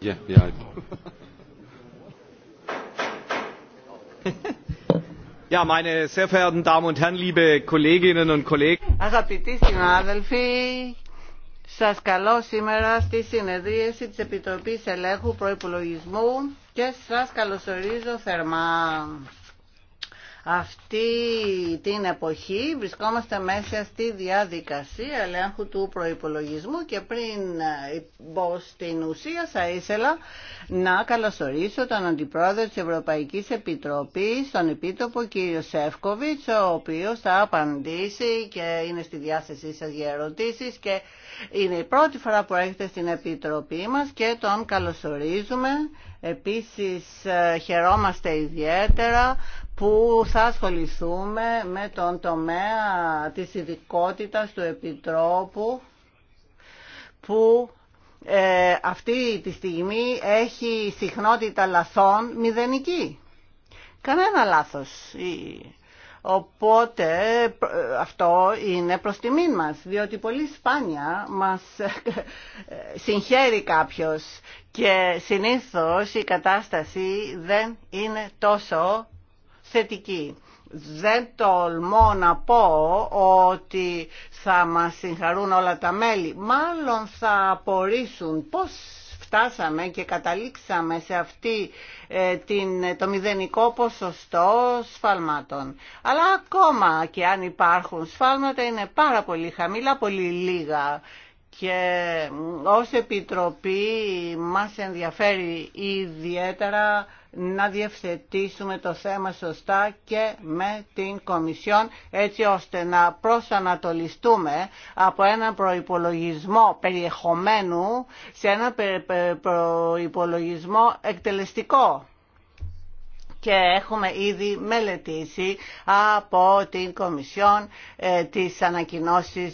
Yeah, yeah. Ja, meine sehr verehrten Damen und Herren, liebe Kolleginnen und Kollegen. Αγαπητοί συνάδελφοι, σας καλώ σήμερα στη συνεδρίαση της Επιτροπής Ελέγχου Προϋπολογισμού και σας καλωσορίζω θερμά. Αυτή την εποχή βρισκόμαστε μέσα στη διαδικασία ελέγχου του προϋπολογισμού και πριν ε, μπω στην ουσία θα ήθελα να καλωσορίσω τον Αντιπρόεδρο της Ευρωπαϊκής Επιτροπής, τον Επίτροπο κύριο Σεύκοβιτς, ο οποίος θα απαντήσει και είναι στη διάθεσή σας για ερωτήσεις και είναι η πρώτη φορά που έρχεται στην Επιτροπή μας και τον καλωσορίζουμε. Επίσης ε, χαιρόμαστε ιδιαίτερα που θα ασχοληθούμε με τον τομέα της ειδικότητα του Επιτρόπου που ε, αυτή τη στιγμή έχει συχνότητα λαθών μηδενική. Κανένα λάθος. Οπότε αυτό είναι προς τιμήν μας, διότι πολύ σπάνια μας ε, συγχαίρει κάποιος και συνήθως η κατάσταση δεν είναι τόσο θετική. Δεν τολμώ να πω ότι θα μας συγχαρούν όλα τα μέλη. Μάλλον θα απορρίσουν πώς φτάσαμε και καταλήξαμε σε αυτή ε, την, το μηδενικό ποσοστό σφαλμάτων. Αλλά ακόμα και αν υπάρχουν σφάλματα είναι πάρα πολύ χαμηλά, πολύ λίγα. Και ως Επιτροπή μας ενδιαφέρει ιδιαίτερα να διευθετήσουμε το θέμα σωστά και με την Κομισιόν έτσι ώστε να προσανατολιστούμε από ένα προϋπολογισμό περιεχομένου σε ένα προϋπολογισμό εκτελεστικό και έχουμε ήδη μελετήσει από την Κομισιόν ε, τις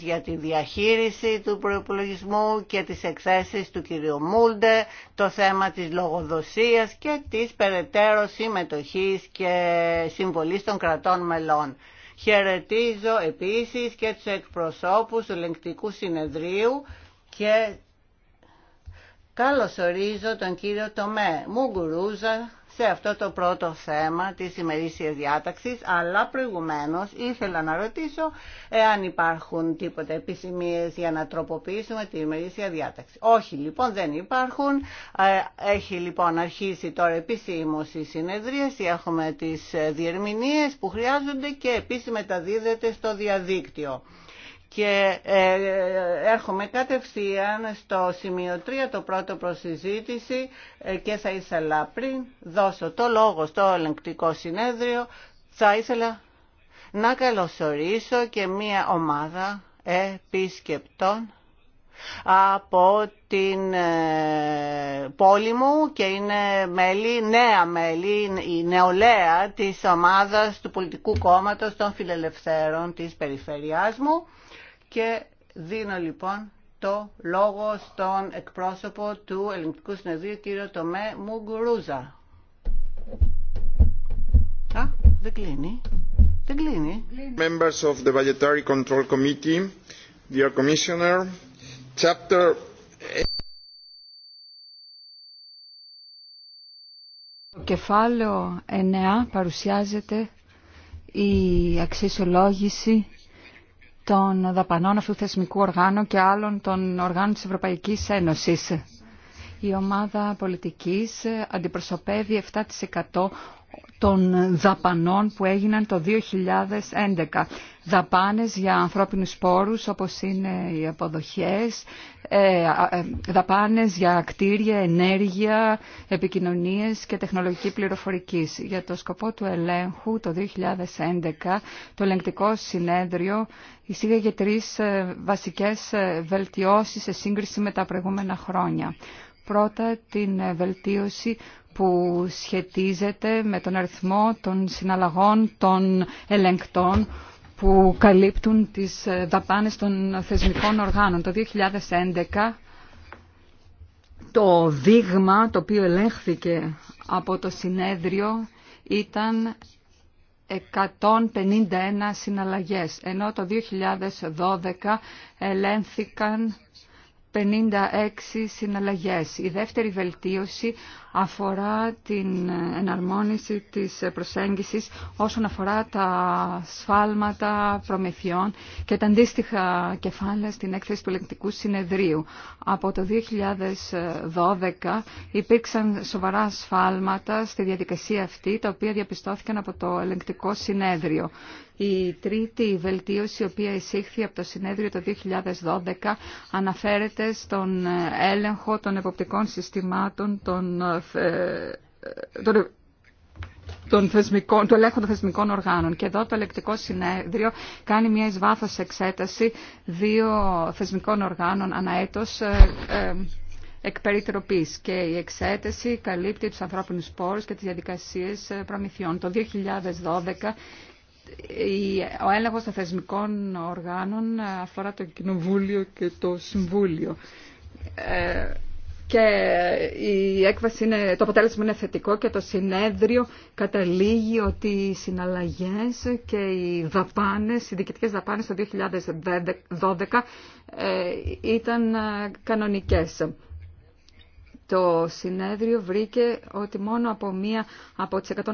για τη διαχείριση του προϋπολογισμού και τις εκθέσεις του κ. Μούλντε, το θέμα της λογοδοσίας και της περαιτέρω συμμετοχής και συμβολή των κρατών μελών. Χαιρετίζω επίσης και τους εκπροσώπους του Ελεγκτικού Συνεδρίου και καλωσορίζω τον κύριο Τομέ Μουγκουρούζα, σε αυτό το πρώτο θέμα της ημερήσιας διάταξης, αλλά προηγουμένως ήθελα να ρωτήσω εάν υπάρχουν τίποτα επισημίες για να τροποποιήσουμε τη ημερήσια διάταξη. Όχι λοιπόν, δεν υπάρχουν. Ε, έχει λοιπόν αρχίσει τώρα επισήμως η συνεδρίαση, έχουμε τις ε, διερμηνίες που χρειάζονται και επίσης μεταδίδεται στο διαδίκτυο. Και ε, έρχομαι κατευθείαν στο σημείο 3, το πρώτο προσυζήτηση ε, και θα ήθελα πριν δώσω το λόγο στο ελεγκτικό συνέδριο, θα ήθελα να καλωσορίσω και μία ομάδα επισκεπτών από την ε, πόλη μου και είναι μέλη, νέα μέλη, η νεολαία της ομάδας του πολιτικού κόμματος των φιλελευθέρων της περιφερειάς μου. Και δίνω λοιπόν το λόγο στον εκπρόσωπο του Ελληνικού Συνεδρίου, κύριο Τομέ Μουγκουρούζα. Α, δεν κλείνει. Δεν κλείνει. Members of the Budgetary Control Committee, dear Commissioner, chapter... Το κεφάλαιο 9 παρουσιάζεται η αξιολόγηση των δαπανών αυτού του θεσμικού οργάνου και άλλων των οργάνων της Ευρωπαϊκής Ένωσης. Η ομάδα πολιτικής αντιπροσωπεύει 7% των δαπανών που έγιναν το 2011 δαπάνες για ανθρώπινους σπόρους όπως είναι οι αποδοχές, ε, ε, δαπάνες για κτίρια, ενέργεια, επικοινωνίες και τεχνολογική πληροφορική. Για το σκοπό του ελέγχου το 2011 το ελεγκτικό συνέδριο εισήγαγε τρεις ε, βασικές βελτιώσεις σε σύγκριση με τα προηγούμενα χρόνια. Πρώτα την βελτίωση που σχετίζεται με τον αριθμό των συναλλαγών των ελεγκτών που καλύπτουν τις ε, δαπάνες των θεσμικών οργάνων. Το 2011 το δείγμα το οποίο ελέγχθηκε από το συνέδριο ήταν 151 συναλλαγές, ενώ το 2012 ελέγχθηκαν 56 συναλλαγές. Η δεύτερη βελτίωση αφορά την εναρμόνιση της προσέγγισης όσον αφορά τα σφάλματα προμηθειών και τα αντίστοιχα κεφάλαια στην έκθεση του ελεγκτικού συνεδρίου. Από το 2012 υπήρξαν σοβαρά σφάλματα στη διαδικασία αυτή, τα οποία διαπιστώθηκαν από το ελεγκτικό συνέδριο. Η τρίτη βελτίωση, η οποία εισήχθη από το συνέδριο το 2012, αναφέρεται στον έλεγχο των εποπτικών συστημάτων των των, των θεσμικών, του ελέγχου των θεσμικών οργάνων. Και εδώ το ελεκτικό συνέδριο κάνει μια εισβάθος εξέταση δύο θεσμικών οργάνων αναέτος ε, ε, εκ περιτροπής και η εξέταση καλύπτει τους ανθρώπινους πόρους και τις διαδικασίες ε, προμηθειών. Το 2012 ο έλεγχος των θεσμικών οργάνων αφορά το Κοινοβούλιο και το Συμβούλιο και η έκβαση είναι, το αποτέλεσμα είναι θετικό και το συνέδριο καταλήγει ότι οι συναλλαγές και οι δαπάνες, οι διοικητικές δαπάνες το 2012 ε, ήταν ε, κανονικές. Το συνέδριο βρήκε ότι μόνο από μία από τις 151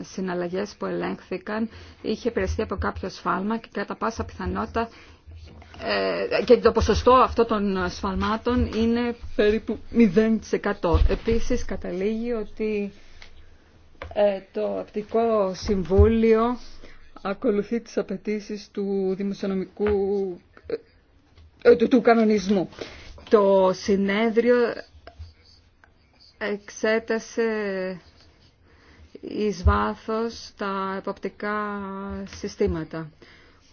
συναλλαγές που ελέγχθηκαν είχε επηρεαστεί από κάποιο σφάλμα και κατά πάσα πιθανότητα ε, και το ποσοστό αυτό των σφαλμάτων είναι περίπου 0%. Επίσης καταλήγει ότι ε, το Απτικό Συμβούλιο ακολουθεί τις απαιτήσεις του δημοσιονομικού ε, του, του κανονισμού. Το συνέδριο εξέτασε εις βάθος τα εποπτικά συστήματα.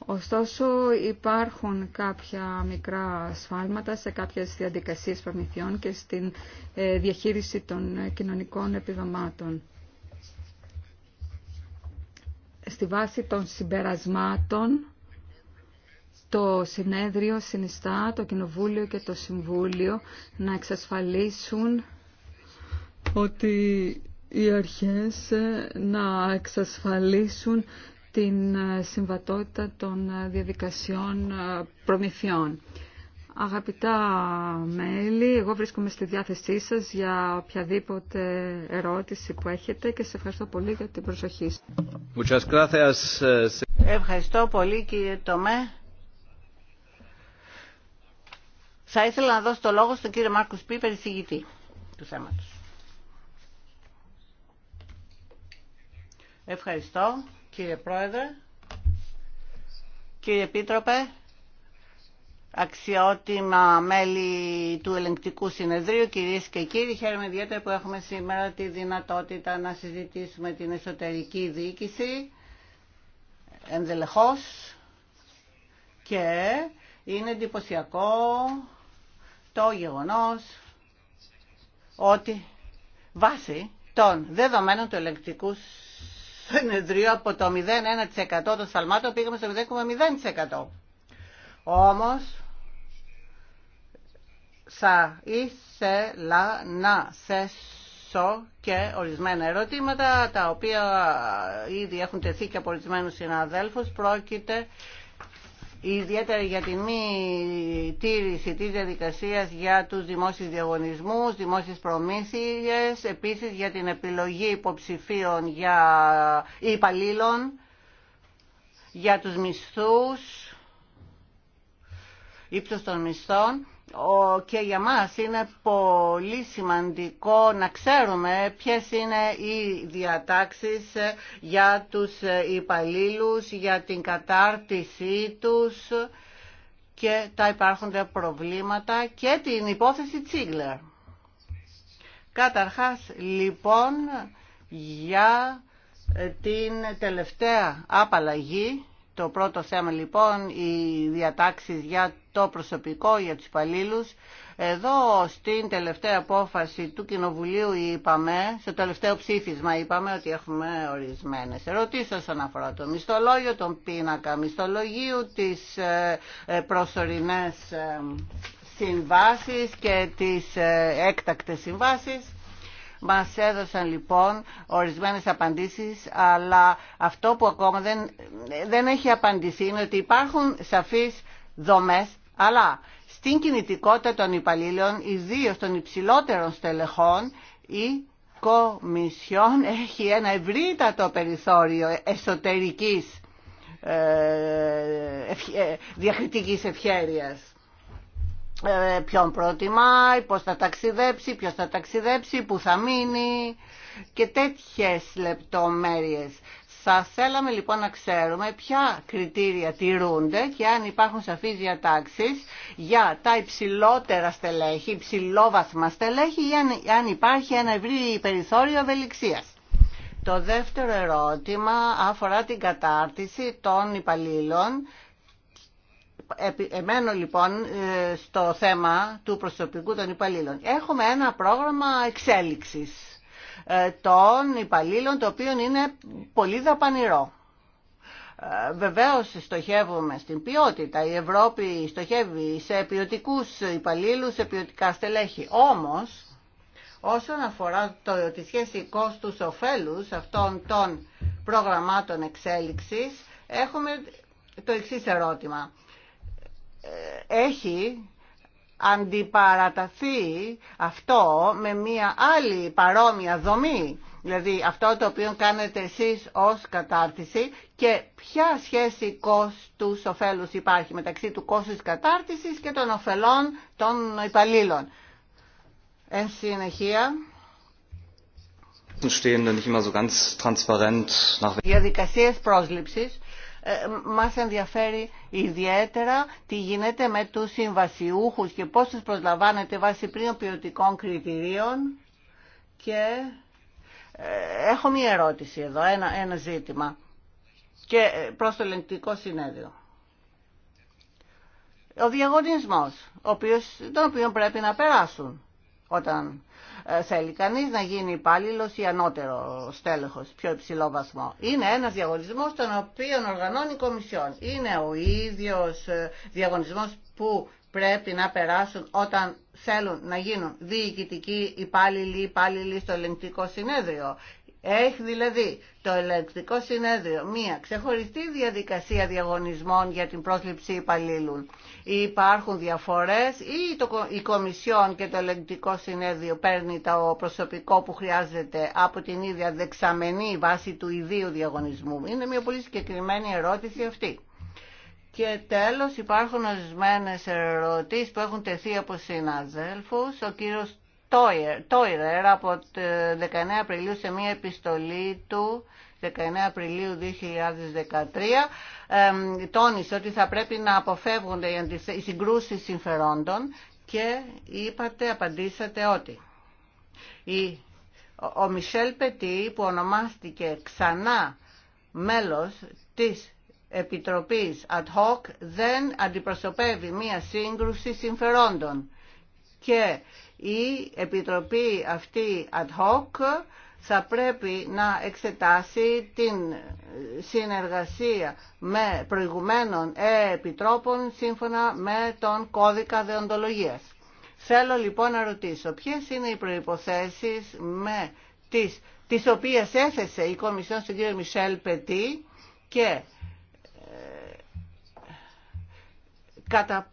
Ωστόσο υπάρχουν κάποια μικρά σφάλματα σε κάποιες διαδικασίες προμηθειών και στην ε, διαχείριση των ε, κοινωνικών επιδομάτων. Στη βάση των συμπερασμάτων το συνέδριο συνιστά το Κοινοβούλιο και το Συμβούλιο να εξασφαλίσουν ότι οι αρχές ε, να εξασφαλίσουν την συμβατότητα των διαδικασιών ε, προμηθειών. Αγαπητά μέλη, εγώ βρίσκομαι στη διάθεσή σας για οποιαδήποτε ερώτηση που έχετε και σε ευχαριστώ πολύ για την προσοχή σας. Ε, ευχαριστώ πολύ κύριε Τομέ. Θα ήθελα να δώσω το λόγο στον κύριο Μάρκους Πίπερ, εισηγητή του θέματος. Ευχαριστώ. Κύριε Πρόεδρε, κύριε Επίτροπε, αξιότιμα μέλη του ελεγκτικού συνεδρίου, κυρίες και κύριοι, χαίρομαι ιδιαίτερα που έχουμε σήμερα τη δυνατότητα να συζητήσουμε την εσωτερική διοίκηση ενδελεχώς και είναι εντυπωσιακό το γεγονός ότι βάσει των δεδομένων του ελεγκτικού συνεδρίο από το 0,1% των σφαλμάτων πήγαμε στο 0,0%. Όμως θα ήθελα να θέσω και ορισμένα ερωτήματα τα οποία ήδη έχουν τεθεί και από ορισμένους συναδέλφους. Πρόκειται ιδιαίτερα για τη μη τήρηση της διαδικασίας για τους δημόσιους διαγωνισμούς, δημόσιες προμήθειες, επίσης για την επιλογή υποψηφίων για υπαλλήλων, για τους μισθούς, ύψος των μισθών και για μας είναι πολύ σημαντικό να ξέρουμε ποιες είναι οι διατάξεις ε, για τους ε, υπαλλήλους, για την κατάρτισή τους και τα υπάρχοντα προβλήματα και την υπόθεση Τσίγκλερ. Καταρχάς, λοιπόν, για ε, την τελευταία απαλλαγή το πρώτο θέμα λοιπόν, οι διατάξεις για το προσωπικό, για τους υπαλλήλου. Εδώ στην τελευταία απόφαση του Κοινοβουλίου είπαμε, στο τελευταίο ψήφισμα είπαμε ότι έχουμε ορισμένες ερωτήσεις όσον αφορά το μισθολόγιο, τον πίνακα μισθολογίου, τις ε, ε, προσωρινές ε, συμβάσεις και τις έκτακτες συμβάσεις. Μας έδωσαν λοιπόν ορισμένες απαντήσεις, αλλά αυτό που ακόμα δεν, δεν έχει απαντηθεί είναι ότι υπάρχουν σαφείς δομές, αλλά στην κινητικότητα των υπαλλήλων, ιδίως των υψηλότερων στελεχών, η Κομισιόν έχει ένα ευρύτατο περιθώριο εσωτερικής ε, ε, διακριτικής ευχέρειας. Ε, ποιον προτιμάει, πώς θα ταξιδέψει, ποιος θα ταξιδέψει, που θα μείνει και τέτοιες λεπτομέρειες. Θα θέλαμε λοιπόν να ξέρουμε ποια κριτήρια τηρούνται και αν υπάρχουν σαφείς διατάξεις για τα υψηλότερα στελέχη, υψηλόβαθμα στελέχη ή αν υπάρχει ένα ευρύ περιθώριο ευελιξίας. Το δεύτερο ερώτημα αφορά την κατάρτιση των υπαλλήλων Εμένω λοιπόν ε, στο θέμα του προσωπικού των υπαλλήλων. Έχουμε ένα πρόγραμμα εξέλιξης ε, των υπαλλήλων το οποίο είναι πολύ δαπανηρό. Ε, βεβαίως στοχεύουμε στην ποιότητα. Η Ευρώπη στοχεύει σε ποιοτικού υπαλλήλους, σε ποιοτικά στελέχη. Όμως, όσον αφορά το, τη σχέση κόστους-οφέλους αυτών των προγραμμάτων εξέλιξης, έχουμε το εξής ερώτημα έχει αντιπαραταθεί αυτό με μια άλλη παρόμοια δομή. Δηλαδή αυτό το οποίο κάνετε εσείς ως κατάρτιση και ποια σχέση κόστους ωφέλους υπάρχει μεταξύ του κόστους κατάρτισης και των ωφελών των υπαλλήλων. Εν συνεχεία... Stehen, nicht Διαδικασίες πρόσληψης ε, μας ενδιαφέρει ιδιαίτερα τι γίνεται με τους συμβασιούχους και πώς τους προσλαμβάνεται βάσει πριν ποιοτικών κριτηρίων και ε, έχω μία ερώτηση εδώ, ένα, ένα ζήτημα και ε, προς το ελεγκτικό συνέδριο. Ο διαγωνισμός, οποίος, τον οποίο πρέπει να περάσουν όταν ε, θέλει κανείς να γίνει υπάλληλο ή ανώτερο στέλεχος, πιο υψηλό βαθμό. Είναι ένας διαγωνισμός τον οποίο οργανώνει η Κομισιόν. Είναι ο ίδιος ε, διαγωνισμός που πρέπει να περάσουν όταν θέλουν να γίνουν διοικητικοί υπάλληλοι υπάλληλοι στο ελεγκτικό συνέδριο. Έχει δηλαδή το ελεγκτικό συνέδριο μία ξεχωριστή διαδικασία διαγωνισμών για την πρόσληψη υπαλλήλων υπάρχουν διαφορές ή το, η Κομισιόν και το Ελεγκτικό Συνέδριο παίρνει το προσωπικό που χρειάζεται από την ίδια δεξαμενή βάση του ιδίου διαγωνισμού. Είναι μια πολύ συγκεκριμένη ερώτηση αυτή. Και τέλος υπάρχουν ορισμένε ερωτήσεις που έχουν τεθεί από συναδέλφους. Ο κύριος Τόιρερ από το 19 Απριλίου σε μια επιστολή του 19 Απριλίου 2013 τόνισε ότι θα πρέπει να αποφεύγονται οι συγκρούσει συμφερόντων και είπατε, απαντήσατε ότι η, ο Μισελ Πετή που ονομάστηκε ξανά μέλος της Επιτροπής Ad Hoc δεν αντιπροσωπεύει μία σύγκρουση συμφερόντων και η Επιτροπή αυτή Ad Hoc θα πρέπει να εξετάσει την συνεργασία με προηγουμένων επιτρόπων σύμφωνα με τον κώδικα δεοντολογίας. Θέλω λοιπόν να ρωτήσω ποιες είναι οι προϋποθέσεις με τις, τις οποίες έθεσε η Κομισιόν στον κύριο Μισελ Πετή και ε, κατά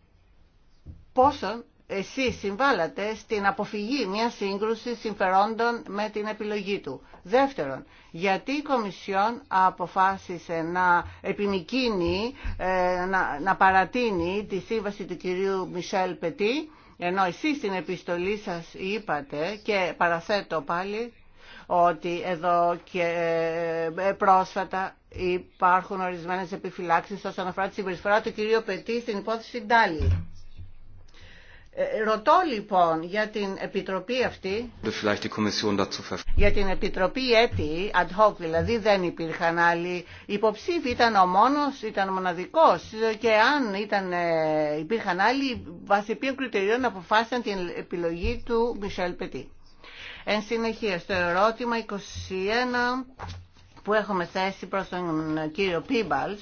πόσον εσείς συμβάλλατε στην αποφυγή μια σύγκρουση συμφερόντων με την επιλογή του. Δεύτερον, γιατί η Κομισιόν αποφάσισε να επιμικίνει, ε, να, παρατείνει τη σύμβαση του κυρίου Μισελ Πετή, ενώ εσείς στην επιστολή σας είπατε και παραθέτω πάλι ότι εδώ και ε, ε, πρόσφατα υπάρχουν ορισμένες επιφυλάξεις όσον αφορά τη συμπεριφορά του κυρίου Πετή στην υπόθεση Ντάλι. Ε, ρωτώ λοιπόν για την επιτροπή αυτή, για την επιτροπή έτη, ad hoc δηλαδή δεν υπήρχαν άλλοι υποψήφοι, ήταν ο μόνος, ήταν ο μοναδικός και αν ήταν, ε, υπήρχαν άλλοι βάσει ποιων κριτηρίων αποφάσισαν την επιλογή του Μισελ Πετή. Εν συνεχεία στο ερώτημα 21 που έχουμε θέσει προς τον κύριο Πίμπαλς,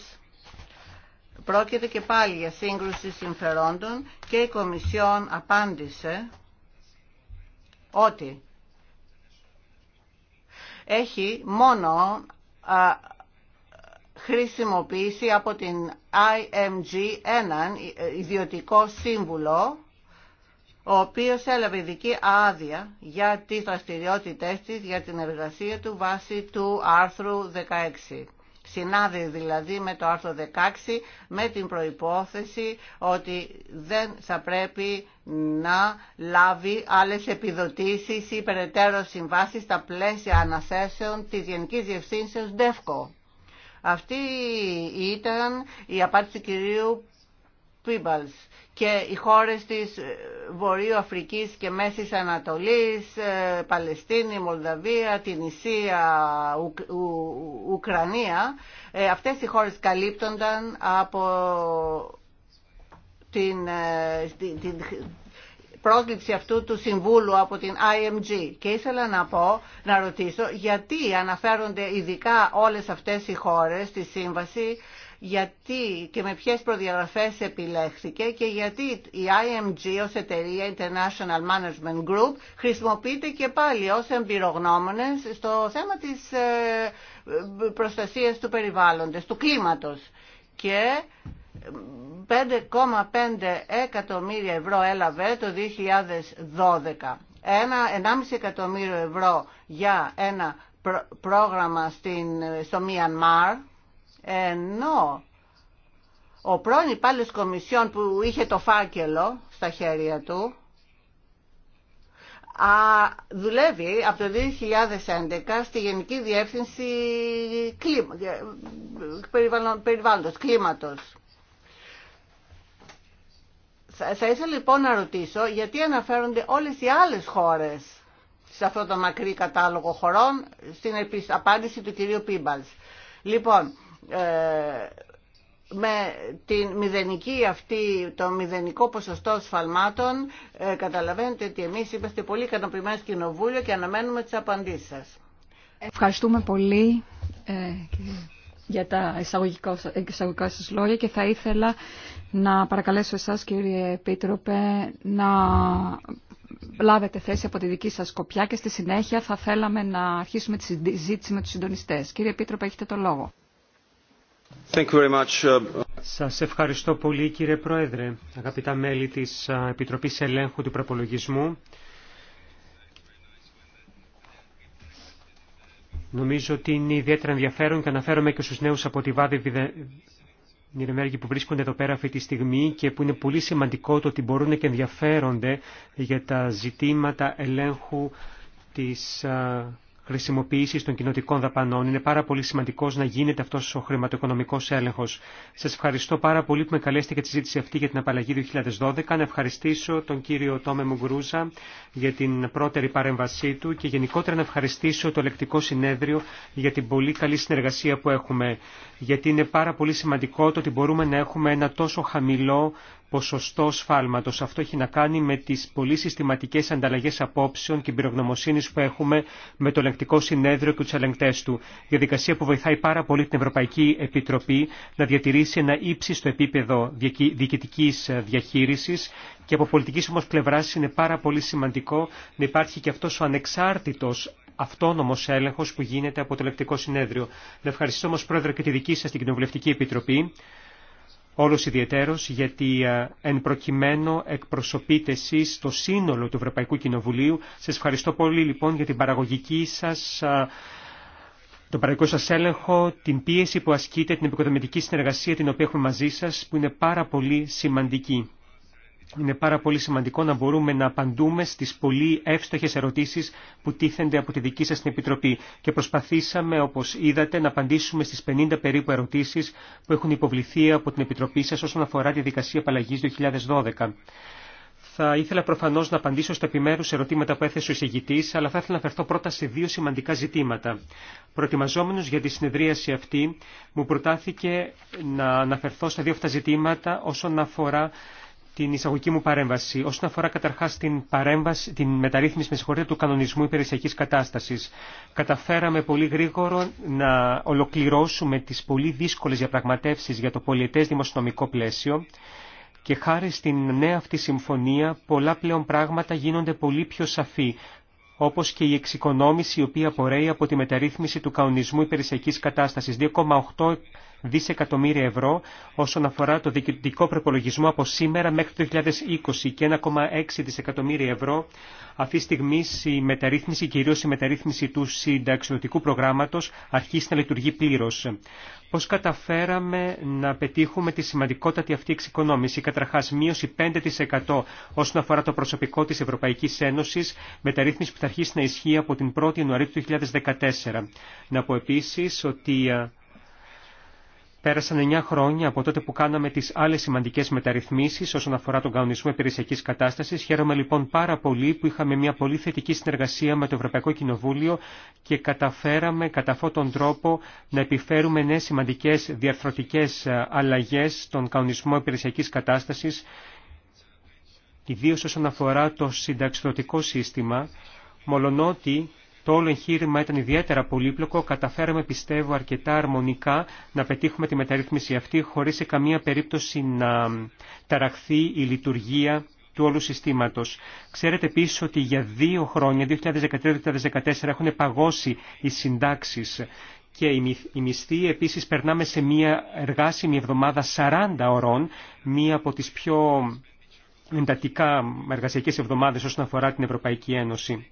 Πρόκειται και πάλι για σύγκρουση συμφερόντων και η Κομισιόν απάντησε ότι έχει μόνο χρησιμοποιήσει από την IMG έναν ιδιωτικό σύμβουλο ο οποίος έλαβε ειδική άδεια για τις δραστηριότητε της, για την εργασία του βάσει του άρθρου 16 συνάδει δηλαδή με το άρθρο 16 με την προϋπόθεση ότι δεν θα πρέπει να λάβει άλλες επιδοτήσεις ή περαιτέρω συμβάσεις στα πλαίσια αναθέσεων της Γενικής Διευθύνσεως ΔΕΦΚΟ. Αυτή ήταν η απάντηση κυρίου Πίμπαλς και οι χώρες της ε, Βορείου Αφρικής και Μέσης Ανατολής, ε, Παλαιστίνη, Μολδαβία, την Ισία, Ουκρανία, ε, αυτές οι χώρες καλύπτονταν από την, την, πρόσληψη αυτού του συμβούλου από την IMG και ήθελα να πω, να ρωτήσω γιατί αναφέρονται ειδικά όλες αυτές οι χώρες στη σύμβαση γιατί και με ποιες προδιαγραφές επιλέχθηκε και γιατί η IMG ως εταιρεία International Management Group χρησιμοποιείται και πάλι ως εμπειρογνώμονες στο θέμα της ε, προστασίας του περιβάλλοντος, του κλίματος. Και 5,5 εκατομμύρια ευρώ έλαβε το 2012. 1,5 εκατομμύριο ευρώ για ένα πρόγραμμα στην, στο Μιανμάρ ενώ ο πρώην υπάλληλος κομισιόν που είχε το φάκελο στα χέρια του α, δουλεύει από το 2011 στη Γενική Διεύθυνση κλίμα, ε, Περιβάλλοντος, Κλίματος. Θα ήθελα λοιπόν να ρωτήσω γιατί αναφέρονται όλες οι άλλες χώρες σε αυτό το μακρύ κατάλογο χωρών στην απάντηση του κυρίου Πίμπαλς. Λοιπόν, ε, με την μηδενική αυτή, το μηδενικό ποσοστό σφαλμάτων ε, καταλαβαίνετε ότι εμείς είμαστε πολύ ικανοποιημένοι στο Κοινοβούλιο και αναμένουμε τις απαντήσεις σας. Ευχαριστούμε πολύ ε, για τα εισαγωγικά σας λόγια και θα ήθελα να παρακαλέσω εσάς κύριε πίτροπε να λάβετε θέση από τη δική σας κοπιά και στη συνέχεια θα θέλαμε να αρχίσουμε τη συζήτηση με τους συντονιστές. Κύριε Επίτροπε έχετε το λόγο. Uh, Σας ευχαριστώ πολύ κύριε Πρόεδρε, αγαπητά μέλη της Επιτροπής Ελέγχου του Προπολογισμού. Νομίζω ότι είναι ιδιαίτερα ενδιαφέρον και αναφέρομαι και στους νέους από τη Βάδη Νιρεμέργη που βρίσκονται εδώ πέρα αυτή τη στιγμή και που είναι πολύ σημαντικό το ότι μπορούν και ενδιαφέρονται για τα ζητήματα ελέγχου της χρησιμοποίηση των κοινοτικών δαπανών. Είναι πάρα πολύ σημαντικό να γίνεται αυτός ο χρηματοοικονομικός έλεγχος. Σας ευχαριστώ πάρα πολύ που με καλέσετε για τη συζήτηση αυτή για την απαλλαγή 2012. Να ευχαριστήσω τον κύριο Τόμε Μουγκρούζα για την πρώτερη παρέμβασή του και γενικότερα να ευχαριστήσω το ελεκτικό συνέδριο για την πολύ καλή συνεργασία που έχουμε. Γιατί είναι πάρα πολύ σημαντικό το ότι μπορούμε να έχουμε ένα τόσο χαμηλό ποσοστό σφάλματο. Αυτό έχει να κάνει με τι πολύ συστηματικέ ανταλλαγέ απόψεων και πυρογνωμοσύνη που έχουμε με το ελεγκτικό συνέδριο και του ελεγκτέ του. Διαδικασία που βοηθάει πάρα πολύ την Ευρωπαϊκή Επιτροπή να διατηρήσει ένα ύψιστο επίπεδο διοικητική διαχείριση και από πολιτική όμω πλευρά είναι πάρα πολύ σημαντικό να υπάρχει και αυτό ο ανεξάρτητο αυτόνομο έλεγχο που γίνεται από το ελεγκτικό Συνέδριο. Να ευχαριστήσω όμω, Πρόεδρε, και τη δική σα την Κοινοβουλευτική Επιτροπή όλος ιδιαιτέρως γιατί ε, εν προκειμένου εκπροσωπείτε εσείς το σύνολο του Ευρωπαϊκού Κοινοβουλίου. Σας ευχαριστώ πολύ λοιπόν για την παραγωγική σας, ε, τον παραγωγικό σας έλεγχο, την πίεση που ασκείτε, την επικοδομητική συνεργασία την οποία έχουμε μαζί σας που είναι πάρα πολύ σημαντική είναι πάρα πολύ σημαντικό να μπορούμε να απαντούμε στις πολύ εύστοχες ερωτήσεις που τίθενται από τη δική σας την Επιτροπή και προσπαθήσαμε, όπως είδατε, να απαντήσουμε στις 50 περίπου ερωτήσεις που έχουν υποβληθεί από την Επιτροπή σας όσον αφορά τη δικασία απαλλαγής 2012. Θα ήθελα προφανώ να απαντήσω στα επιμέρου ερωτήματα που έθεσε ο εισηγητή, αλλά θα ήθελα να αφαιρθώ πρώτα σε δύο σημαντικά ζητήματα. Προετοιμαζόμενο για τη συνεδρίαση αυτή, μου προτάθηκε να αναφερθώ στα δύο αυτά ζητήματα όσον αφορά την εισαγωγική μου παρέμβαση. Όσον αφορά καταρχάς την, παρέμβαση, την μεταρρύθμιση με συγχωρείτε του κανονισμού υπηρεσιακής κατάστασης, καταφέραμε πολύ γρήγορο να ολοκληρώσουμε τις πολύ δύσκολες διαπραγματεύσεις για το πολιετές δημοσιονομικό πλαίσιο και χάρη στην νέα αυτή συμφωνία πολλά πλέον πράγματα γίνονται πολύ πιο σαφή όπως και η εξοικονόμηση η οποία απορρέει από τη μεταρρύθμιση του κανονισμού υπηρεσιακής κατάστασης 2,8 δισεκατομμύρια ευρώ όσον αφορά το διοικητικό προπολογισμό από σήμερα μέχρι το 2020 και 1,6 δισεκατομμύρια ευρώ αυτή τη στιγμή η μεταρρύθμιση, κυρίω η μεταρρύθμιση του συνταξιδοτικού προγράμματος αρχίσει να λειτουργεί πλήρω. Πώς καταφέραμε να πετύχουμε τη σημαντικότατη αυτή εξοικονόμηση, καταρχάς μείωση 5% όσον αφορά το προσωπικό της Ευρωπαϊκής Ένωσης, μεταρρύθμιση που θα αρχίσει να ισχύει από την 1η Ιανουαρίου του 2014. Να πω επίση ότι Πέρασαν 9 χρόνια από τότε που κάναμε τι άλλε σημαντικέ μεταρρυθμίσει όσον αφορά τον κανονισμό υπηρεσιακή κατάσταση. Χαίρομαι λοιπόν πάρα πολύ που είχαμε μια πολύ θετική συνεργασία με το Ευρωπαϊκό Κοινοβούλιο και καταφέραμε κατά αυτόν τον τρόπο να επιφέρουμε νέε σημαντικέ διαρθρωτικέ ε, αλλαγέ στον κανονισμό υπηρεσιακή κατάσταση, ιδίω όσον αφορά το συνταξιδοτικό σύστημα, μολονότι το όλο εγχείρημα ήταν ιδιαίτερα πολύπλοκο, καταφέραμε πιστεύω αρκετά αρμονικά να πετύχουμε τη μεταρρύθμιση αυτή χωρίς σε καμία περίπτωση να ταραχθεί η λειτουργία του όλου συστήματος. Ξέρετε επίση ότι για δύο χρόνια, 2013-2014, έχουν παγώσει οι συντάξεις και οι μισθοί επίσης περνάμε σε μια εργάσιμη εβδομάδα 40 ωρών, μία από τις πιο εντατικά εργασιακές εβδομάδες όσον αφορά την Ευρωπαϊκή Ένωση.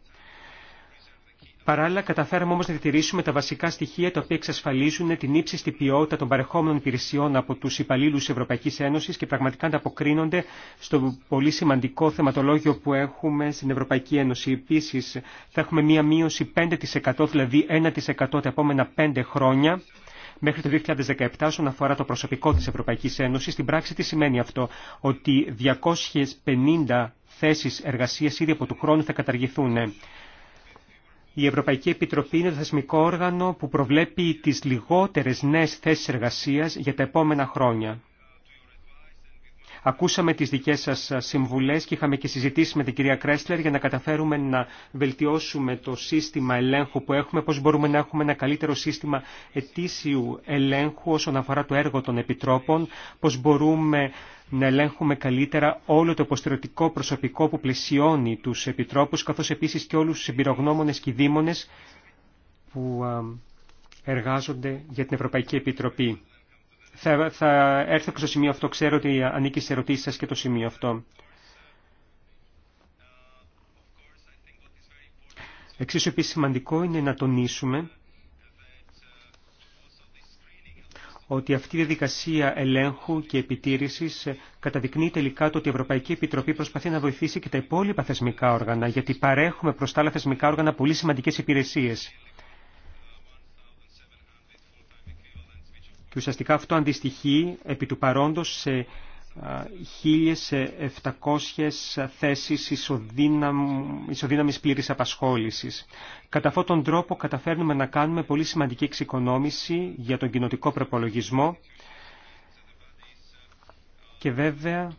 Παράλληλα, καταφέραμε όμω να διατηρήσουμε τα βασικά στοιχεία τα οποία εξασφαλίζουν την ύψιστη ποιότητα των παρεχόμενων υπηρεσιών από του υπαλλήλου τη Ευρωπαϊκή Ένωση και πραγματικά ανταποκρίνονται στο πολύ σημαντικό θεματολόγιο που έχουμε στην Ευρωπαϊκή Ένωση. Επίση, θα έχουμε μία μείωση 5%, δηλαδή 1% τα επόμενα 5 χρόνια μέχρι το 2017 όσον αφορά το προσωπικό της Ευρωπαϊκής Ένωσης. Στην πράξη τι σημαίνει αυτό, ότι 250 θέσεις εργασίας ήδη από του χρόνου θα καταργηθούν. Η Ευρωπαϊκή Επιτροπή είναι το θεσμικό όργανο που προβλέπει τις λιγότερες νέες θέσεις εργασίας για τα επόμενα χρόνια. Ακούσαμε τις δικές σας συμβουλές και είχαμε και συζητήσει με την κυρία Κρέσλερ για να καταφέρουμε να βελτιώσουμε το σύστημα ελέγχου που έχουμε, πώς μπορούμε να έχουμε ένα καλύτερο σύστημα ετήσιου ελέγχου όσον αφορά το έργο των επιτρόπων, πώς μπορούμε να ελέγχουμε καλύτερα όλο το υποστηρωτικό προσωπικό που πλαισιώνει τους επιτρόπους, καθώς επίσης και όλους τους εμπειρογνώμονες και δήμονες που εργάζονται για την Ευρωπαϊκή Επιτροπή. Θα, θα έρθω και στο σημείο αυτό, ξέρω ότι ανήκει σε ερωτήσεις σας και το σημείο αυτό. Εξίσου επίσης σημαντικό είναι να τονίσουμε ότι αυτή η διαδικασία ελέγχου και επιτήρησης ε, καταδεικνύει τελικά το ότι η Ευρωπαϊκή Επιτροπή προσπαθεί να βοηθήσει και τα υπόλοιπα θεσμικά όργανα, γιατί παρέχουμε προς τα άλλα θεσμικά όργανα πολύ σημαντικές υπηρεσίες. Και ουσιαστικά αυτό αντιστοιχεί επί του παρόντος σε 1.700 θέσεις ισοδύναμης πλήρης απασχόλησης. Κατά αυτόν τον τρόπο καταφέρνουμε να κάνουμε πολύ σημαντική εξοικονόμηση για τον κοινοτικό προπολογισμό και βέβαια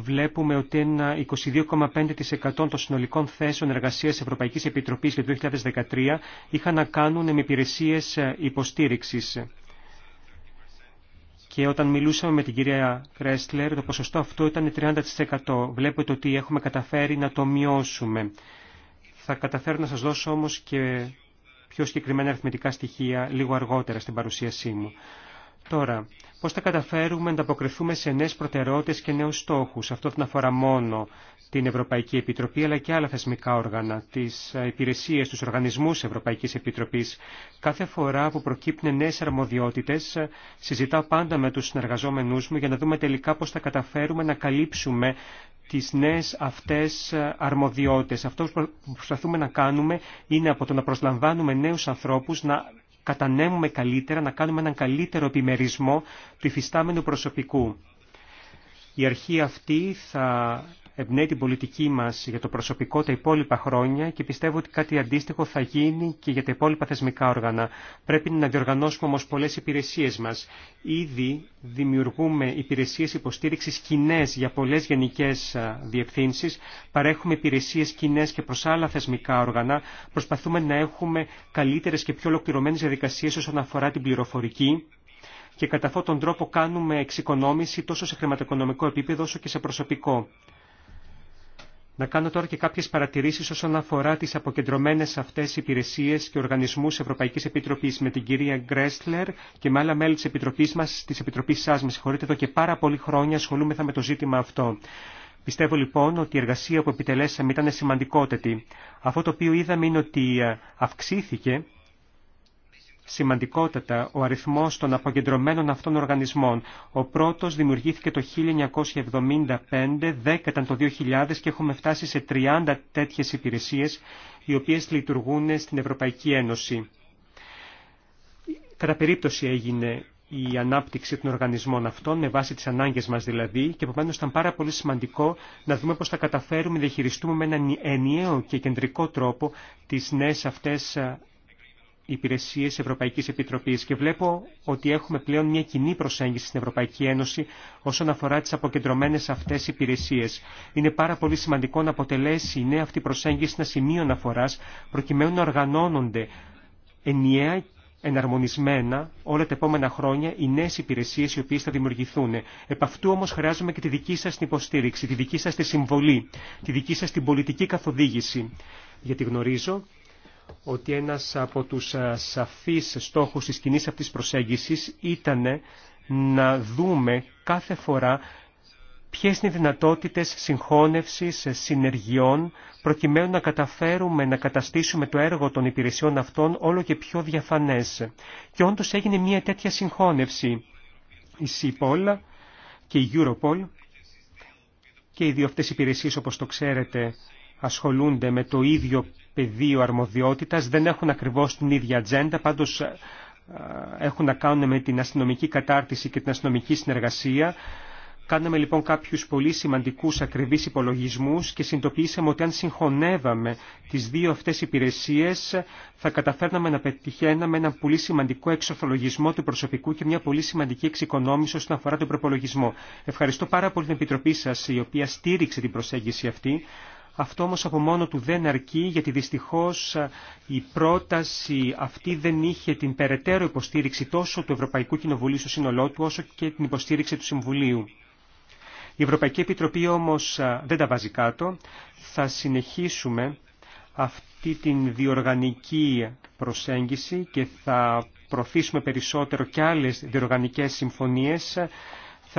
βλέπουμε ότι ένα 22,5% των συνολικών θέσεων εργασίας Ευρωπαϊκής Επιτροπής για το 2013 είχαν να κάνουν με υπηρεσίες ε, υποστήριξης. Και όταν μιλούσαμε με την κυρία Κρέστλερ το ποσοστό αυτό ήταν 30%. Βλέπετε ότι έχουμε καταφέρει να το μειώσουμε. Θα καταφέρω να σας δώσω όμως και πιο συγκεκριμένα αριθμητικά στοιχεία λίγο αργότερα στην παρουσίασή μου. Τώρα, πώς θα καταφέρουμε να ανταποκριθούμε σε νέες προτεραιότητες και νέους στόχους. Αυτό δεν αφορά μόνο την Ευρωπαϊκή Επιτροπή, αλλά και άλλα θεσμικά όργανα, τις υπηρεσίες, τους οργανισμούς Ευρωπαϊκής Επιτροπής. Κάθε φορά που προκύπτουν νέες αρμοδιότητες, συζητάω πάντα με τους συνεργαζόμενούς μου για να δούμε τελικά πώς θα καταφέρουμε να καλύψουμε τις νέες αυτές αρμοδιότητες. Αυτό που προσπαθούμε να κάνουμε είναι από το να προσλαμβάνουμε νέους ανθρώπους να κατανέμουμε καλύτερα, να κάνουμε έναν καλύτερο επιμερισμό του υφιστάμενου προσωπικού. Η αρχή αυτή θα εμπνέει την πολιτική μας για το προσωπικό τα υπόλοιπα χρόνια και πιστεύω ότι κάτι αντίστοιχο θα γίνει και για τα υπόλοιπα θεσμικά όργανα. Πρέπει να διοργανώσουμε όμως πολλές υπηρεσίες μας. Ήδη δημιουργούμε υπηρεσίες υποστήριξης κοινέ για πολλές γενικές διευθύνσεις, παρέχουμε υπηρεσίες κοινέ και προς άλλα θεσμικά όργανα, προσπαθούμε να έχουμε καλύτερες και πιο ολοκληρωμένες διαδικασίες όσον αφορά την πληροφορική, και κατά αυτόν τον τρόπο κάνουμε εξοικονόμηση τόσο σε χρηματοοικονομικό επίπεδο όσο και σε προσωπικό. Να κάνω τώρα και κάποιες παρατηρήσεις όσον αφορά τις αποκεντρωμένες αυτές υπηρεσίες και οργανισμούς Ευρωπαϊκής Επιτροπής με την κυρία Γκρέσλερ και με άλλα μέλη της Επιτροπής μας, της Επιτροπής σας, με συγχωρείτε, εδώ και πάρα πολλή χρόνια ασχολούμεθα με το ζήτημα αυτό. Πιστεύω λοιπόν ότι η εργασία που επιτελέσαμε ήταν σημαντικότητη. Αυτό το οποίο είδαμε είναι ότι ε, αυξήθηκε σημαντικότατα ο αριθμός των αποκεντρωμένων αυτών οργανισμών. Ο πρώτος δημιουργήθηκε το 1975, 10 το 2000 και έχουμε φτάσει σε 30 τέτοιες υπηρεσίες οι οποίες λειτουργούν στην Ευρωπαϊκή Ένωση. Κατά περίπτωση έγινε η ανάπτυξη των οργανισμών αυτών με βάση τις ανάγκες μας δηλαδή και επομένως ήταν πάρα πολύ σημαντικό να δούμε πώς θα καταφέρουμε να διαχειριστούμε με έναν ενιαίο και κεντρικό τρόπο τις νέες αυτές υπηρεσίες Ευρωπαϊκής Επιτροπής και βλέπω ότι έχουμε πλέον μια κοινή προσέγγιση στην Ευρωπαϊκή Ένωση όσον αφορά τις αποκεντρωμένες αυτές υπηρεσίες. Είναι πάρα πολύ σημαντικό να αποτελέσει η νέα αυτή προσέγγιση ένα σημείο αναφοράς προκειμένου να οργανώνονται ενιαία εναρμονισμένα όλα τα επόμενα χρόνια οι νέες υπηρεσίες οι οποίες θα δημιουργηθούν. Επ' αυτού όμως χρειάζομαι και τη δική σας την υποστήριξη, τη δική σας τη συμβολή, τη δική σας την πολιτική καθοδήγηση. Γιατί γνωρίζω ότι ένας από τους σαφείς στόχους της κοινή αυτής προσέγγισης ήταν να δούμε κάθε φορά ποιες είναι οι δυνατότητες συγχώνευσης συνεργειών προκειμένου να καταφέρουμε να καταστήσουμε το έργο των υπηρεσιών αυτών όλο και πιο διαφανές. Και όντως έγινε μια τέτοια συγχώνευση. Η ΣΥΠΟΛ και η Europol και οι δύο αυτές υπηρεσίες όπως το ξέρετε ασχολούνται με το ίδιο πεδίο αρμοδιότητας, δεν έχουν ακριβώς την ίδια ατζέντα, πάντως ε, ε, έχουν να κάνουν με την αστυνομική κατάρτιση και την αστυνομική συνεργασία. Κάναμε λοιπόν κάποιους πολύ σημαντικούς ακριβείς υπολογισμούς και συνειδητοποιήσαμε ότι αν συγχωνεύαμε τις δύο αυτές υπηρεσίες θα καταφέρναμε να πετυχαίναμε έναν πολύ σημαντικό εξορθολογισμό του προσωπικού και μια πολύ σημαντική εξοικονόμηση όσον αφορά τον προπολογισμό. Ευχαριστώ πάρα πολύ την Επιτροπή σας η οποία στήριξε την προσέγγιση αυτή. Αυτό όμως από μόνο του δεν αρκεί γιατί δυστυχώς ε, η πρόταση αυτή δεν είχε την περαιτέρω υποστήριξη τόσο του Ευρωπαϊκού Κοινοβουλίου στο σύνολό του όσο και την υποστήριξη του Συμβουλίου. Η Ευρωπαϊκή Επιτροπή όμως ε, δεν τα βάζει κάτω. Θα συνεχίσουμε αυτή την διοργανική προσέγγιση και θα προωθήσουμε περισσότερο και άλλες διοργανικές συμφωνίες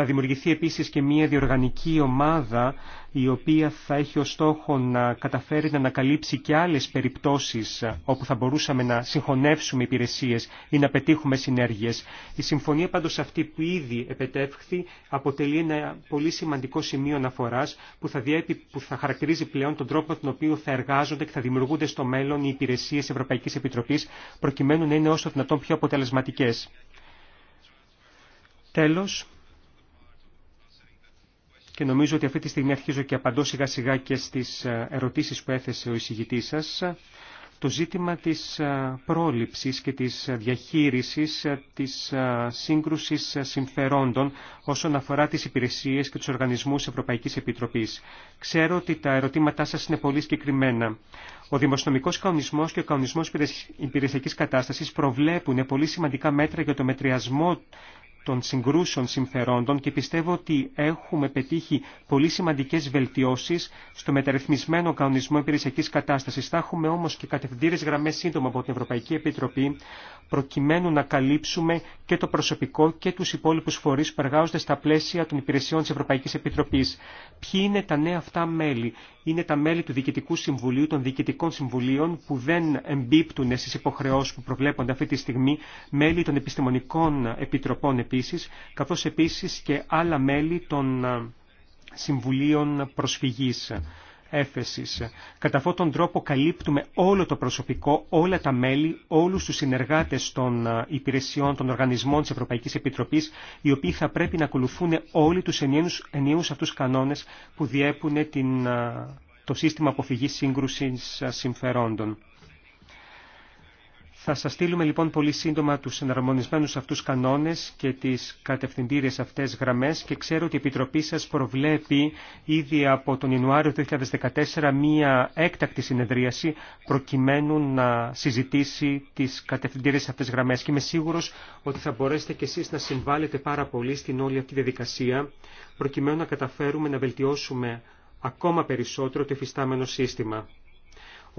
θα δημιουργηθεί επίσης και μια διοργανική ομάδα η οποία θα έχει ως στόχο να καταφέρει να ανακαλύψει και άλλες περιπτώσεις ε, όπου θα μπορούσαμε να συγχωνεύσουμε υπηρεσίες ή να πετύχουμε συνέργειες. Η συμφωνία πάντως αυτή που ήδη επετεύχθη αποτελεί ένα πολύ σημαντικό σημείο αναφοράς που θα, διέπει, που θα χαρακτηρίζει πλέον τον τρόπο με τον οποίο θα εργάζονται και θα δημιουργούνται στο μέλλον οι υπηρεσίες Ευρωπαϊκής Επιτροπής προκειμένου να είναι όσο δυνατόν πιο αποτελεσματικές. Τέλος, και νομίζω ότι αυτή τη στιγμή αρχίζω και απαντώ σιγά σιγά και στις ε, ερωτήσεις που έθεσε ο εισηγητής σας το ζήτημα της ε, πρόληψης και της διαχείρισης ε, της σύγκρουσης συμφερόντων όσον αφορά τις υπηρεσίες και τους οργανισμούς Ευρωπαϊκής Επιτροπής. Ξέρω ότι τα ερωτήματά σας είναι πολύ συγκεκριμένα. Ο δημοσιονομικός κανονισμός και ο κανονισμός υπηρεσιακής κατάστασης προβλέπουν πολύ σημαντικά μέτρα για το μετριασμό των συγκρούσεων συμφερόντων και πιστεύω ότι έχουμε πετύχει πολύ σημαντικές βελτιώσεις στο μεταρρυθμισμένο κανονισμό υπηρεσιακής κατάστασης. Θα έχουμε όμως και κατευθυντήρες γραμμές σύντομα από την Ευρωπαϊκή Επιτροπή προκειμένου να καλύψουμε και το προσωπικό και τους υπόλοιπους φορείς που εργάζονται στα πλαίσια των υπηρεσιών της Ευρωπαϊκής Επιτροπής. Ποιοι είναι τα νέα αυτά μέλη. Είναι τα μέλη του Διοικητικού Συμβουλίου, των Διοικητικών Συμβουλίων που δεν εμπίπτουν στις υποχρεώσεις που προβλέπονται αυτή τη στιγμή, μέλη των Επιστημονικών Επιτροπών καθώ καθώς επίσης και άλλα μέλη των ε, Συμβουλίων Προσφυγής. Έφεσης. Κατά αυτόν τον τρόπο καλύπτουμε όλο το προσωπικό, όλα τα μέλη, όλους τους συνεργάτες των ε, υπηρεσιών, των οργανισμών της Ευρωπαϊκής Επιτροπής, οι οποίοι θα πρέπει να ακολουθούν όλοι τους ενιαίους, ενιαίους αυτούς κανόνες που διέπουν την, ε, το σύστημα αποφυγής σύγκρουσης συμφερόντων. Θα σας στείλουμε λοιπόν πολύ σύντομα τους εναρμονισμένους αυτούς κανόνες και τις κατευθυντήριες αυτές γραμμές και ξέρω ότι η Επιτροπή σας προβλέπει ήδη από τον Ιανουάριο 2014 μία έκτακτη συνεδρίαση προκειμένου να συζητήσει τις κατευθυντήριες αυτές γραμμές και είμαι σίγουρος ότι θα μπορέσετε κι εσείς να συμβάλλετε πάρα πολύ στην όλη αυτή τη διαδικασία προκειμένου να καταφέρουμε να βελτιώσουμε ακόμα περισσότερο το εφιστάμενο σύστημα.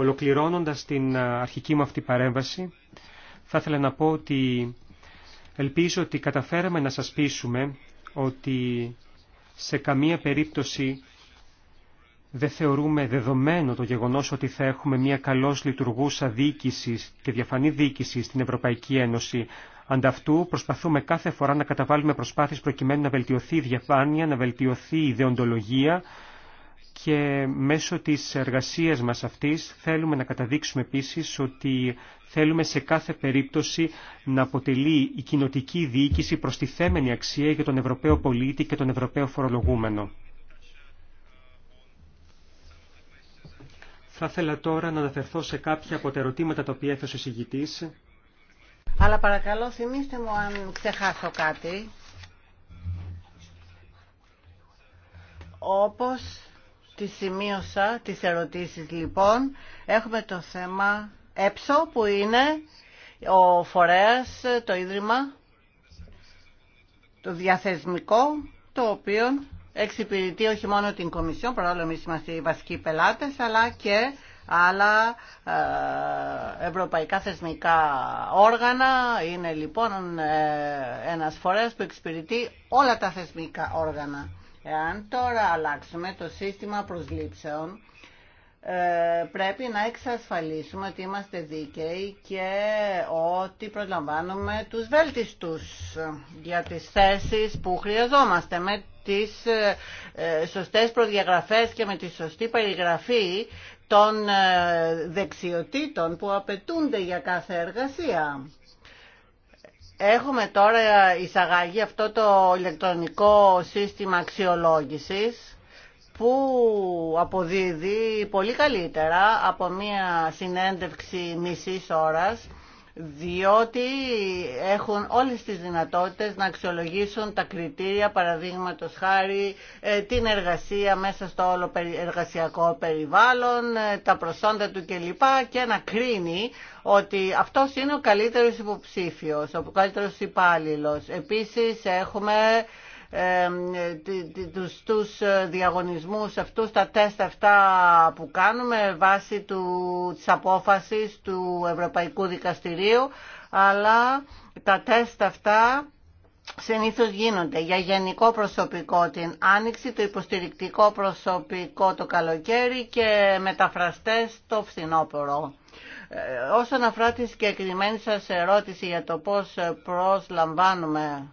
Ολοκληρώνοντας την αρχική μου αυτή παρέμβαση, θα ήθελα να πω ότι ελπίζω ότι καταφέραμε να σας πείσουμε ότι σε καμία περίπτωση δεν θεωρούμε δεδομένο το γεγονός ότι θα έχουμε μια καλώς λειτουργούσα διοίκηση και διαφανή διοίκηση στην Ευρωπαϊκή Ένωση. Ανταυτού προσπαθούμε κάθε φορά να καταβάλουμε προσπάθειες προκειμένου να βελτιωθεί η διαφάνεια, να βελτιωθεί η ιδεοντολογία, και μέσω της εργασίας μας αυτής θέλουμε να καταδείξουμε επίσης ότι θέλουμε σε κάθε περίπτωση να αποτελεί η κοινοτική διοίκηση θέμενη αξία για τον Ευρωπαίο πολίτη και τον Ευρωπαίο φορολογούμενο. Θα ήθελα τώρα να αναφερθώ σε κάποια από τα ερωτήματα τα οποία έθεσε ο Αλλά παρακαλώ θυμίστε μου αν ξεχάσω κάτι. Όπως Τη σημείωσα τις ερωτήσεις λοιπόν. Έχουμε το θέμα έψο που είναι ο φορέας, το Ίδρυμα, το διαθεσμικό, το οποίο εξυπηρετεί όχι μόνο την Κομισιόν, παρόλο εμείς είμαστε οι βασικοί πελάτες, αλλά και άλλα ε, ευρωπαϊκά θεσμικά όργανα. Είναι λοιπόν ε, ένας φορέας που εξυπηρετεί όλα τα θεσμικά όργανα. Εάν τώρα αλλάξουμε το σύστημα προσλήψεων, ε, πρέπει να εξασφαλίσουμε ότι είμαστε δίκαιοι και ότι προσλαμβάνουμε τους βέλτιστους για τις θέσεις που χρειαζόμαστε με τις ε, ε, σωστές προδιαγραφές και με τη σωστή περιγραφή των δεξιοτήτων που απαιτούνται για κάθε εργασία. Έχουμε τώρα εισαγάγει αυτό το ηλεκτρονικό σύστημα αξιολόγησης που αποδίδει πολύ καλύτερα από μια συνέντευξη μισής ώρας διότι έχουν όλες τις δυνατότητες να αξιολογήσουν τα κριτήρια, παραδείγματος χάρη ε, την εργασία μέσα στο όλο εργασιακό περιβάλλον, ε, τα προσόντα του κλπ. και να κρίνει ότι αυτός είναι ο καλύτερος υποψήφιος, ο καλύτερος υπάλληλος. Επίσης έχουμε τους, τους ε, διαγωνισμούς αυτούς, τα τεστ αυτά που κάνουμε βάσει του, της απόφασης του Ευρωπαϊκού Δικαστηρίου, αλλά τα τεστ αυτά Συνήθω γίνονται για γενικό προσωπικό την άνοιξη, το υποστηρικτικό προσωπικό το καλοκαίρι και μεταφραστές το φθινόπωρο. Ε, όσον αφορά τη συγκεκριμένη σας ερώτηση για το πώς προσλαμβάνουμε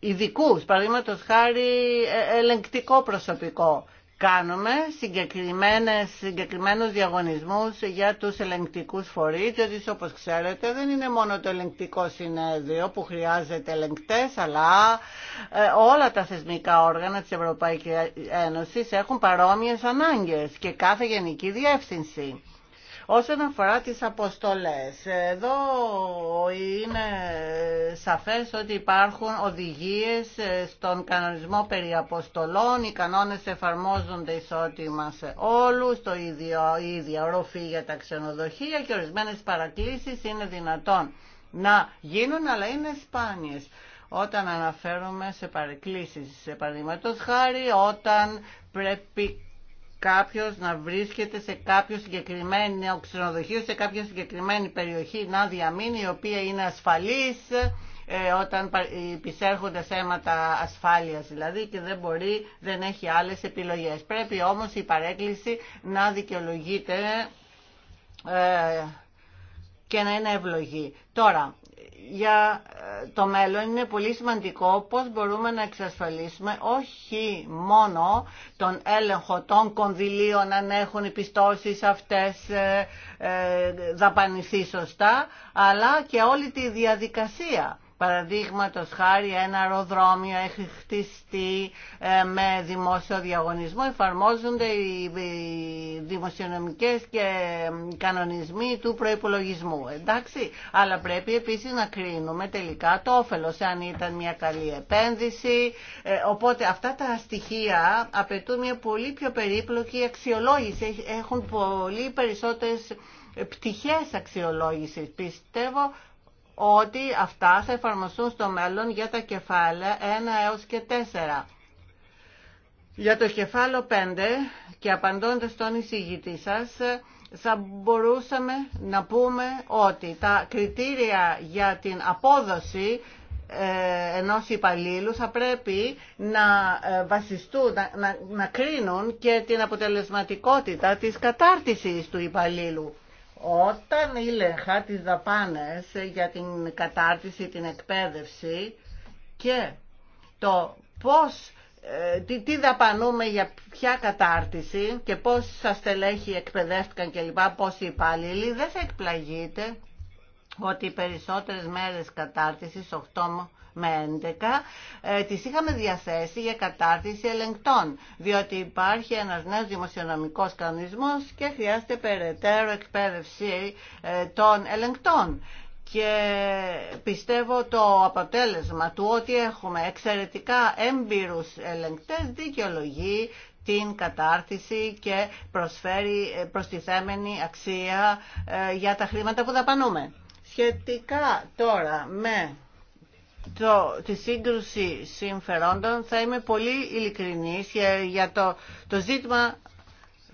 ειδικού, παραδείγματο χάρη ε, ελεγκτικό προσωπικό. Κάνουμε συγκεκριμένες, συγκεκριμένους διαγωνισμούς για τους ελεγκτικούς φορείς, διότι όπως ξέρετε δεν είναι μόνο το ελεγκτικό συνέδριο που χρειάζεται ελεγκτές, αλλά ε, όλα τα θεσμικά όργανα της Ευρωπαϊκής Ένωσης έχουν παρόμοιες ανάγκες και κάθε γενική διεύθυνση. Όσον αφορά τις αποστολές, εδώ είναι σαφές ότι υπάρχουν οδηγίες στον κανονισμό περί αποστολών, οι κανόνες εφαρμόζονται ισότιμα σε όλους, το ίδιο, η ίδια οροφή για τα ξενοδοχεία και ορισμένες παρακλήσεις είναι δυνατόν να γίνουν, αλλά είναι σπάνιες όταν αναφέρομαι σε παρεκκλήσεις, σε παραδείγματος χάρη, όταν πρέπει Κάποιο να βρίσκεται σε κάποιο συγκεκριμένο ξενοδοχείο, σε κάποια συγκεκριμένη περιοχή να διαμείνει, η οποία είναι ασφαλής ε, όταν υπησέρχονται θέματα ασφάλειας δηλαδή και δεν μπορεί, δεν έχει άλλες επιλογές. Πρέπει όμως η παρέκκληση να δικαιολογείται ε, και να είναι ευλογή. Τώρα, για ε, το μέλλον είναι πολύ σημαντικό πώς μπορούμε να εξασφαλίσουμε όχι μόνο τον έλεγχο των κονδυλίων αν έχουν οι πιστώσεις αυτές ε, ε, δαπανηθεί σωστά αλλά και όλη τη διαδικασία Παραδείγματο χάρη ένα αεροδρόμιο έχει χτιστεί ε, με δημόσιο διαγωνισμό. Εφαρμόζονται οι δημοσιονομικές και κανονισμοί του προϋπολογισμού. Εντάξει, αλλά πρέπει επίσης να κρίνουμε τελικά το όφελος, αν ήταν μια καλή επένδυση. Ε, οπότε αυτά τα στοιχεία απαιτούν μια πολύ πιο περίπλοκη αξιολόγηση. Έχουν πολύ περισσότερες ε, πτυχές αξιολόγησης. Πιστεύω ότι αυτά θα εφαρμοστούν στο μέλλον για τα κεφάλαια 1 έως και 4. Για το κεφάλαιο 5 και απαντώντας στον εισηγητή σας, θα μπορούσαμε να πούμε ότι τα κριτήρια για την απόδοση ε, ενός υπαλλήλου θα πρέπει να ε, βασιστούν, να, να, κρίνουν και την αποτελεσματικότητα της κατάρτισης του υπαλλήλου. Όταν ήλεγχα τις δαπάνες για την κατάρτιση, την εκπαίδευση και το πώς, ε, τι, τι δαπανούμε για ποια κατάρτιση και πώς σα στελέχη εκπαιδεύτηκαν κλπ, πώς οι υπάλληλοι, δεν θα εκπλαγείτε ότι οι περισσότερες μέρες κατάρτισης, 8 με 11 ε, τις είχαμε διαθέσει για κατάρτιση ελεγκτών, διότι υπάρχει ένας νέος δημοσιονομικός κανονισμός και χρειάζεται περαιτέρω εκπαίδευση ε, των ελεγκτών και πιστεύω το αποτέλεσμα του ότι έχουμε εξαιρετικά έμπειρους ελεγκτές δικαιολογεί την κατάρτιση και προσφέρει προστιθέμενη αξία ε, για τα χρήματα που δαπανούμε. Σχετικά τώρα με το, τη σύγκρουση συμφερόντων θα είμαι πολύ ειλικρινής για, το, το ζήτημα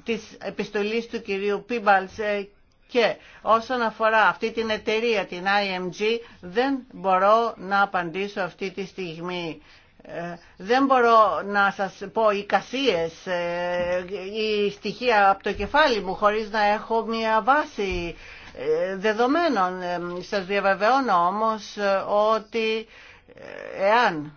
της επιστολής του κυρίου Πίμπαλς ε, και όσον αφορά αυτή την εταιρεία, την IMG, δεν μπορώ να απαντήσω αυτή τη στιγμή. Ε, δεν μπορώ να σας πω κασίες, ή ε, στοιχεία από το κεφάλι μου χωρίς να έχω μια βάση δεδομένων. Ε, σας διαβεβαιώνω όμως ε, ότι ε, εάν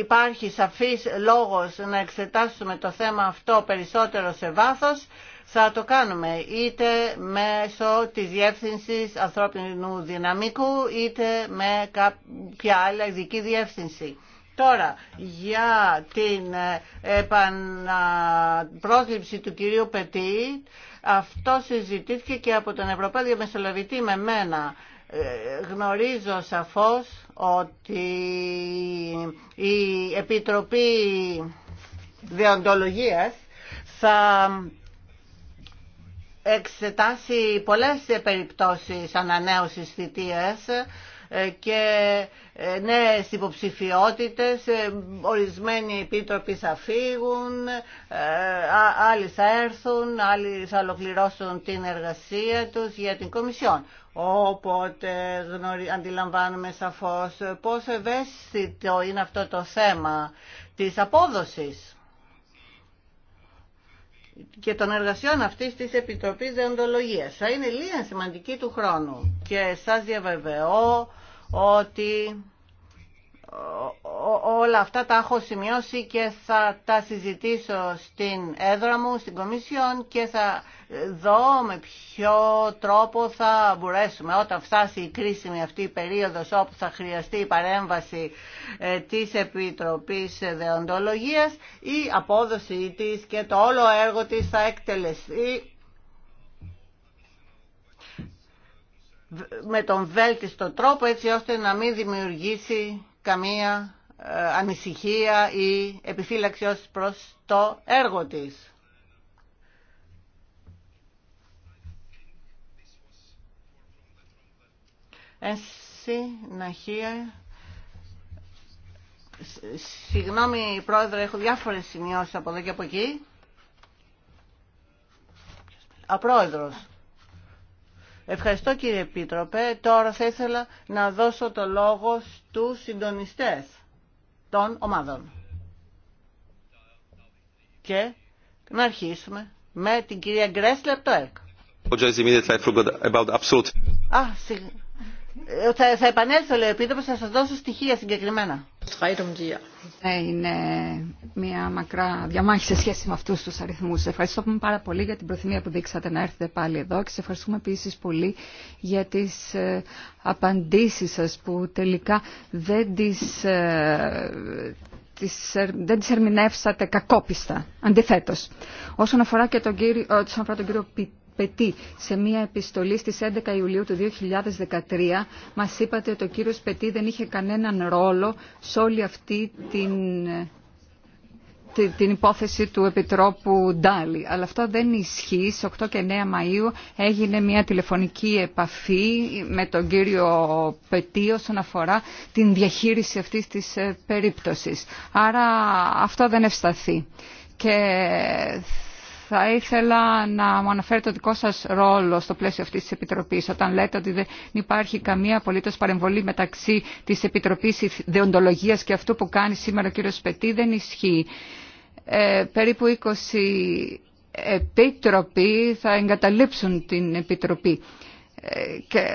υπάρχει σαφής λόγος να εξετάσουμε το θέμα αυτό περισσότερο σε βάθος, θα το κάνουμε είτε μέσω της διεύθυνση ανθρώπινου δυναμικού, είτε με κάποια άλλη ειδική διεύθυνση. Τώρα, για την επαναπρόσληψη του κυρίου Πετή, αυτό συζητήθηκε και από τον Ευρωπαίο μεσολαβητή με μένα. Ε, γνωρίζω σαφώς ότι η Επιτροπή Διοντολογίας θα εξετάσει πολλές περιπτώσεις ανανέωσης θητείας ε, και ε, νέες υποψηφιότητες, ε, ορισμένοι επίτροποι θα φύγουν, άλλοι θα έρθουν, άλλοι θα ολοκληρώσουν την εργασία τους για την Κομισιόν. Οπότε αντιλαμβάνουμε σαφώς πόσο ευαίσθητο είναι αυτό το θέμα της απόδοσης και των εργασιών αυτή τη Επιτροπή Δεοντολογία. Θα είναι λίγα σημαντική του χρόνου. Και σα διαβεβαιώ ότι όλα αυτά τα έχω σημειώσει και θα τα συζητήσω στην έδρα μου, στην Κομισιόν και θα δω με ποιο τρόπο θα μπορέσουμε όταν φτάσει η κρίσιμη αυτή η περίοδος όπου θα χρειαστεί η παρέμβαση ε, της Επιτροπής Δεοντολογίας η απόδοση της και το όλο έργο της θα εκτελεστεί με τον βέλτιστο τρόπο έτσι ώστε να μην δημιουργήσει καμία ε, ανησυχία ή επιφύλαξη ως προς το έργο της. Εν συναχεία, συγγνώμη πρόεδρε, έχω διάφορες σημειώσεις από εδώ και από εκεί. Απρόεδρος. Ευχαριστώ κύριε Επίτροπε. Τώρα θα ήθελα να δώσω το λόγο στους συντονιστές των ομάδων. Και να αρχίσουμε με την κυρία Γκρέσλερ από το ΕΡΚ. Α, συγγνώμη. Θα, επανέλθω, λέει ο θα σα δώσω στοιχεία συγκεκριμένα. Ναι, είναι μια μακρά διαμάχη σε σχέση με αυτούς τους αριθμούς. Ευχαριστώ πάρα πολύ για την προθυμία που δείξατε να έρθετε πάλι εδώ και σε ευχαριστούμε επίση πολύ για τι ε, απαντήσεις σας που τελικά δεν τι ε, δεν τις ερμηνεύσατε κακόπιστα. Αντιθέτως, όσον αφορά τον κύριο, ε, όσον αφορά τον κύριο Πιτ, σε μία επιστολή στις 11 Ιουλίου του 2013 μας είπατε ότι ο κύριος Πετή δεν είχε κανέναν ρόλο σε όλη αυτή την την υπόθεση του Επιτρόπου Ντάλι. Αλλά αυτό δεν ισχύει. Σε 8 και 9 Μαΐου έγινε μια τηλεφωνική επαφή με τον κύριο Πετή όσον αφορά την διαχείριση αυτής της ε, περίπτωσης. Άρα αυτό δεν ευσταθεί. Θα ήθελα να μου αναφέρετε το δικό σας ρόλο στο πλαίσιο αυτής της Επιτροπής, όταν λέτε ότι δεν υπάρχει καμία απολύτως παρεμβολή μεταξύ της Επιτροπής Δεοντολογίας και αυτού που κάνει σήμερα ο κύριος Πετή, δεν ισχύει. Ε, περίπου 20 επίτροποι θα εγκαταλείψουν την Επιτροπή. Ε, και,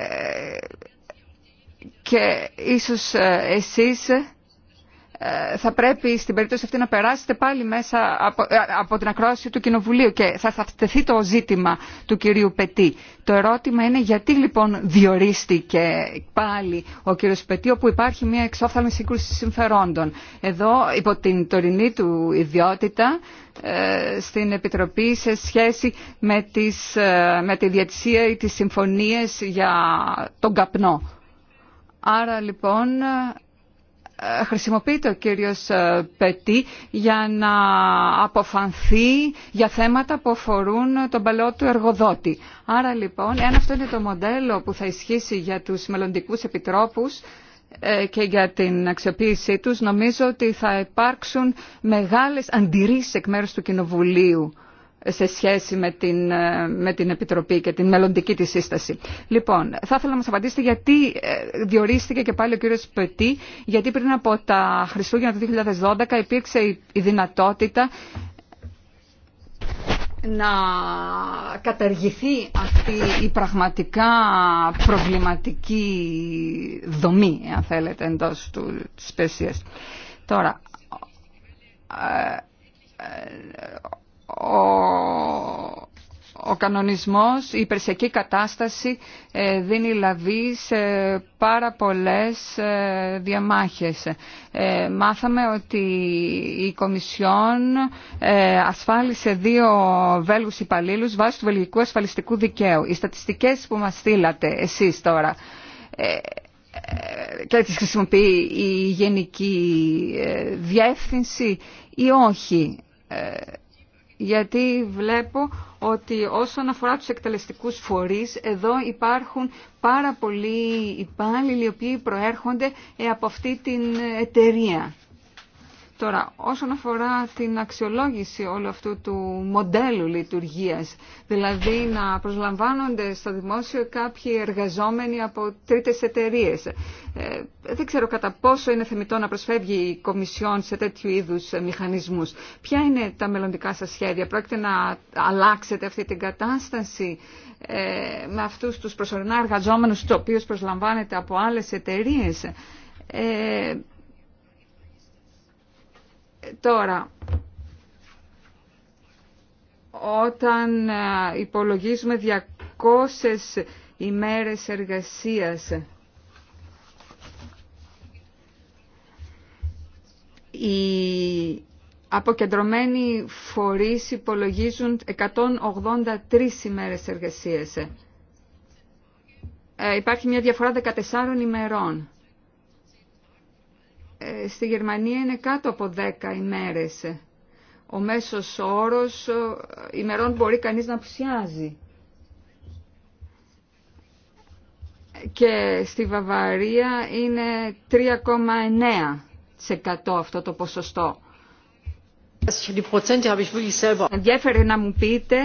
και ίσως ε, εσείς ε, θα πρέπει στην περίπτωση αυτή να περάσετε πάλι μέσα από, ε, την ακρόαση του Κοινοβουλίου και θα φτεθεί το ζήτημα του κυρίου Πετή. Το ερώτημα είναι γιατί λοιπόν διορίστηκε πάλι ο κύριος Πετή όπου υπάρχει μια εξόφθαλμη σύγκρουση συμφερόντων. Εδώ υπό την τωρινή του ιδιότητα ε, στην Επιτροπή σε σχέση με, τις, με τη διατησία ή τις συμφωνίες για τον καπνό. Άρα λοιπόν χρησιμοποιεί το κύριος ε, Πετή για να αποφανθεί για θέματα που αφορούν τον παλαιό του εργοδότη. Άρα λοιπόν, εάν αυτό είναι το μοντέλο που θα ισχύσει για τους μελλοντικούς επιτρόπους, ε, και για την αξιοποίησή τους νομίζω ότι θα υπάρξουν μεγάλες αντιρρήσεις εκ μέρους του Κοινοβουλίου σε σχέση με την, ε, με την Επιτροπή και την μελλοντική της σύσταση. Λοιπόν, θα ήθελα να μας απαντήσετε γιατί ε, διορίστηκε και πάλι ο κύριος Πετή, γιατί πριν από τα Χριστούγεννα του 2012 υπήρξε η δυνατότητα να καταργηθεί αυτή η πραγματικά προβληματική δομή, αν θέλετε, εντός του, της Τώρα, ε, ο, κανονισμός, η υπερσιακή κατάσταση ε, δίνει λαβή σε πάρα πολλές ε, διαμάχες. Ε, μάθαμε ότι η Κομισιόν ασφάλισε δύο Βέλγους υπαλλήλους βάσει του βελγικού ασφαλιστικού δικαίου. Οι στατιστικές που μας στείλατε εσείς τώρα και τις χρησιμοποιεί η Γενική Διεύθυνση ή όχι γιατί βλέπω ότι όσον αφορά τους εκτελεστικούς φορείς, εδώ υπάρχουν πάρα πολλοί υπάλληλοι οι οποίοι προέρχονται από αυτή την εταιρεία. Τώρα, όσον αφορά την αξιολόγηση όλου αυτού του μοντέλου λειτουργίας, δηλαδή να προσλαμβάνονται στο δημόσιο κάποιοι εργαζόμενοι από τρίτες εταιρείες, ε, δεν ξέρω κατά πόσο είναι θεμητό να προσφεύγει η Κομισιόν σε τέτοιου είδους ε, μηχανισμούς. Ποια είναι τα μελλοντικά σας σχέδια, πρόκειται να αλλάξετε αυτή την κατάσταση ε, με αυτούς τους προσωρινά εργαζόμενους, του οποίους προσλαμβάνετε από άλλες εταιρείες. Τώρα, όταν ε, υπολογίζουμε 200 ημέρες εργασίας, οι αποκεντρωμένοι φορείς υπολογίζουν 183 ημέρες εργασίας. Ε, υπάρχει μια διαφορά 14 ημερών. Ε, στη Γερμανία είναι κάτω από 10 ημέρες. Ο μέσος όρος ε, ημερών μπορεί κανείς να πουσιάζει Και στη Βαβαρία είναι 3,9% αυτό το ποσοστό. Ενδιέφερε να μου πείτε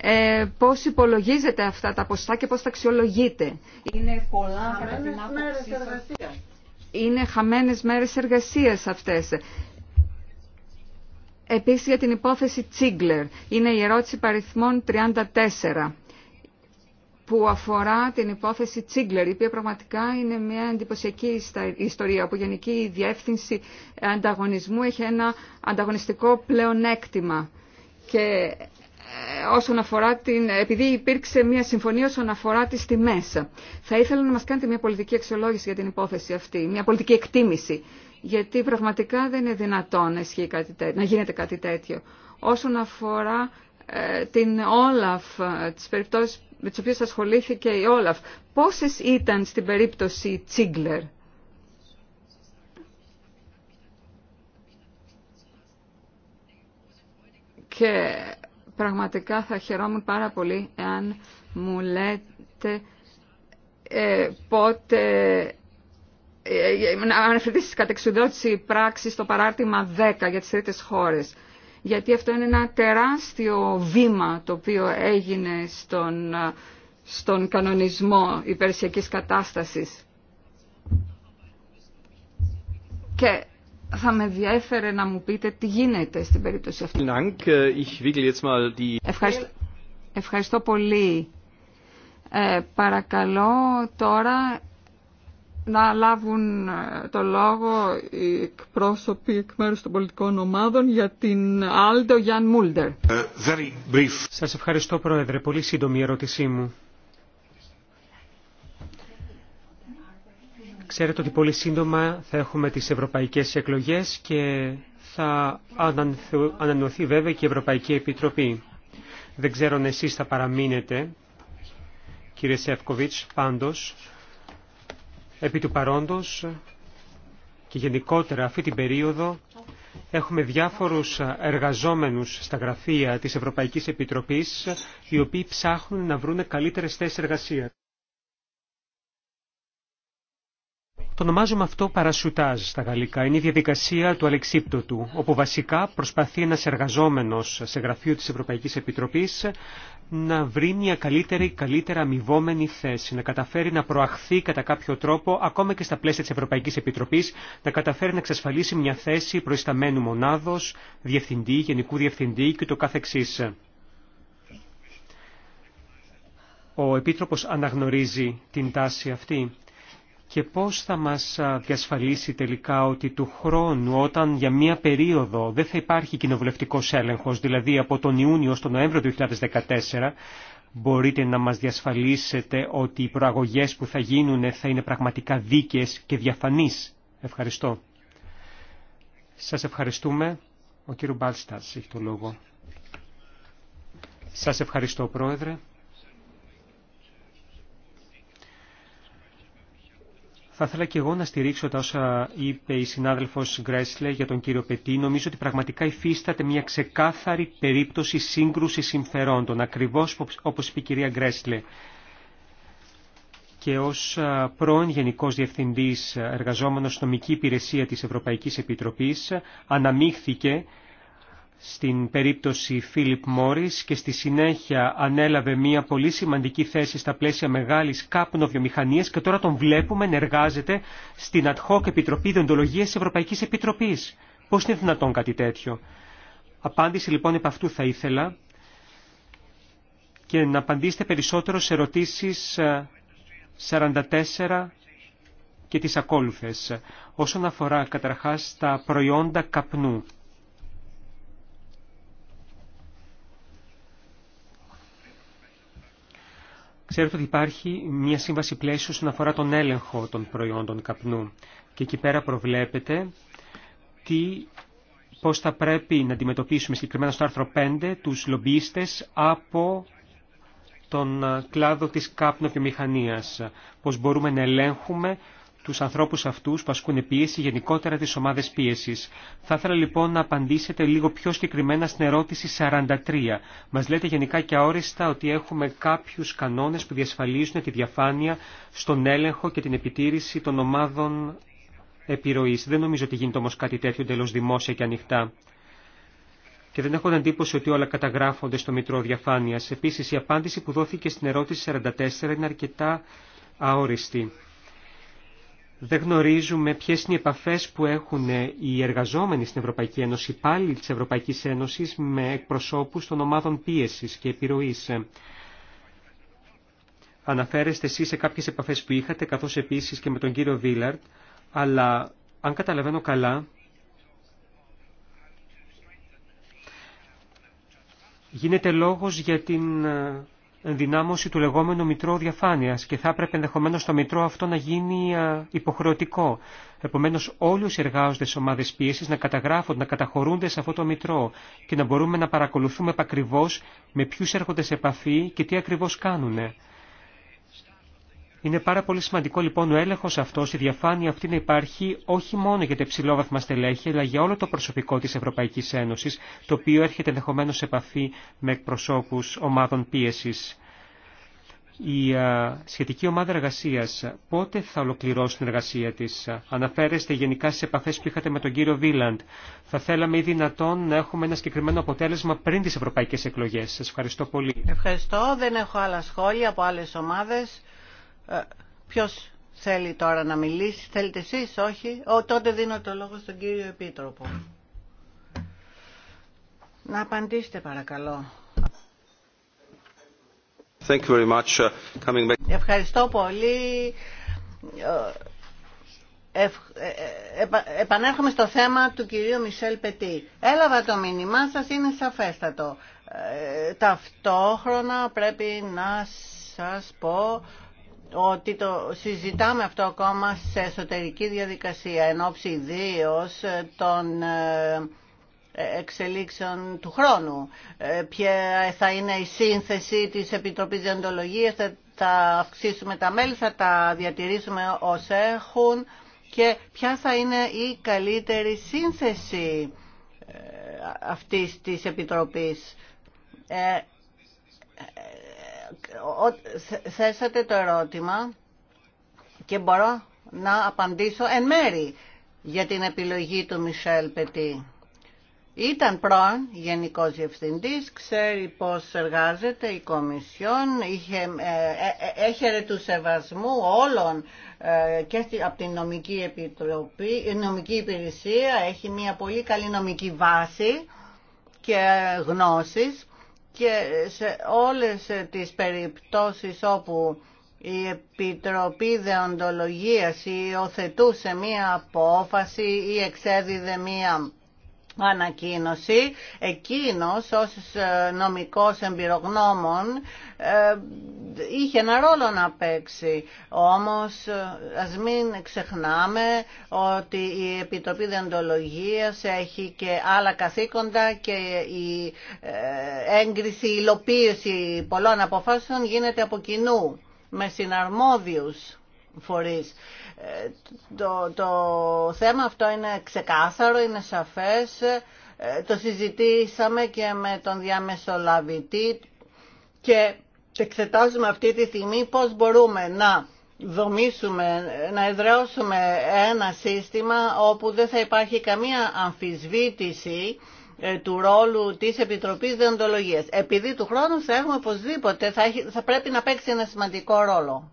ε, πώς υπολογίζετε αυτά τα ποστά και πώς τα αξιολογείτε. Είναι πολλά κατά την άποψη είναι χαμένες μέρες εργασίας αυτές. Επίσης για την υπόθεση Τσίγκλερ είναι η ερώτηση παριθμών 34 που αφορά την υπόθεση Τσίγκλερ, η οποία πραγματικά είναι μια εντυπωσιακή ιστορία, όπου η Γενική Διεύθυνση Ανταγωνισμού έχει ένα ανταγωνιστικό πλεονέκτημα. Και ε, όσον αφορά την, επειδή υπήρξε μια συμφωνία όσον αφορά τις τιμές. Θα ήθελα να μας κάνετε μια πολιτική αξιολόγηση για την υπόθεση αυτή, μια πολιτική εκτίμηση, γιατί πραγματικά δεν είναι δυνατόν να, ισχύει κάτι να γίνεται κάτι τέτοιο. Όσον αφορά ε, την Όλαφ, ε, τις περιπτώσεις με τις οποίες ασχολήθηκε η Όλαφ, πόσες ήταν στην περίπτωση Τσίγκλερ. Και πραγματικά θα χαιρόμουν πάρα πολύ εάν μου λέτε ε, πότε ε, ε, να αναφερθεί στις κατεξουδότηση πράξη στο παράρτημα 10 για τις τρίτες χώρες. Γιατί αυτό είναι ένα τεράστιο βήμα το οποίο έγινε στον, στον κανονισμό υπερσιακή κατάστασης. Και θα με διέφερε να μου πείτε τι γίνεται στην περίπτωση αυτή. Ευχαριστώ, πολύ. Ε, παρακαλώ τώρα να λάβουν ε, το λόγο οι εκπρόσωποι εκ μέρους των πολιτικών ομάδων για την Άλντο Γιάν Μούλτερ. Ε, Σας ευχαριστώ Πρόεδρε. Πολύ σύντομη η ερώτησή μου. Ξέρετε ότι πολύ σύντομα θα έχουμε τις ευρωπαϊκές εκλογές και θα ανανοηθεί βέβαια και η Ευρωπαϊκή Επιτροπή. Δεν ξέρω αν εσείς θα παραμείνετε, κύριε Σεύκοβιτς, πάντως, επί του παρόντος και γενικότερα αυτή την περίοδο έχουμε διάφορους εργαζόμενους στα γραφεία της Ευρωπαϊκής Επιτροπής οι οποίοι ψάχνουν να βρουν καλύτερες θέσεις εργασίας. Το ονομάζουμε αυτό παρασουτάζ στα γαλλικά. Είναι η διαδικασία του αλεξίπτωτου, όπου βασικά προσπαθεί ένας εργαζόμενος σε γραφείο της Ευρωπαϊκής Επιτροπής να βρει μια καλύτερη, καλύτερα αμοιβόμενη θέση, να καταφέρει να προαχθεί κατά κάποιο τρόπο, ακόμα και στα πλαίσια της Ευρωπαϊκής Επιτροπής, να καταφέρει να εξασφαλίσει μια θέση προϊσταμένου μονάδος, διευθυντή, γενικού διευθυντή και το καθεξής. Ο Επίτροπος αναγνωρίζει την τάση αυτή και πώς θα μας διασφαλίσει τελικά ότι του χρόνου όταν για μία περίοδο δεν θα υπάρχει κοινοβουλευτικός έλεγχος, δηλαδή από τον Ιούνιο στο Νοέμβριο 2014, μπορείτε να μας διασφαλίσετε ότι οι προαγωγές που θα γίνουν θα είναι πραγματικά δίκαιες και διαφανείς. Ευχαριστώ. Σας ευχαριστούμε. Ο κύριο Μπάλστας έχει το λόγο. Σας ευχαριστώ, Πρόεδρε. Θα ήθελα και εγώ να στηρίξω τα όσα είπε η συνάδελφος Γκρέσλε για τον κύριο Πετή. Νομίζω ότι πραγματικά υφίσταται μια ξεκάθαρη περίπτωση σύγκρουση συμφερόντων, ακριβώς όπως είπε η κυρία Γκρέσλε. Και ως πρώην Γενικός Διευθυντής εργαζόμενος νομική υπηρεσία της Ευρωπαϊκής Επιτροπής αναμίχθηκε στην περίπτωση Φίλιπ Μόρις και στη συνέχεια ανέλαβε μια πολύ σημαντική θέση στα πλαίσια μεγάλης κάπνο και τώρα τον βλέπουμε να εργάζεται στην ad hoc Επιτροπή Διοντολογίας της Ευρωπαϊκής Επιτροπής. Πώς είναι δυνατόν κάτι τέτοιο. Απάντηση λοιπόν επ' αυτού θα ήθελα και να απαντήσετε περισσότερο σε ερωτήσεις 44 ε, και τις ακόλουθες ε, όσον αφορά καταρχάς τα προϊόντα καπνού Ξέρετε ότι υπάρχει μια σύμβαση πλαίσιο όσον αφορά τον έλεγχο των προϊόντων καπνού και εκεί πέρα προβλέπεται τι, πώς θα πρέπει να αντιμετωπίσουμε συγκεκριμένα στο άρθρο 5 τους λομπίστες από τον κλάδο της καπνοβιομηχανίας, πώς μπορούμε να ελέγχουμε του ανθρώπου αυτού που ασκούν πίεση, γενικότερα τι ομάδε πίεση. Θα ήθελα λοιπόν να απαντήσετε λίγο πιο συγκεκριμένα στην ερώτηση 43. Μα λέτε γενικά και αόριστα ότι έχουμε κάποιου κανόνε που διασφαλίζουν τη διαφάνεια στον έλεγχο και την επιτήρηση των ομάδων επιρροή. Δεν νομίζω ότι γίνεται όμω κάτι τέτοιο τελό δημόσια και ανοιχτά και δεν έχω την εντύπωση ότι όλα καταγράφονται στο Μητρό Διαφάνεια. Επίση, η απάντηση που δόθηκε στην ερώτηση 44 είναι αρκετά αόριστη δεν γνωρίζουμε ποιες είναι οι επαφές που έχουν οι εργαζόμενοι στην Ευρωπαϊκή Ένωση, πάλι της Ευρωπαϊκής Ένωσης, με εκπροσώπους των ομάδων πίεσης και επιρροής. Αναφέρεστε εσείς σε κάποιες επαφές που είχατε, καθώς επίσης και με τον κύριο Βίλαρτ, αλλά αν καταλαβαίνω καλά, γίνεται λόγος για την ενδυνάμωση του λεγόμενου μητρώου διαφάνειας και θα έπρεπε ενδεχομένως το μητρό αυτό να γίνει υποχρεωτικό. Επομένως όλους οι σε ομάδες πίεσης να καταγράφονται, να καταχωρούνται σε αυτό το μητρό και να μπορούμε να παρακολουθούμε επακριβώς με ποιους έρχονται σε επαφή και τι ακριβώς κάνουν. Είναι πάρα πολύ σημαντικό λοιπόν ο έλεγχο αυτό, η διαφάνεια αυτή να υπάρχει όχι μόνο για τα υψηλόβαθμα στελέχη, αλλά για όλο το προσωπικό τη Ευρωπαϊκή Ένωση, το οποίο έρχεται ενδεχομένω σε επαφή με εκπροσώπου ομάδων πίεση. Η σχετική ομάδα εργασία πότε θα ολοκληρώσει την εργασία τη. Αναφέρεστε γενικά στι επαφέ που είχατε με τον κύριο Βίλαντ. Θα θέλαμε ή δυνατόν να έχουμε ένα συγκεκριμένο αποτέλεσμα πριν τι ευρωπαϊκέ εκλογέ. Σα ευχαριστώ πολύ. Ευχαριστώ. Δεν έχω άλλα σχόλια από άλλε ομάδε. Ε, ποιος θέλει τώρα να μιλήσει, θέλετε εσείς, όχι. Ο, τότε δίνω το λόγο στον κύριο Επίτροπο. Να απαντήσετε παρακαλώ. Thank you uh, Ευχαριστώ πολύ. Ε, ε, ε επανέρχομαι στο θέμα του κυρίου Μισελ Πετή. Έλαβα το μήνυμά σας, είναι σαφέστατο. Ε, ταυτόχρονα πρέπει να σας πω ότι το συζητάμε αυτό ακόμα σε εσωτερική διαδικασία εν ώψη ιδίως των ε, εξελίξεων του χρόνου. Ε, ποια θα είναι η σύνθεση της Επιτροπής Διοντολογίας, θα, θα αυξήσουμε τα μέλη, θα τα διατηρήσουμε ως έχουν και ποια θα είναι η καλύτερη σύνθεση ε, αυτής της Επιτροπής θέσατε το ερώτημα και μπορώ να απαντήσω εν μέρη για την επιλογή του Μισελ Πετή. Ήταν πρώην Γενικός Διευθυντής, ξέρει πώς εργάζεται η Κομισιόν, είχε, ε, ε, ε, έχερε του σεβασμού όλων και από την νομική, επιτροπή, η νομική υπηρεσία, έχει μια πολύ καλή νομική βάση και γνώσεις και σε όλες τις περιπτώσεις όπου η Επιτροπή Δεοντολογίας υιοθετούσε μία απόφαση ή εξέδιδε μία ανακοίνωση εκείνος ως ε, νομικός εμπειρογνώμων ε, είχε ένα ρόλο να παίξει όμως ε, ας μην ξεχνάμε ότι η Επιτροπή Διοντολογίας έχει και άλλα καθήκοντα και η έγκριση, η υλοποίηση πολλών αποφάσεων γίνεται από κοινού με συναρμόδιους φορείς το, θέμα αυτό είναι ξεκάθαρο, είναι σαφές. Ε, το συζητήσαμε και με τον διαμεσολαβητή και εξετάζουμε αυτή τη στιγμή πώς μπορούμε να δομήσουμε, να εδραιώσουμε ένα σύστημα όπου δεν θα υπάρχει καμία αμφισβήτηση ε, του ρόλου της Επιτροπής Δεοντολογίας. Επειδή του χρόνου θα έχουμε οπωσδήποτε, θα, θα πρέπει να παίξει ένα σημαντικό ρόλο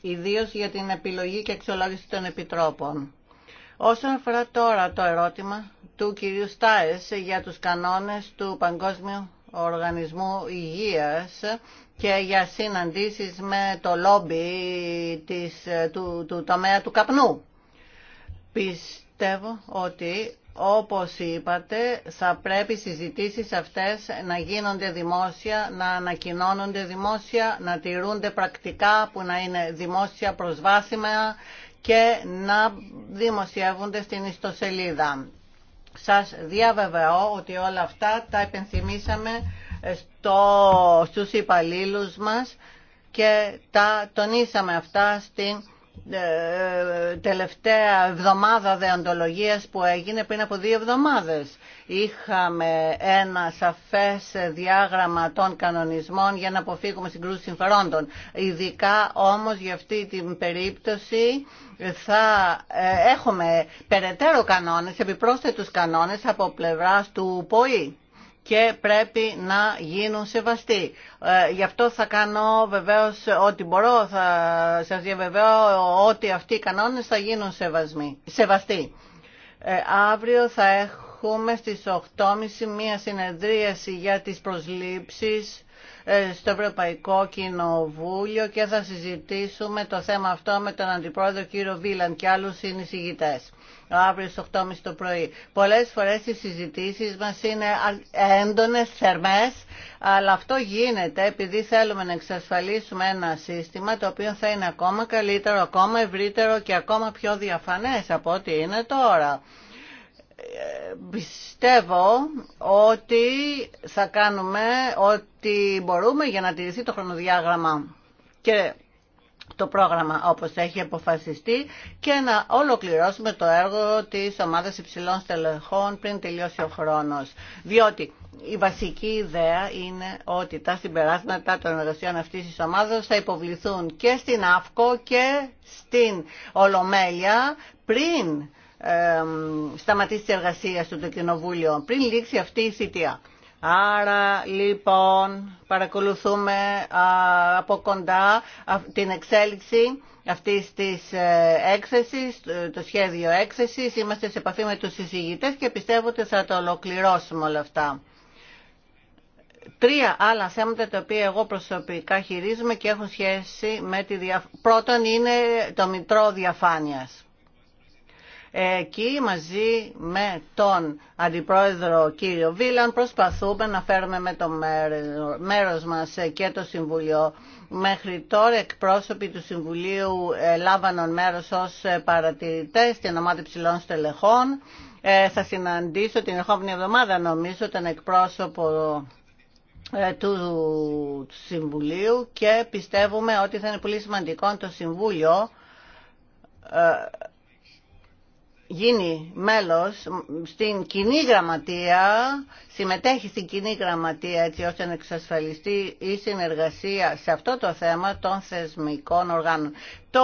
ιδίως για την επιλογή και εξολόγηση των επιτρόπων. Όσον αφορά τώρα το ερώτημα του κυρίου Στάες για τους κανόνες του Παγκόσμιου Οργανισμού Υγείας και για συναντήσεις με το λόμπι του, του τομέα του καπνού. Πιστεύω ότι όπως είπατε, θα πρέπει οι συζητήσεις αυτές να γίνονται δημόσια, να ανακοινώνονται δημόσια, να τηρούνται πρακτικά που να είναι δημόσια προσβάσιμα και να δημοσιεύονται στην ιστοσελίδα. Σας διαβεβαιώ ότι όλα αυτά τα επενθυμίσαμε στο, στους υπαλλήλους μας και τα τονίσαμε αυτά στην ε, τελευταία εβδομάδα δεοντολογίας που έγινε πριν από δύο εβδομάδες. Είχαμε ένα σαφές διάγραμμα των κανονισμών για να αποφύγουμε συγκρούσεις συμφερόντων. Ειδικά όμως για αυτή την περίπτωση θα ε, έχουμε περαιτέρω κανόνες, επιπρόσθετους κανόνες από πλευράς του ΠΟΗ και πρέπει να γίνουν σεβαστοί. Ε, γι' αυτό θα κάνω βεβαίως ό,τι μπορώ, θα σας διαβεβαιώ ότι αυτοί οι κανόνες θα γίνουν σεβασμοί, σεβαστοί. Ε, αύριο θα έχουμε στις 8.30 μία συνεδρίαση για τις προσλήψεις ε, στο Ευρωπαϊκό Κοινοβούλιο και θα συζητήσουμε το θέμα αυτό με τον Αντιπρόεδρο κύριο Βίλαν και άλλους συνεισηγητές αύριο στις 8.30 το πρωί. Πολλές φορές οι συζητήσεις μας είναι έντονες, θερμές, αλλά αυτό γίνεται επειδή θέλουμε να εξασφαλίσουμε ένα σύστημα το οποίο θα είναι ακόμα καλύτερο, ακόμα ευρύτερο και ακόμα πιο διαφανές από ό,τι είναι τώρα πιστεύω ότι θα κάνουμε ό,τι μπορούμε για να τηρηθεί το χρονοδιάγραμμα και το πρόγραμμα όπως έχει αποφασιστεί και να ολοκληρώσουμε το έργο της ομάδας υψηλών στελεχών πριν τελειώσει ο χρόνος. Διότι η βασική ιδέα είναι ότι τα συμπεράσματα των εργασιών αυτής της ομάδας θα υποβληθούν και στην ΑΦΚΟ και στην Ολομέλεια πριν σταματήσει τη εργασία του το Κοινοβούλιο πριν λήξει αυτή η θητεία. Άρα λοιπόν παρακολουθούμε από κοντά την εξέλιξη αυτής της ε, έξεσης, το σχέδιο έκθεση. Είμαστε σε επαφή με τους συζητητέ και πιστεύω ότι θα το ολοκληρώσουμε όλα αυτά. Τρία άλλα θέματα τα οποία εγώ προσωπικά χειρίζομαι και έχω σχέση με τη διαφάνεια. Πρώτον είναι το μητρό διαφάνειας. Εκεί μαζί με τον Αντιπρόεδρο κύριο Βίλαν προσπαθούμε να φέρουμε με το μέρος μας και το Συμβουλίο. Μέχρι τώρα εκπρόσωποι του Συμβουλίου ε, λάβαναν μέρος ως ε, παρατηρητές στην ομάδα ψηλών στελεχών. Ε, θα συναντήσω την ερχόμενη εβδομάδα νομίζω τον εκπρόσωπο του Συμβουλίου και πιστεύουμε ότι θα είναι πολύ σημαντικό το Συμβούλιο γίνει μέλος στην κοινή γραμματεία, συμμετέχει στην κοινή γραμματεία έτσι ώστε να εξασφαλιστεί η συνεργασία σε αυτό το θέμα των θεσμικών οργάνων. Το,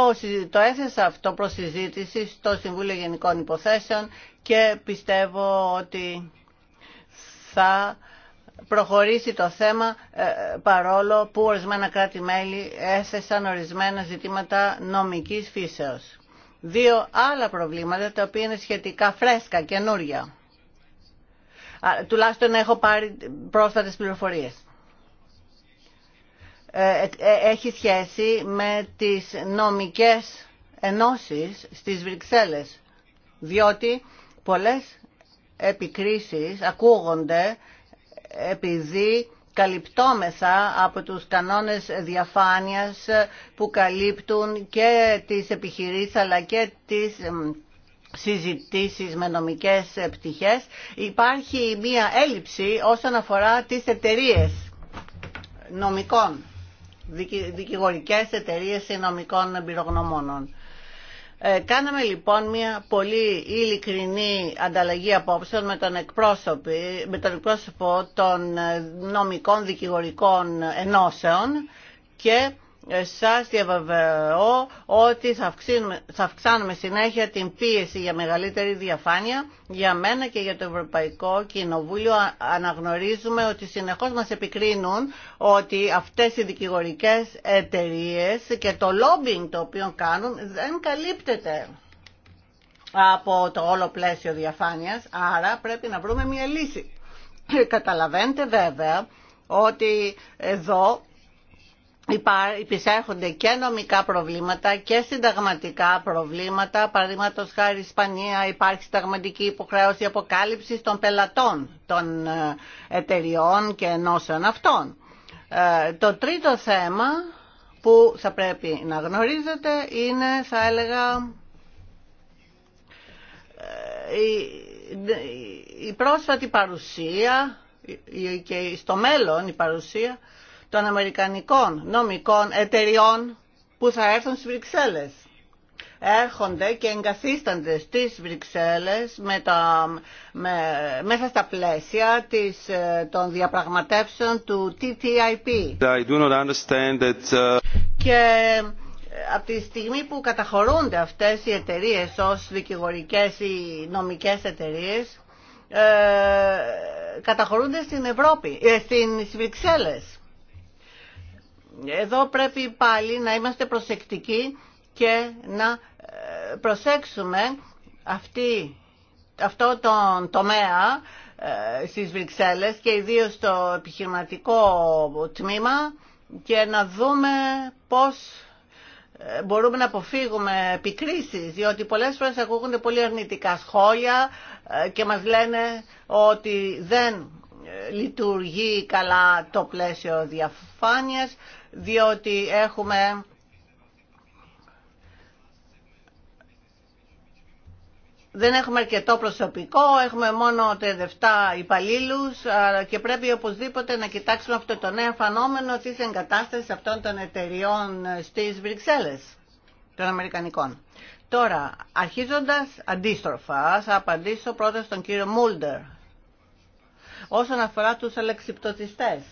το έθεσα αυτό προς συζήτηση στο Συμβούλιο Γενικών Υποθέσεων και πιστεύω ότι θα προχωρήσει το θέμα ε, παρόλο που ορισμένα κράτη-μέλη έθεσαν ορισμένα ζητήματα νομικής φύσεως δύο άλλα προβλήματα τα οποία είναι σχετικά φρέσκα, καινούρια. Τουλάχιστον έχω πάρει πρόσφατες πληροφορίες. Ε, ε, έχει σχέση με τις νομικές ενώσεις στις Βρυξέλλες, διότι πολλές επικρίσεις ακούγονται επειδή καλυπτόμεσα από τους κανόνες διαφάνειας που καλύπτουν και τις επιχειρήσεις αλλά και τις συζητήσεις με νομικές πτυχές υπάρχει μία έλλειψη όσον αφορά τις εταιρείε νομικών, δικηγορικές εταιρείε νομικών εμπειρογνωμόνων. Ε, κάναμε λοιπόν μια πολύ ειλικρινή ανταλλαγή απόψεων με τον, εκπρόσωπο, με τον εκπρόσωπο των νομικών δικηγορικών ενώσεων και ε, σας διαβεβαιώ ότι θα, θα αυξάνουμε συνέχεια την πίεση για μεγαλύτερη διαφάνεια. Για μένα και για το Ευρωπαϊκό Κοινοβούλιο αναγνωρίζουμε ότι συνεχώς μας επικρίνουν ότι αυτές οι δικηγορικές εταιρείες και το lobbying το οποίο κάνουν δεν καλύπτεται από το όλο πλαίσιο διαφάνειας, άρα πρέπει να βρούμε μια λύση. Καταλαβαίνετε βέβαια ότι εδώ Υπησέρχονται και νομικά προβλήματα και συνταγματικά προβλήματα. Παραδείγματο χάρη Ισπανία υπάρχει συνταγματική υποχρέωση αποκάλυψης των πελατών των ε, εταιριών και ενώσεων αυτών. Ε, το τρίτο θέμα που θα πρέπει να γνωρίζετε είναι, θα έλεγα, ε, η πρόσφατη παρουσία και στο μέλλον η παρουσία των Αμερικανικών νομικών εταιριών που θα έρθουν στις Βρυξέλλες. Έρχονται και εγκαθίστανται στις Βρυξέλλες με τα, μέσα στα πλαίσια της, ε, των διαπραγματεύσεων του TTIP. Uh, και ε, από τη στιγμή που καταχωρούνται αυτές οι εταιρείες ως δικηγορικές ή νομικές εταιρείες, ε, καταχωρούνται στην Ευρώπη, ε, στις Βρυξέλλες εδώ πρέπει πάλι να είμαστε προσεκτικοί και να ε, προσέξουμε αυτό το τομέα ε, στις Βρυξέλλες και ιδίως στο επιχειρηματικό τμήμα και να δούμε πώς ε, μπορούμε να αποφύγουμε επικρίσεις, διότι πολλές φορές ακούγονται πολύ αρνητικά σχόλια και μας λένε ότι δεν λειτουργεί καλά το πλαίσιο διαφάνειας διότι έχουμε δεν έχουμε αρκετό προσωπικό, έχουμε μόνο 37 υπαλλήλου και πρέπει οπωσδήποτε να κοιτάξουμε αυτό το νέο φαινόμενο τη εγκατάσταση αυτών των εταιριών στι Βρυξέλλε των Αμερικανικών. Τώρα, αρχίζοντα αντίστροφα, θα απαντήσω πρώτα στον κύριο Μούλτερ όσον αφορά τους αλεξιπτωτιστές.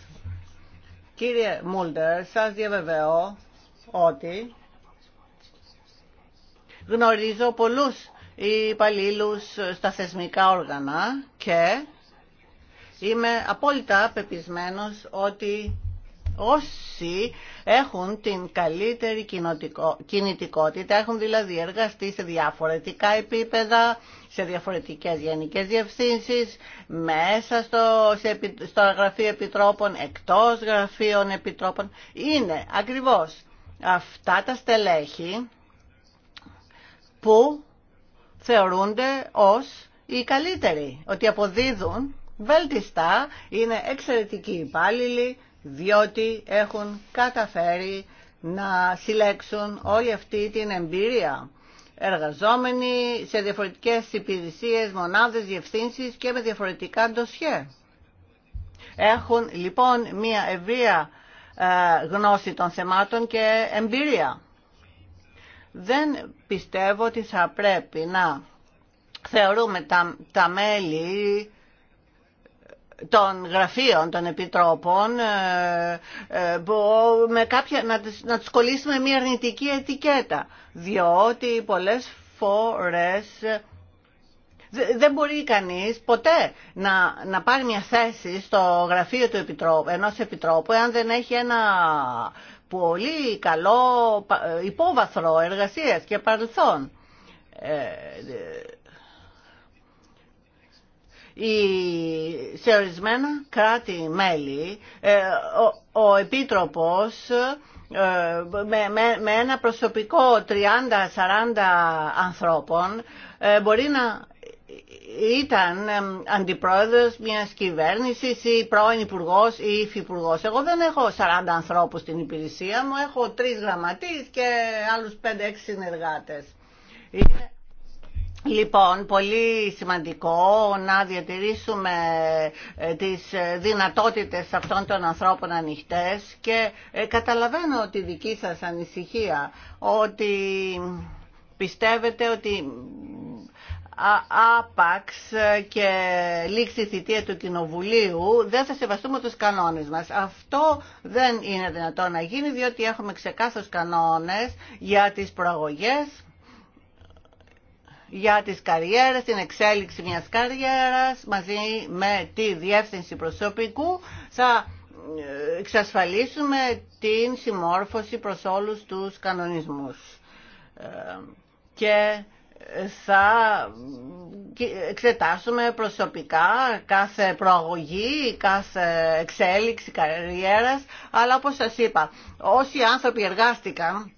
Κύριε Μούλτερ, σας διαβεβαιώ ότι γνωρίζω πολλούς υπαλλήλου στα θεσμικά όργανα και είμαι απόλυτα πεπισμένος ότι Όσοι έχουν την καλύτερη κινητικότητα, έχουν δηλαδή εργαστεί σε διαφορετικά επίπεδα, σε διαφορετικές γενικές διευθύνσεις, μέσα στο, στο γραφείο επιτρόπων, εκτός γραφείων επιτρόπων. Είναι ακριβώς αυτά τα στελέχη που θεωρούνται ως οι καλύτεροι, ότι αποδίδουν βέλτιστα, είναι εξαιρετικοί υπάλληλοι, διότι έχουν καταφέρει να συλλέξουν όλη αυτή την εμπειρία εργαζόμενοι σε διαφορετικές υπηρεσίες, μονάδες, διευθύνσεις και με διαφορετικά ντοσιέ. Έχουν λοιπόν μία ευρεία ε, γνώση των θεμάτων και εμπειρία. Δεν πιστεύω ότι θα πρέπει να θεωρούμε τα μέλη των γραφείων των επιτρόπων ε, ε, με κάποια, να, να τους κολλήσουμε μια αρνητική ετικέτα διότι πολλές φορές δεν μπορεί κανείς ποτέ να, να πάρει μια θέση στο γραφείο του επιτρόπου, ενός επιτρόπου αν δεν έχει ένα πολύ καλό ε, υπόβαθρο εργασίας και παρελθόν σε ορισμένα κράτη-μέλη ε, ο, ο Επίτροπος ε, με, με, με ένα προσωπικό 30-40 ανθρώπων ε, μπορεί να ήταν αντιπρόεδρος μιας κυβέρνησης ή πρώην υπουργό ή υφυπουργός. Εγώ δεν έχω 40 ανθρωπων μπορει να ηταν αντιπροεδρος μιας κυβερνησης η πρωην υπουργος η υφυπουργος εγω δεν εχω 40 ανθρωπους στην υπηρεσία μου, έχω τρεις γραμματείς και άλλους 5-6 συνεργάτες. Λοιπόν, πολύ σημαντικό να διατηρήσουμε ε, τις ε, δυνατότητες αυτών των ανθρώπων ανοιχτές και ε, καταλαβαίνω τη δική σας ανησυχία ότι πιστεύετε ότι άπαξ και λήξη θητεία του Κοινοβουλίου δεν θα σεβαστούμε τους κανόνες μας. Αυτό δεν είναι δυνατό να γίνει διότι έχουμε ξεκάθαρους κανόνες για τις προαγωγές για τις καριέρες, την εξέλιξη μιας καριέρας μαζί με τη διεύθυνση προσωπικού θα ε, εξασφαλίσουμε την συμμόρφωση προς όλους τους κανονισμούς ε, και ε, θα εξετάσουμε προσωπικά κάθε προαγωγή, κάθε εξέλιξη καριέρας αλλά όπως σας είπα όσοι άνθρωποι εργάστηκαν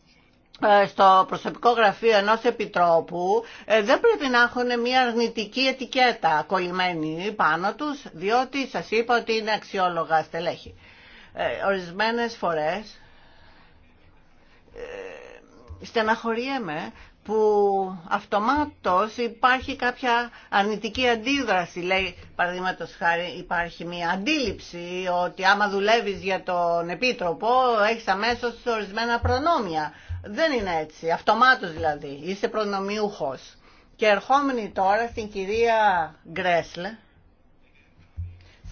ε, στο προσωπικό γραφείο ενός επιτρόπου ε, δεν πρέπει να έχουν μια αρνητική ετικέτα κολλημένη πάνω τους, διότι σας είπα ότι είναι αξιόλογα στελέχη. Ε, ορισμένες φορές στεναχωριέμαι που αυτομάτως υπάρχει κάποια αρνητική αντίδραση. Λέει, παραδείγματος χάρη, υπάρχει μια αντίληψη ότι άμα δουλεύεις για τον επίτροπο έχεις αμέσως ορισμένα προνόμια. Δεν είναι έτσι, αυτομάτως δηλαδή, είσαι προνομιούχος. Και ερχόμενη τώρα στην κυρία Γκρέσλε,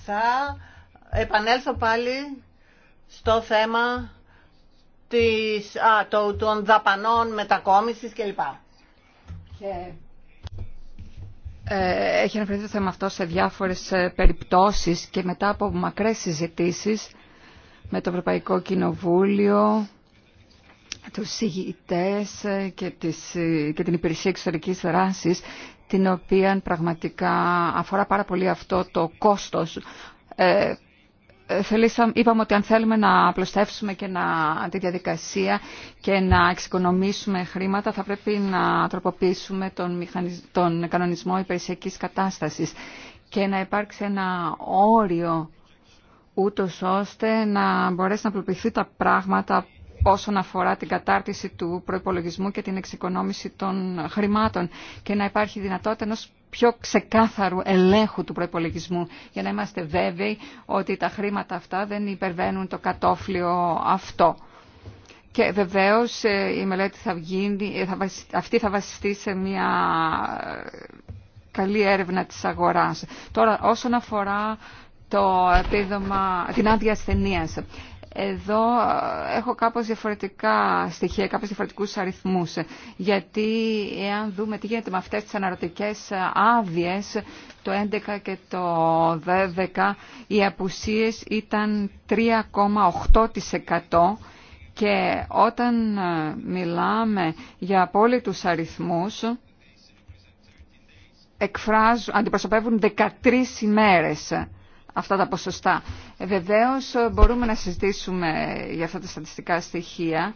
θα επανέλθω πάλι στο θέμα της, το, των δαπανών μετακόμισης κλπ. Και... Ε, έχει αναφερθεί το θέμα αυτό σε διάφορες ε, περιπτώσεις και μετά από μακρές συζητήσεις με το Ευρωπαϊκό Κοινοβούλιο, τους συγητές ε, και, τις, και την Υπηρεσία Εξωτερικής Δράσης, την οποία πραγματικά αφορά πάρα πολύ αυτό το κόστος ε, είπαμε ότι αν θέλουμε να απλωστεύσουμε και να, τη διαδικασία και να εξοικονομήσουμε χρήματα θα πρέπει να τροποποιήσουμε τον, μηχανισ, τον κανονισμό υπηρεσιακής κατάστασης και να υπάρξει ένα όριο ούτω ώστε να μπορέσει να απλοποιηθεί τα πράγματα όσον αφορά την κατάρτιση του προϋπολογισμού και την εξοικονόμηση των χρημάτων και να υπάρχει δυνατότητα ενός πιο ξεκάθαρου ελέγχου του προπολογισμού για να είμαστε βέβαιοι ότι τα χρήματα αυτά δεν υπερβαίνουν το κατόφλιο αυτό. Και βεβαίως ε, η μελέτη θα ε, αυτή θα βασιστεί σε μια ε, καλή έρευνα της αγοράς. Τώρα όσον αφορά το επίδομα, την άδεια ασθενείας. Εδώ ε, έχω κάπως διαφορετικά στοιχεία, κάπως διαφορετικούς αριθμούς. Γιατί εάν δούμε τι γίνεται με αυτές τις αναρωτικές άδειε το 11 και το 12 οι απουσίες ήταν 3,8% και όταν ε, μιλάμε για απόλυτους αριθμούς εκφράζουν, αντιπροσωπεύουν 13 ημέρες αυτά τα ποσοστά. Ε, βεβαίως ε, μπορούμε να συζητήσουμε ε, για αυτά τα στατιστικά στοιχεία,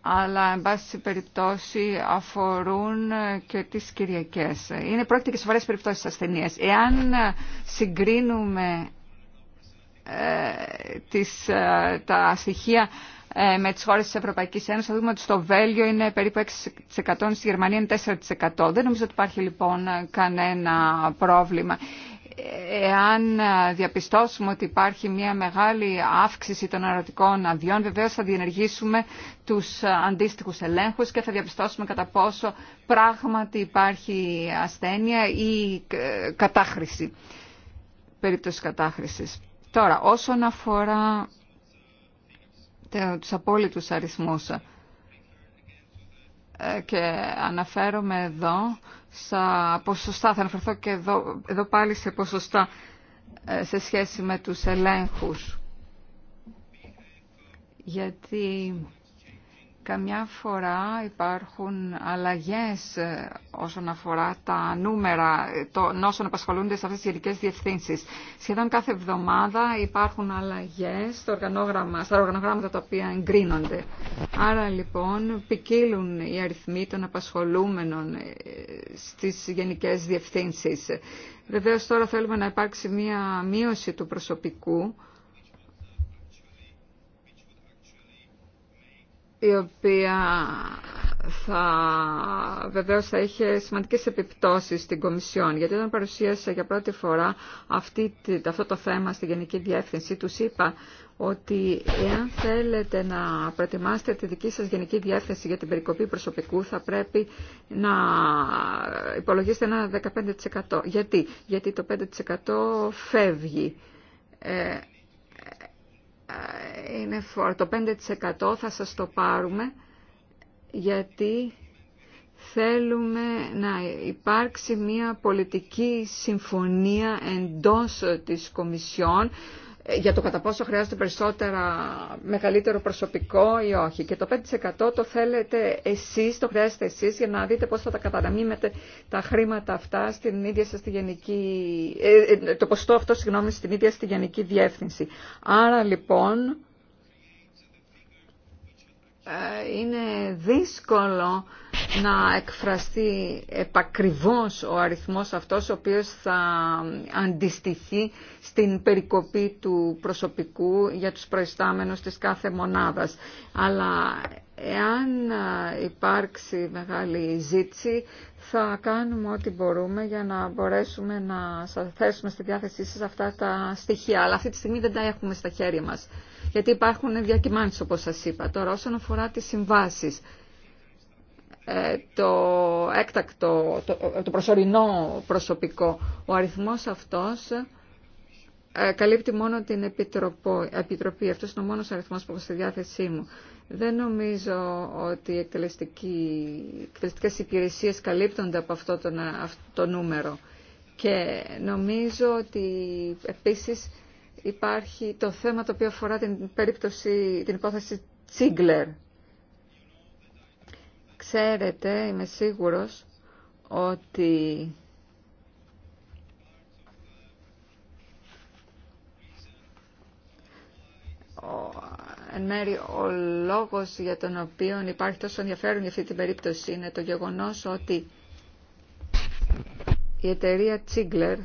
αλλά εν πάση περιπτώσει αφορούν και τις Κυριακές. Είναι πρόκειται και σοβαρές περιπτώσεις ασθενείας. Εάν συγκρίνουμε τις, τα στοιχεία με τις χώρες της Ευρωπαϊκής Ένωσης, θα δούμε ότι στο Βέλγιο είναι περίπου 6%, στη Γερμανία είναι 4%. Δεν νομίζω ότι υπάρχει λοιπόν κανένα πρόβλημα εάν ε, διαπιστώσουμε ότι υπάρχει μια μεγάλη αύξηση των ερωτικών αδειών, βεβαίως θα διενεργήσουμε τους ε, αντίστοιχους ελέγχους και θα διαπιστώσουμε κατά πόσο πράγματι υπάρχει ασθένεια ή ε, κατάχρηση, περίπτωση κατάχρησης. Τώρα, όσον αφορά τους απόλυτους αριθμούς και αναφέρομαι εδώ στα ποσοστά, θα αναφερθώ και εδώ, εδώ πάλι σε ποσοστά ε, σε σχέση με τους ελέγχους. Γιατί Καμιά φορά υπάρχουν αλλαγές ε, όσον αφορά τα νούμερα ε, των όσων απασχολούνται σε αυτές τις γενικές διευθύνσεις. Σχεδόν κάθε εβδομάδα υπάρχουν αλλαγές στο οργανόγραμμα, στα οργανογράμματα τα οποία εγκρίνονται. Άρα λοιπόν ποικίλουν οι αριθμοί των απασχολούμενων ε, στις γενικές διευθύνσεις. Βεβαίως τώρα θέλουμε να υπάρξει μία μείωση του προσωπικού η οποία θα, βεβαίως θα είχε σημαντικές επιπτώσεις στην Κομισιόν, γιατί όταν παρουσίασα για πρώτη φορά αυτή, αυτό το θέμα στη Γενική Διεύθυνση, του είπα ότι εάν θέλετε να προετοιμάσετε τη δική σας Γενική Διεύθυνση για την περικοπή προσωπικού, θα πρέπει να υπολογίσετε ένα 15%. Γιατί, γιατί το 5% φεύγει. Ε, είναι το 5% θα σας το πάρουμε γιατί θέλουμε να υπάρξει μια πολιτική συμφωνία εντός της Κομισιόν ε, για το κατά πόσο χρειάζεται περισσότερα, μεγαλύτερο προσωπικό ή όχι. Και το 5% το θέλετε εσείς, το χρειάζεστε εσείς για να δείτε πώς θα τα καταναμίμετε τα χρήματα αυτά στην ίδια σας τη γενική, ε, ε, το ποστό αυτό συγγνώμη, στην ίδια τη γενική διεύθυνση. Άρα λοιπόν ε, είναι δύσκολο να εκφραστεί επακριβώς ο αριθμός αυτός ο οποίος θα αντιστοιχεί στην περικοπή του προσωπικού για τους προϊστάμενους της κάθε μονάδας. Αλλά εάν ε, υπάρξει μεγάλη ζήτηση θα κάνουμε ό,τι μπορούμε για να μπορέσουμε να σας θέσουμε στη διάθεσή σας αυτά τα στοιχεία. Αλλά αυτή τη στιγμή δεν τα έχουμε στα χέρια μας γιατί υπάρχουν διακυμάνσεις όπως σας είπα. Τώρα όσον αφορά τις συμβάσεις, ε, το έκτακτο, το, το προσωρινό προσωπικό, ο αριθμός αυτός ε, καλύπτει μόνο την επιτροπή. επιτροπή. Αυτός είναι ο μόνος αριθμός που έχω στη διάθεσή μου. Δεν νομίζω ότι οι εκτελεστικές υπηρεσίες καλύπτονται από αυτό το, αυτό το νούμερο. Και νομίζω ότι επίσης υπάρχει το θέμα το οποίο αφορά την περίπτωση, την υπόθεση Τσίγκλερ. Ξέρετε, είμαι σίγουρος, ότι εν μέρει ο λόγος για τον οποίο υπάρχει τόσο ενδιαφέρον για αυτή την περίπτωση είναι το γεγονός ότι η εταιρεία Τσίγκλερ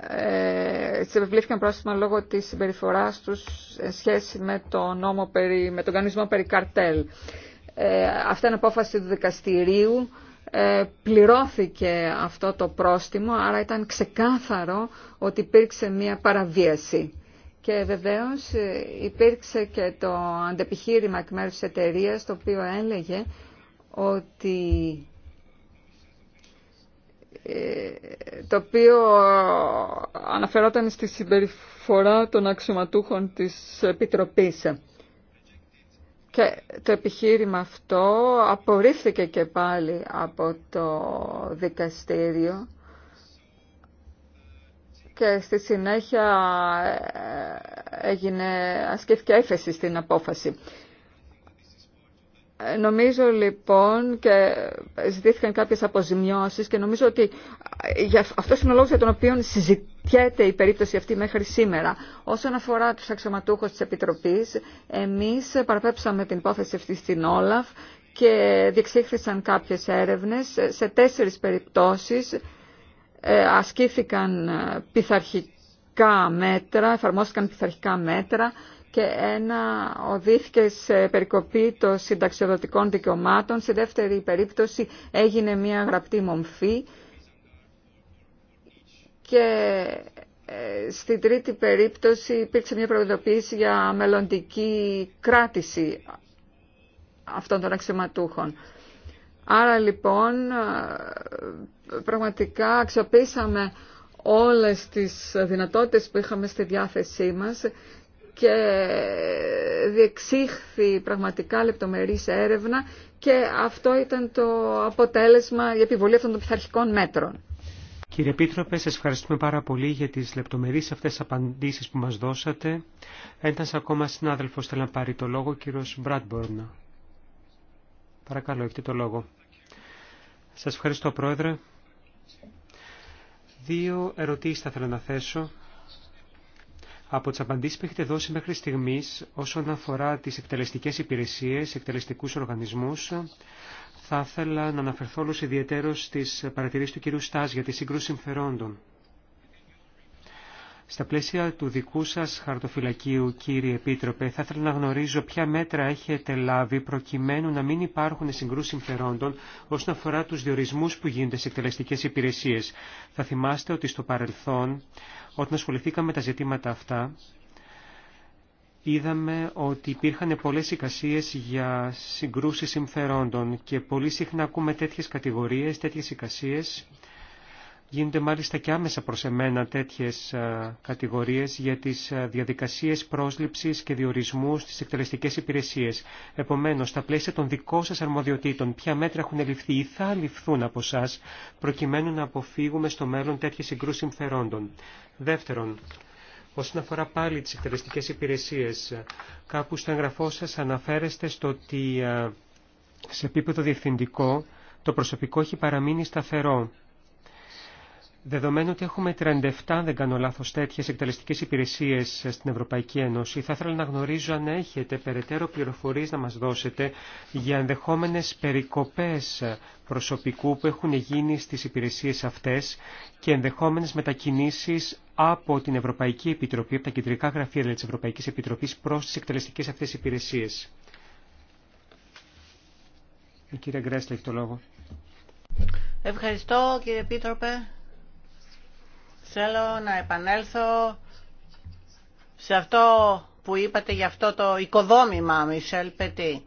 ε, τις επιβλήθηκαν πρόστιμα λόγω της συμπεριφοράς τους σε σχέση με, το νόμο περί, με τον κανονισμό περί καρτέλ. Ε, αυτή είναι απόφαση του δικαστηρίου. Ε, πληρώθηκε αυτό το πρόστιμο, άρα ήταν ξεκάθαρο ότι υπήρξε μια παραβίαση. Και βεβαίως ε, υπήρξε και το αντεπιχείρημα εκ μέρους της εταιρείας, το οποίο έλεγε ότι το οποίο αναφερόταν στη συμπεριφορά των αξιωματούχων της Επιτροπής. Και το επιχείρημα αυτό απορρίφθηκε και πάλι από το δικαστήριο και στη συνέχεια ε, ε, έγινε, ασκήθηκε έφεση στην απόφαση. Νομίζω λοιπόν και ζητήθηκαν κάποιες αποζημιώσεις και νομίζω ότι για αυτός είναι ο λόγος για τον οποίο συζητιέται η περίπτωση αυτή μέχρι σήμερα. Όσον αφορά τους αξιωματούχους της Επιτροπής, εμείς παραπέψαμε την υπόθεση αυτή στην Όλαφ και διεξήχθησαν κάποιες έρευνες. Σε τέσσερις περιπτώσεις ε, ασκήθηκαν ε, πειθαρχικά μέτρα, εφαρμόστηκαν πειθαρχικά μέτρα και ένα οδήθηκε σε περικοπή των συνταξιοδοτικών δικαιωμάτων. Στη δεύτερη περίπτωση έγινε μια γραπτή μομφή και ε, στη τρίτη περίπτωση υπήρξε μια προειδοποίηση για μελλοντική κράτηση αυτών των αξιωματούχων. Άρα λοιπόν ε, πραγματικά αξιοποίησαμε όλες τις δυνατότητες που είχαμε στη διάθεσή μας και διεξήχθη πραγματικά λεπτομερής έρευνα και αυτό ήταν το αποτέλεσμα, η επιβολή αυτών των πειθαρχικών μέτρων. Κύριε Πίτροπε, σας ευχαριστούμε πάρα πολύ για τις λεπτομερείς αυτές απαντήσεις που μας δώσατε. Ένας ακόμα συνάδελφος θέλει να πάρει το λόγο, κύριος Μπραντμπορν. Παρακαλώ, έχετε το λόγο. Σας ευχαριστώ, Πρόεδρε. Δύο ερωτήσεις θα ήθελα να θέσω από τι απαντήσει που έχετε δώσει μέχρι στιγμή όσον αφορά τι εκτελεστικέ υπηρεσίε, εκτελεστικού οργανισμού, θα ήθελα να αναφερθώ όλο ιδιαίτερω στι παρατηρήσει του κυρίου Στά, για τη σύγκρουση συμφερόντων. Στα πλαίσια του δικού σας χαρτοφυλακίου, κύριε Επίτροπε, θα ήθελα να γνωρίζω ποια μέτρα έχετε λάβει προκειμένου να μην υπάρχουν συγκρούσεις συμφερόντων όσον αφορά τους διορισμούς που γίνονται σε εκτελεστικές υπηρεσίες. Θα θυμάστε ότι στο παρελθόν, όταν ασχοληθήκαμε με τα ζητήματα αυτά, είδαμε ότι υπήρχαν πολλές εικασίες για συγκρούσεις συμφερόντων και πολύ συχνά ακούμε τέτοιες κατηγορίες, τέτοιες εικασίες Γίνονται μάλιστα και άμεσα προς εμένα τέτοιες ε, κατηγορίες για τις ε, διαδικασίες πρόσληψης και διορισμού στις εκτελεστικές υπηρεσίες. Επομένως, στα πλαίσια των δικών σας αρμοδιοτήτων, ποια μέτρα έχουν ληφθεί ή θα ληφθούν από εσά προκειμένου να αποφύγουμε στο μέλλον τέτοιες συγκρούσεις συμφερόντων. Δεύτερον, Όσον αφορά πάλι τις εκτελεστικές υπηρεσίες, κάπου στο εγγραφό σας αναφέρεστε στο ότι ε, σε επίπεδο διευθυντικό το προσωπικό έχει παραμείνει σταθερό. Δεδομένου ότι έχουμε 37, δεν κάνω λάθος, τέτοιες εκτελεστικές υπηρεσίες στην Ευρωπαϊκή Ένωση, θα ήθελα να γνωρίζω αν έχετε περαιτέρω πληροφορίες να μας δώσετε για ενδεχόμενες περικοπές προσωπικού που έχουν γίνει στις υπηρεσίες αυτές και ενδεχόμενες μετακινήσεις από την Ευρωπαϊκή Επιτροπή, από τα κεντρικά γραφεία δηλαδή της Ευρωπαϊκής Επιτροπής προς τις εκτελεστικές αυτές υπηρεσίες. Η κυρία Γκρέστα έχει το λόγο. Ευχαριστώ κύριε Θέλω να επανέλθω σε αυτό που είπατε για αυτό το οικοδόμημα, Μισελ Πετή.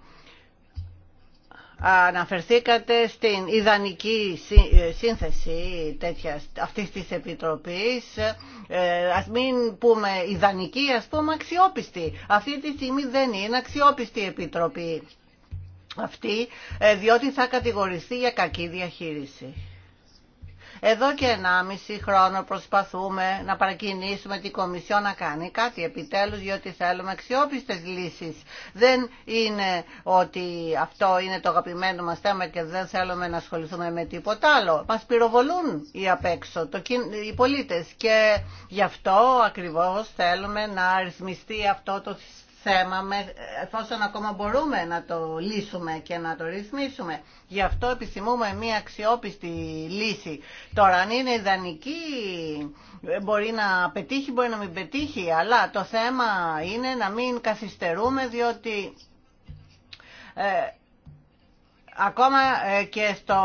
Αναφερθήκατε στην ιδανική ε, σύνθεση τέτοια, αυτής της Επιτροπής. Ε, ας μην πούμε ιδανική, ας πούμε αξιόπιστη. Αυτή τη στιγμή δεν είναι αξιόπιστη η Επιτροπή αυτή, ε, διότι θα κατηγορηθεί για κακή διαχείριση. Εδώ και 1,5 χρόνο προσπαθούμε να παρακινήσουμε την Κομισιό να κάνει κάτι επιτέλους, διότι θέλουμε αξιόπιστες λύσεις. Δεν είναι ότι αυτό είναι το αγαπημένο μας θέμα και δεν θέλουμε να ασχοληθούμε με τίποτα άλλο. Μας πυροβολούν οι απ' έξω, οι πολίτες και γι' αυτό ακριβώς θέλουμε να αριθμιστεί αυτό το συστήμα θέμα εφόσον ακόμα μπορούμε να το λύσουμε και να το ρυθμίσουμε. Γι' αυτό επισημούμε μια αξιόπιστη λύση. Τώρα αν είναι ιδανική μπορεί να πετύχει, μπορεί να μην πετύχει, αλλά το θέμα είναι να μην καθυστερούμε διότι... Ε, ακόμα ε, και στο,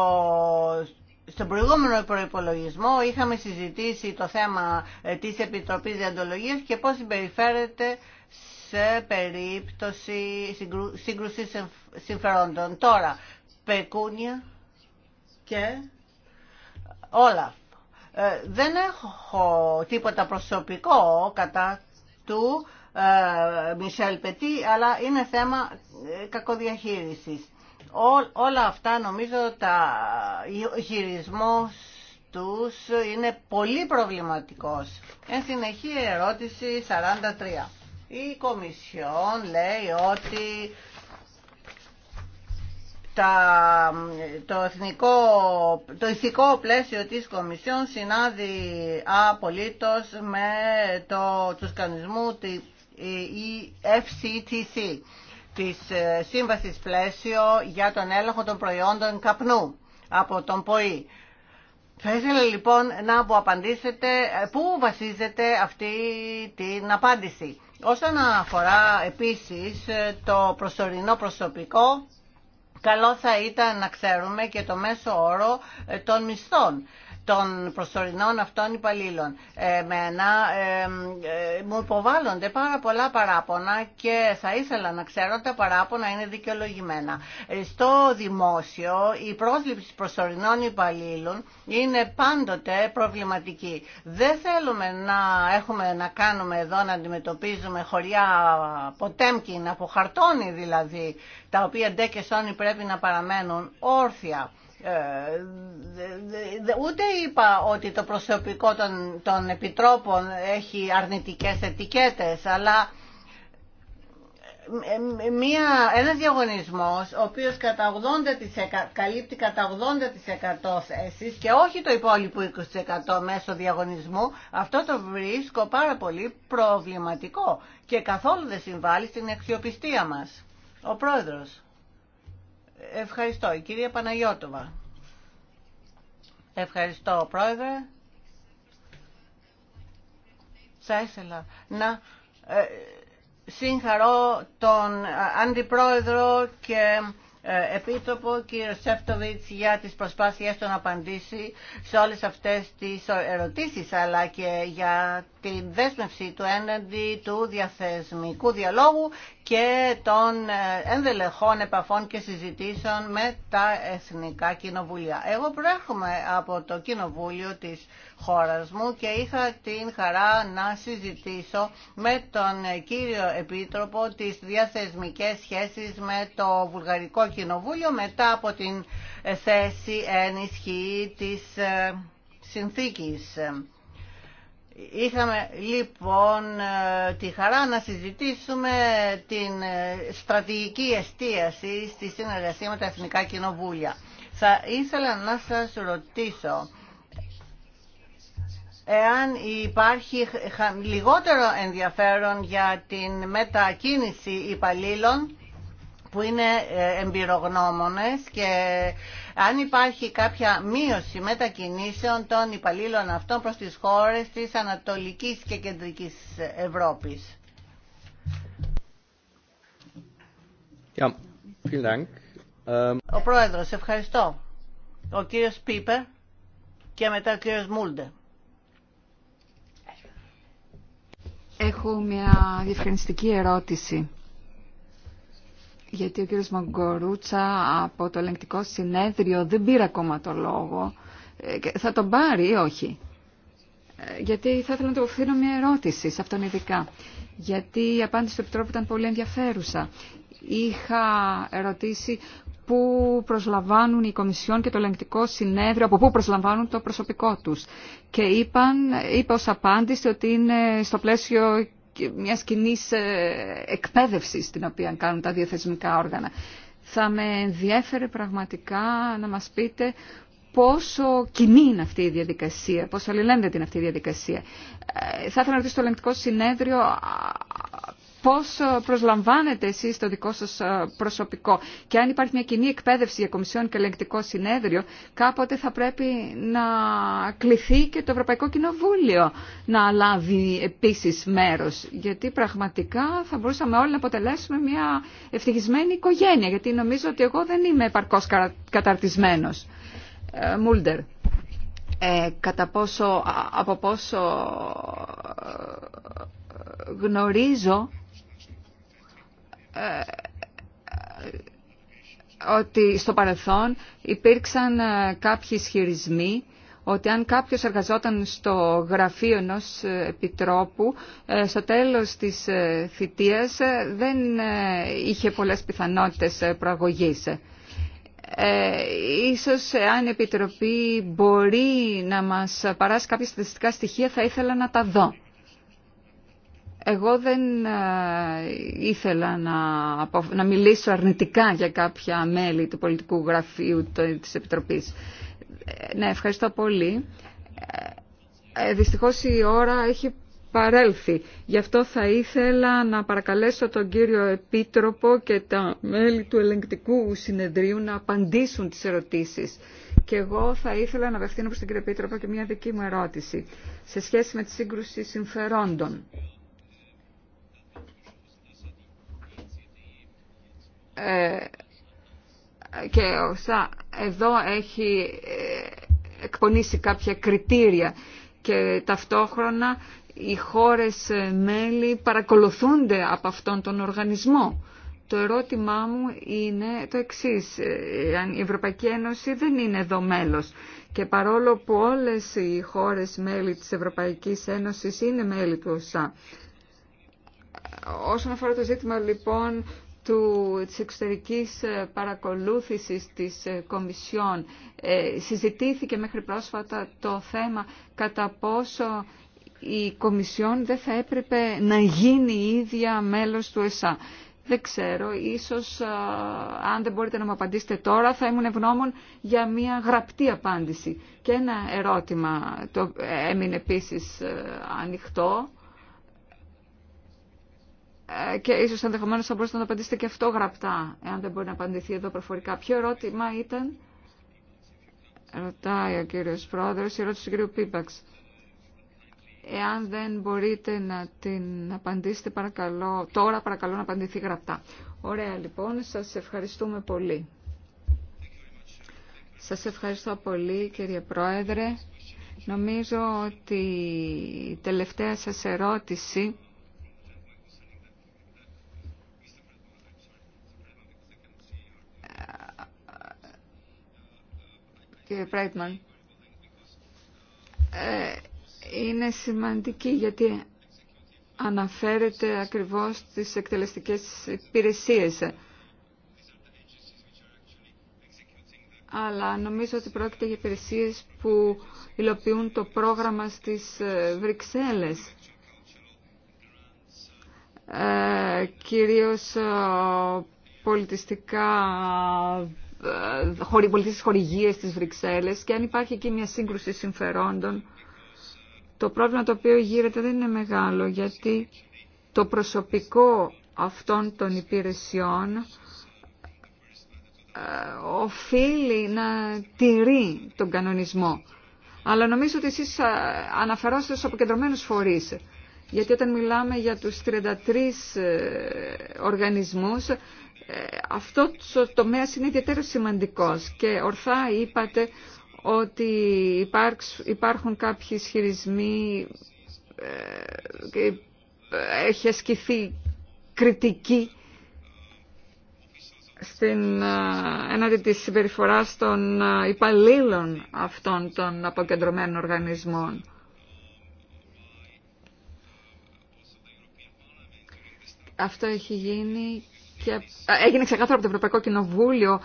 στον προηγούμενο προπολογισμό είχαμε συζητήσει το θέμα ε, της Επιτροπής Διαντολογίας και πώς συμπεριφέρεται σε περίπτωση σύγκρουση συμφερόντων. Τώρα, πεκούνια και όλα. Ε, δεν έχω τίποτα προσωπικό κατά του ε, Μισελ Πετή, αλλά είναι θέμα ε, κακοδιαχείρισης. όλα αυτά νομίζω τα ο χειρισμός τους είναι πολύ προβληματικός. Εν συνεχή ερώτηση 43. Η Κομισιόν λέει ότι τα, το, εθνικό, ηθικό πλαίσιο της Κομισιόν συνάδει απολύτως με το, τους κανονισμού τη FCTC της ε, Σύμβασης Πλαίσιο για τον έλεγχο των προϊόντων καπνού από τον ΠΟΗ. Θα ήθελα λοιπόν να μου απαντήσετε ε, πού βασίζεται αυτή την απάντηση. Όσον αφορά επίσης ε, το προσωρινό προσωπικό, καλό θα ήταν να ξέρουμε και το μέσο όρο ε, των μισθών των προσωρινών αυτών υπαλλήλων. Εμένα ε, ε, μου υποβάλλονται πάρα πολλά παράπονα και θα ήθελα να ξέρω τα παράπονα είναι δικαιολογημένα. Ε, στο δημόσιο η πρόσληψη προσωρινών υπαλλήλων είναι πάντοτε προβληματική. Δεν θέλουμε να έχουμε να κάνουμε εδώ να αντιμετωπίζουμε χωριά ποτέμκιν από χαρτόνι δηλαδή τα οποία ντε και σόνι πρέπει να παραμένουν όρθια. Ε, ούτε είπα ότι το προσωπικό των, επιτρόπων έχει αρνητικές ετικέτες, αλλά ε, ε, μία, ένας διαγωνισμός ο οποίος κατά 80%, καλύπτει κατά 80% θέσεις και όχι το υπόλοιπο 20% μέσω διαγωνισμού, αυτό το βρίσκω πάρα πολύ προβληματικό και καθόλου δεν συμβάλλει στην αξιοπιστία μας. Ο πρόεδρος. Ευχαριστώ. Η κυρία Παναγιώτοβα. Ευχαριστώ, Πρόεδρε. Θα ήθελα να ε, συγχαρώ τον Αντιπρόεδρο και ε, Επίτροπο κύριο Σεφτοβιτς για τις προσπάθειές του να απαντήσει σε όλες αυτές τις ερωτήσεις αλλά και για την δέσμευση του έναντι του διαθεσμικού διαλόγου και των ε, ενδελεχών επαφών και συζητήσεων με τα εθνικά κοινοβούλια. Εγώ προέρχομαι από το κοινοβούλιο της χώρας μου και είχα την χαρά να συζητήσω με τον κύριο Επίτροπο τις διαθεσμικές σχέσεις με το Βουλγαρικό Κοινοβούλιο μετά από την θέση ενισχύει της ε, συνθήκης. Είχαμε λοιπόν ε, τη χαρά να συζητήσουμε την ε, στρατηγική εστίαση στη συνεργασία με τα Εθνικά Κοινοβούλια. Θα ήθελα να σας ρωτήσω εάν υπάρχει λιγότερο ενδιαφέρον για την μετακίνηση υπαλλήλων που είναι ε, εμπειρογνώμονες και αν υπάρχει κάποια μείωση μετακινήσεων των υπαλλήλων αυτών προς τις χώρες της Ανατολικής και Κεντρικής Ευρώπης. Ähm, ο Πρόεδρος, ευχαριστώ. Ο κύριος Πίπερ και μετά ο κύριος Μούλντε. Έχω μια διευκρινιστική ερώτηση γιατί ο κύριος Μαγκορούτσα από το ελεγκτικό συνέδριο δεν πήρε ακόμα το λόγο. Ε, θα τον πάρει ή όχι. Ε, γιατί θα ήθελα να του οφείλω μια ερώτηση σε αυτόν ειδικά. Γιατί η απάντηση του Επιτρόπου ήταν πολύ ενδιαφέρουσα. Είχα ερωτήσει πού προσλαμβάνουν οι Κομισιόν και το Ελεγκτικό Συνέδριο, από πού προσλαμβάνουν το προσωπικό τους. Και είπαν, είπε ως απάντηση ότι είναι στο πλαίσιο μια κοινή ε, εκπαίδευση την οποία κάνουν τα διαθεσμικά όργανα. Θα με ενδιέφερε πραγματικά να μας πείτε πόσο κοινή είναι αυτή η διαδικασία, πόσο αλληλένδετη είναι αυτή η διαδικασία. Ε, θα ήθελα να ρωτήσω το ελεγκτικό συνέδριο πώς ε, προσλαμβάνετε εσείς το δικό σας ε, προσωπικό και αν υπάρχει μια κοινή εκπαίδευση για Κομισιόν και Ελεγκτικό Συνέδριο, κάποτε θα πρέπει να κληθεί και το Ευρωπαϊκό Κοινοβούλιο να λάβει επίσης μέρος, γιατί πραγματικά θα μπορούσαμε όλοι να αποτελέσουμε μια ευτυχισμένη οικογένεια, γιατί νομίζω ότι εγώ δεν είμαι επαρκώς καταρτισμένος. Ε, Μούλτερ. κατά από πόσο γνωρίζω ε, ε, ότι στο παρελθόν υπήρξαν ε, κάποιοι ισχυρισμοί ότι αν κάποιος εργαζόταν στο γραφείο ενός επιτρόπου, στο τέλος της θητείας δεν είχε πολλές πιθανότητες προαγωγής. Ε, ίσως αν η Επιτροπή μπορεί να μας παράσει κάποια στατιστικά στοιχεία θα ήθελα να τα δω. Εγώ δεν ε, ήθελα να, να μιλήσω αρνητικά για κάποια μέλη του πολιτικού γραφείου της Επιτροπής. Ε, ναι, ευχαριστώ πολύ. Ε, δυστυχώς η ώρα έχει παρέλθει. Γι' αυτό θα ήθελα να παρακαλέσω τον κύριο Επίτροπο και τα μέλη του ελεγκτικού συνεδρίου να απαντήσουν τις ερωτήσεις. Και εγώ θα ήθελα να απευθύνω προς τον κύριο Επίτροπο και μια δική μου ερώτηση σε σχέση με τη σύγκρουση συμφερόντων. Ε, και ο ΣΑ εδώ έχει ε, εκπονήσει κάποια κριτήρια και ταυτόχρονα οι χώρες ε, μέλη παρακολουθούνται από αυτόν τον οργανισμό. Το ερώτημά μου είναι το εξής. Η Ευρωπαϊκή Ένωση δεν είναι εδώ μέλος και παρόλο που όλες οι χώρες μέλη της Ευρωπαϊκής Ένωσης είναι μέλη του ΟΣΑ. Όσον αφορά το ζήτημα λοιπόν του, της εξωτερικής ε, παρακολούθησης της ε, Κομισιόν. Ε, συζητήθηκε μέχρι πρόσφατα το θέμα κατά πόσο η Κομισιόν δεν θα έπρεπε να γίνει η ίδια μέλος του ΕΣΑ. Δεν ξέρω, ίσως αν δεν μπορείτε να μου απαντήσετε τώρα θα ήμουν ευγνώμων για μια γραπτή απάντηση. Και ένα ερώτημα το έμεινε επίσης ανοιχτό ε, και ίσως ενδεχομένω θα μπορούσατε να το απαντήσετε και αυτό γραπτά, εάν δεν μπορεί να απαντηθεί εδώ προφορικά. Ποιο ερώτημα ήταν, ρωτάει ο κύριο Πρόεδρο η ερώτηση του κύριου Πίπαξ. Εάν δεν μπορείτε να την απαντήσετε, παρακαλώ, τώρα παρακαλώ να απαντηθεί γραπτά. Ωραία λοιπόν, σας ευχαριστούμε πολύ. Σας ευχαριστώ πολύ κύριε Πρόεδρε. Νομίζω ότι η τελευταία σας ερώτηση κύριε είναι σημαντική γιατί αναφέρεται ακριβώς στις εκτελεστικές υπηρεσίες. αλλά νομίζω ότι πρόκειται για υπηρεσίες που υλοποιούν το πρόγραμμα στις ε, Βρυξέλλες. Ε, κυρίως ε, πολιτιστικά ε, πολιτικές χορηγίες της Βρυξέλλες και αν υπάρχει εκεί μια σύγκρουση συμφερόντων, το πρόβλημα το οποίο γύρεται δεν είναι μεγάλο, γιατί το προσωπικό αυτών των υπηρεσιών ε, οφείλει να τηρεί τον κανονισμό. Αλλά νομίζω ότι εσείς ε, αναφερόσατε στους αποκεντρωμένους φορείς. Γιατί όταν μιλάμε για τους 33 οργανισμούς, αυτό το τομέα είναι ιδιαίτερα σημαντικός και ορθά είπατε ότι υπάρχουν κάποιοι ισχυρισμοί και ε, ε, έχει ασκηθεί κριτική στην ε, έναντι της συμπεριφοράς των υπαλλήλων αυτών των αποκεντρωμένων οργανισμών. Αυτό έχει γίνει και έγινε ξεκάθαρο από το Ευρωπαϊκό Κοινοβούλιο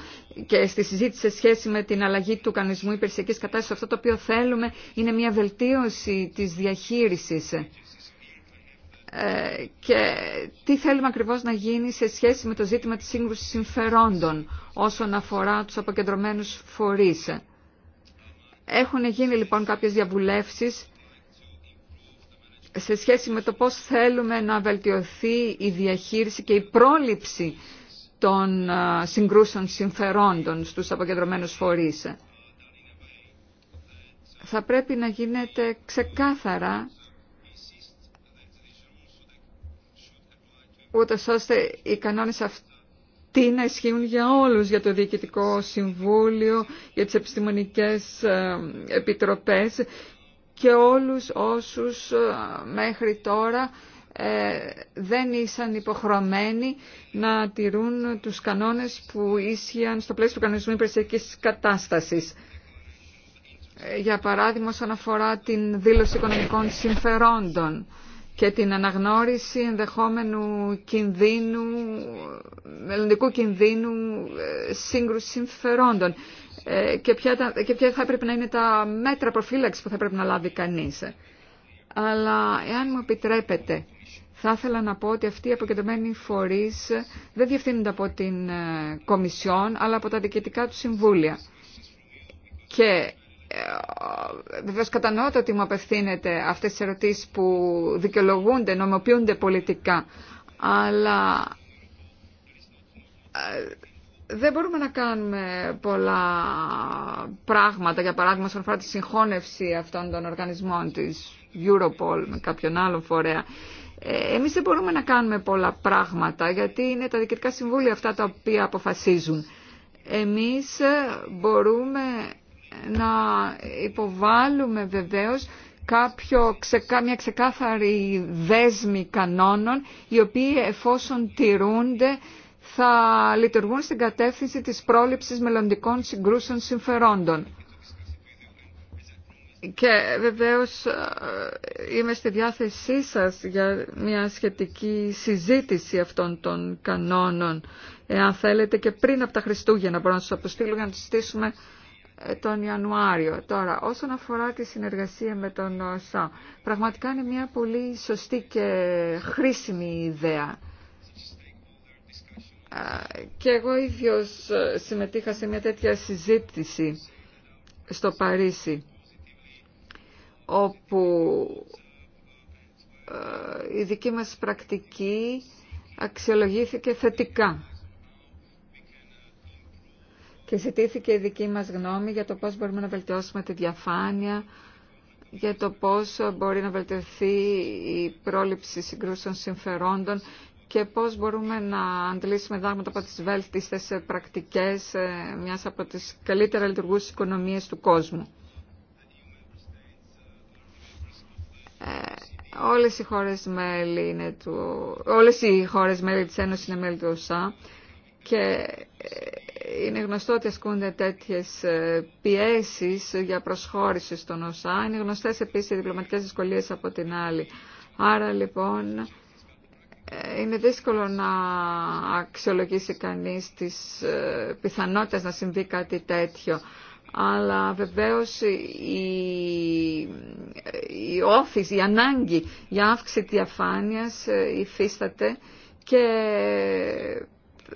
και στη συζήτηση σε σχέση με την αλλαγή του κανονισμού υπηρεσιακή κατάσταση. Αυτό το οποίο θέλουμε είναι μια βελτίωση της διαχείρισης. Ε, και τι θέλουμε ακριβώ να γίνει σε σχέση με το ζήτημα τη σύγκρουση συμφερόντων όσον αφορά του αποκεντρωμένου φορεί. Έχουν γίνει λοιπόν κάποιε διαβουλεύσει σε σχέση με το πώς θέλουμε να βελτιωθεί η διαχείριση και η πρόληψη των συγκρούσεων συμφερόντων στους αποκεντρωμένους φορείς. Θα πρέπει να γίνεται ξεκάθαρα ούτως ώστε οι κανόνες αυτοί να ισχύουν για όλους, για το Διοικητικό Συμβούλιο, για τις Επιστημονικές ε, Επιτροπές και όλους όσους ε, μέχρι τώρα ε, δεν ήσαν υποχρεωμένοι να τηρούν τους κανόνες που ίσχυαν στο πλαίσιο του κανονισμού υπηρεσιακής κατάστασης. Ε, για παράδειγμα, όσον αφορά την δήλωση οικονομικών συμφερόντων και την αναγνώριση ενδεχόμενου κινδύνου, μελλοντικού κινδύνου ε, σύγκρουση συμφερόντων ε, και ποια, και θα έπρεπε να είναι τα μέτρα προφύλαξης που θα πρέπει να λάβει κανείς. Αλλά εάν μου επιτρέπετε, θα ήθελα να πω ότι αυτοί οι αποκεντρωμένοι φορείς δεν διευθύνονται από την ε, Κομισιόν, αλλά από τα διοικητικά του συμβούλια. Και ε, βεβαίως κατανοώ το ότι μου απευθύνεται αυτές τις ερωτήσεις που δικαιολογούνται, νομοποιούνται πολιτικά, αλλά ε, δεν μπορούμε να κάνουμε πολλά πράγματα, για παράδειγμα, σχετικά αφορά τη συγχώνευση αυτών των οργανισμών της Europol με κάποιον άλλο φορέα. Ε, εμείς δεν μπορούμε να κάνουμε πολλά πράγματα, γιατί είναι τα διοικητικά συμβούλια αυτά τα οποία αποφασίζουν. Εμείς μπορούμε να υποβάλουμε βεβαίως κάποιο, μια ξεκάθαρη δέσμη κανόνων οι οποίοι εφόσον τηρούνται θα λειτουργούν στην κατεύθυνση της πρόληψης μελλοντικών συγκρούσεων συμφερόντων. Και βεβαίως ε, είμαι στη διάθεσή σας για μια σχετική συζήτηση αυτών των κανόνων, εάν θέλετε και πριν από τα Χριστούγεννα μπορώ να σας αποστείλω για να στήσουμε τον Ιανουάριο. Τώρα, όσον αφορά τη συνεργασία με τον ΩΣΑ, ε, πραγματικά είναι μια πολύ σωστή και χρήσιμη ιδέα. Ε, και εγώ ίδιος ε, συμμετείχα σε μια τέτοια συζήτηση στο Παρίσι, όπου η δική μας πρακτική αξιολογήθηκε θετικά και ζητήθηκε η δική μας γνώμη για το πώς μπορούμε να βελτιώσουμε τη διαφάνεια, για το πώς μπορεί να βελτιωθεί η πρόληψη συγκρούσεων συμφερόντων και πώς μπορούμε να αντλήσουμε δάγματα από τις βέλτιστες πρακτικές ε, μιας από τις καλύτερα λειτουργούς οικονομίες του κόσμου. Ε, όλες οι χώρες μέλη είναι του, όλες οι χώρες μέλη της Ένωσης είναι μέλη του ΟΣΑ και ε, είναι γνωστό ότι ασκούνται τέτοιες ε, πιέσεις για προσχώρηση στον ΩΣΑ. Είναι γνωστές επίση οι διπλωματικές δυσκολίε από την άλλη. Άρα λοιπόν ε, είναι δύσκολο να αξιολογήσει κανείς τις ε, πιθανότητες να συμβεί κάτι τέτοιο. Αλλά βεβαίως η, η όφηση, η ανάγκη για αύξηση διαφάνειας υφίσταται και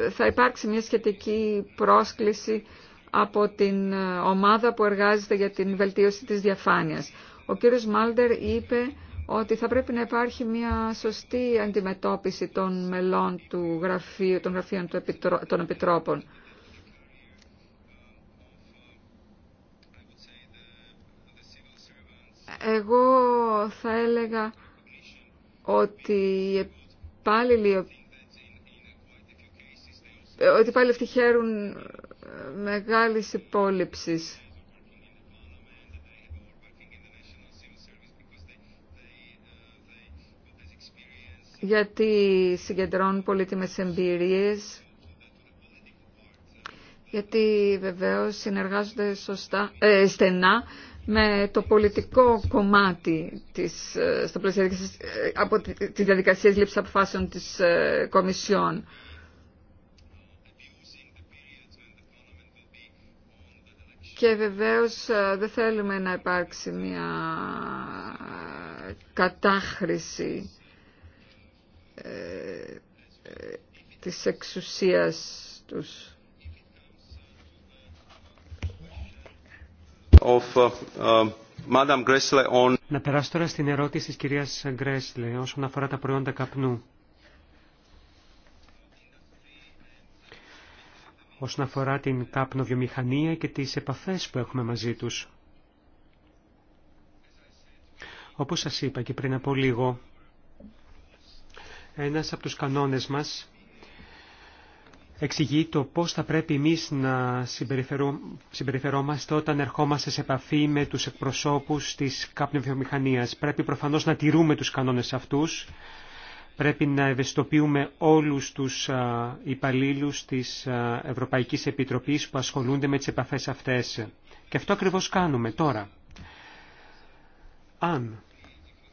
θα υπάρξει μια σχετική πρόσκληση από την ομάδα που εργάζεται για την βελτίωση της διαφάνειας. Ο κύριος Μάλτερ είπε ότι θα πρέπει να υπάρχει μια σωστή αντιμετώπιση των μελών του γραφείου, των γραφείων των επιτρόπων. Εγώ θα έλεγα ότι πάλι υπάλληλοι ότι πάλι αυτοί χαίρουν ε, μεγάλης γιατί συγκεντρώνουν πολύτιμες εμπειρίες, γιατί βεβαίως συνεργάζονται σωστά, ε, στενά με το πολιτικό κομμάτι της, ε, στο πλαίσιο από τη, διαδικασία διαδικασίας αποφάσεων της Κομισιόν. και βεβαίως ε, δεν θέλουμε να υπάρξει μια ε, κατάχρηση ε, της εξουσίας τους. Of, uh, on... Να περάσω τώρα στην ερώτηση της κυρίας Γκρέσλε όσον αφορά τα προϊόντα καπνού. όσον αφορά την καπνοβιομηχανία και τις επαφές που έχουμε μαζί τους. Όπως σας είπα και πριν από λίγο, ένας από τους κανόνες μας εξηγεί το πώς θα πρέπει εμείς να συμπεριφερόμαστε όταν ερχόμαστε σε επαφή με τους εκπροσώπους της καπνοβιομηχανίας. Πρέπει προφανώς να τηρούμε τους κανόνες αυτούς πρέπει να ευαισθητοποιούμε όλους τους υπαλλήλου της Ευρωπαϊκής Επιτροπής που ασχολούνται με τις επαφές αυτές. Και αυτό ακριβώς κάνουμε τώρα. Αν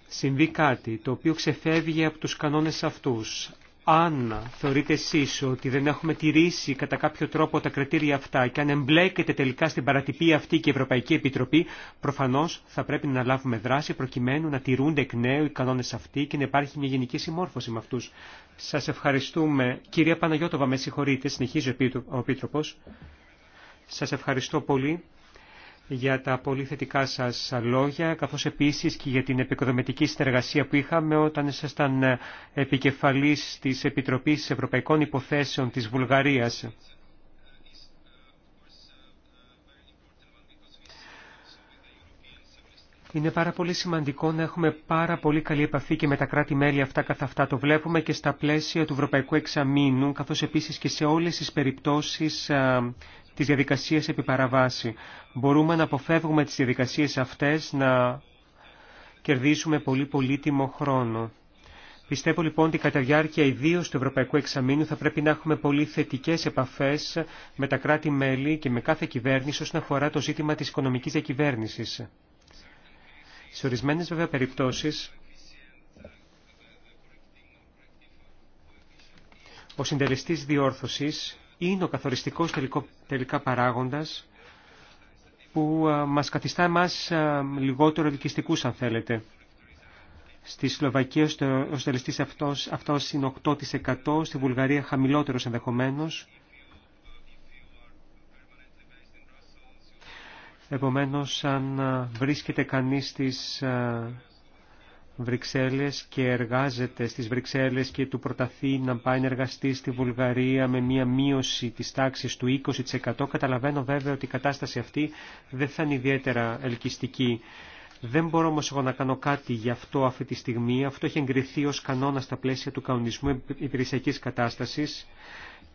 συμβεί κάτι το οποίο ξεφεύγει από τους κανόνες αυτούς, αν θεωρείτε εσείς ότι δεν έχουμε τηρήσει κατά κάποιο τρόπο τα κριτήρια αυτά και αν εμπλέκεται τελικά στην παρατυπία αυτή και η Ευρωπαϊκή Επιτροπή, προφανώς θα πρέπει να λάβουμε δράση προκειμένου να τηρούνται εκ νέου οι κανόνες αυτοί και να υπάρχει μια γενική συμμόρφωση με αυτούς. Σας ευχαριστούμε. Κυρία Παναγιώτοβα, με συγχωρείτε, συνεχίζει ο επίτροπο. Σας ευχαριστώ πολύ για τα πολύ θετικά σας λόγια, καθώς επίσης και για την επικοδομητική συνεργασία που είχαμε όταν ήσασταν επικεφαλής της Επιτροπής Ευρωπαϊκών Υποθέσεων της Βουλγαρίας. Είναι πάρα πολύ σημαντικό να έχουμε πάρα πολύ καλή επαφή και με τα κράτη-μέλη αυτά καθ' αυτά. Το βλέπουμε και στα πλαίσια του Ευρωπαϊκού Εξαμήνου, καθώς επίσης και σε όλες τις περιπτώσεις τις διαδικασίες επί παραβάση. Μπορούμε να αποφεύγουμε τις διαδικασίες αυτές να κερδίσουμε πολύ πολύτιμο χρόνο. Πιστεύω λοιπόν ότι κατά διάρκεια ιδίω του Ευρωπαϊκού Εξαμήνου θα πρέπει να έχουμε πολύ θετικέ επαφέ με τα κράτη-μέλη και με κάθε κυβέρνηση όσον αφορά το ζήτημα τη οικονομική διακυβέρνηση. Σε ορισμένε βέβαια περιπτώσει, ο συντελεστής διόρθωσης είναι ο καθοριστικός τελικά παράγοντας που ε, μας καθιστά εμάς ε, λιγότερο ελκυστικούς αν θέλετε. Στη Σλοβακία ο στελεστής αυτός, αυτός είναι 8%, στη Βουλγαρία χαμηλότερος ενδεχομένως. Επομένως, αν ε, βρίσκεται κανείς στις Βρυξέλλες και εργάζεται στις Βρυξέλλες και του προταθεί να πάει να εργαστεί στη Βουλγαρία με μια μείωση της τάξης του 20%. Καταλαβαίνω βέβαια ότι η κατάσταση αυτή δεν θα είναι ιδιαίτερα ελκυστική δεν μπορώ όμω εγώ να κάνω κάτι γι' αυτό αυτή τη στιγμή. Αυτό έχει εγκριθεί ω κανόνα στα πλαίσια του κανονισμού υπηρεσιακή κατάσταση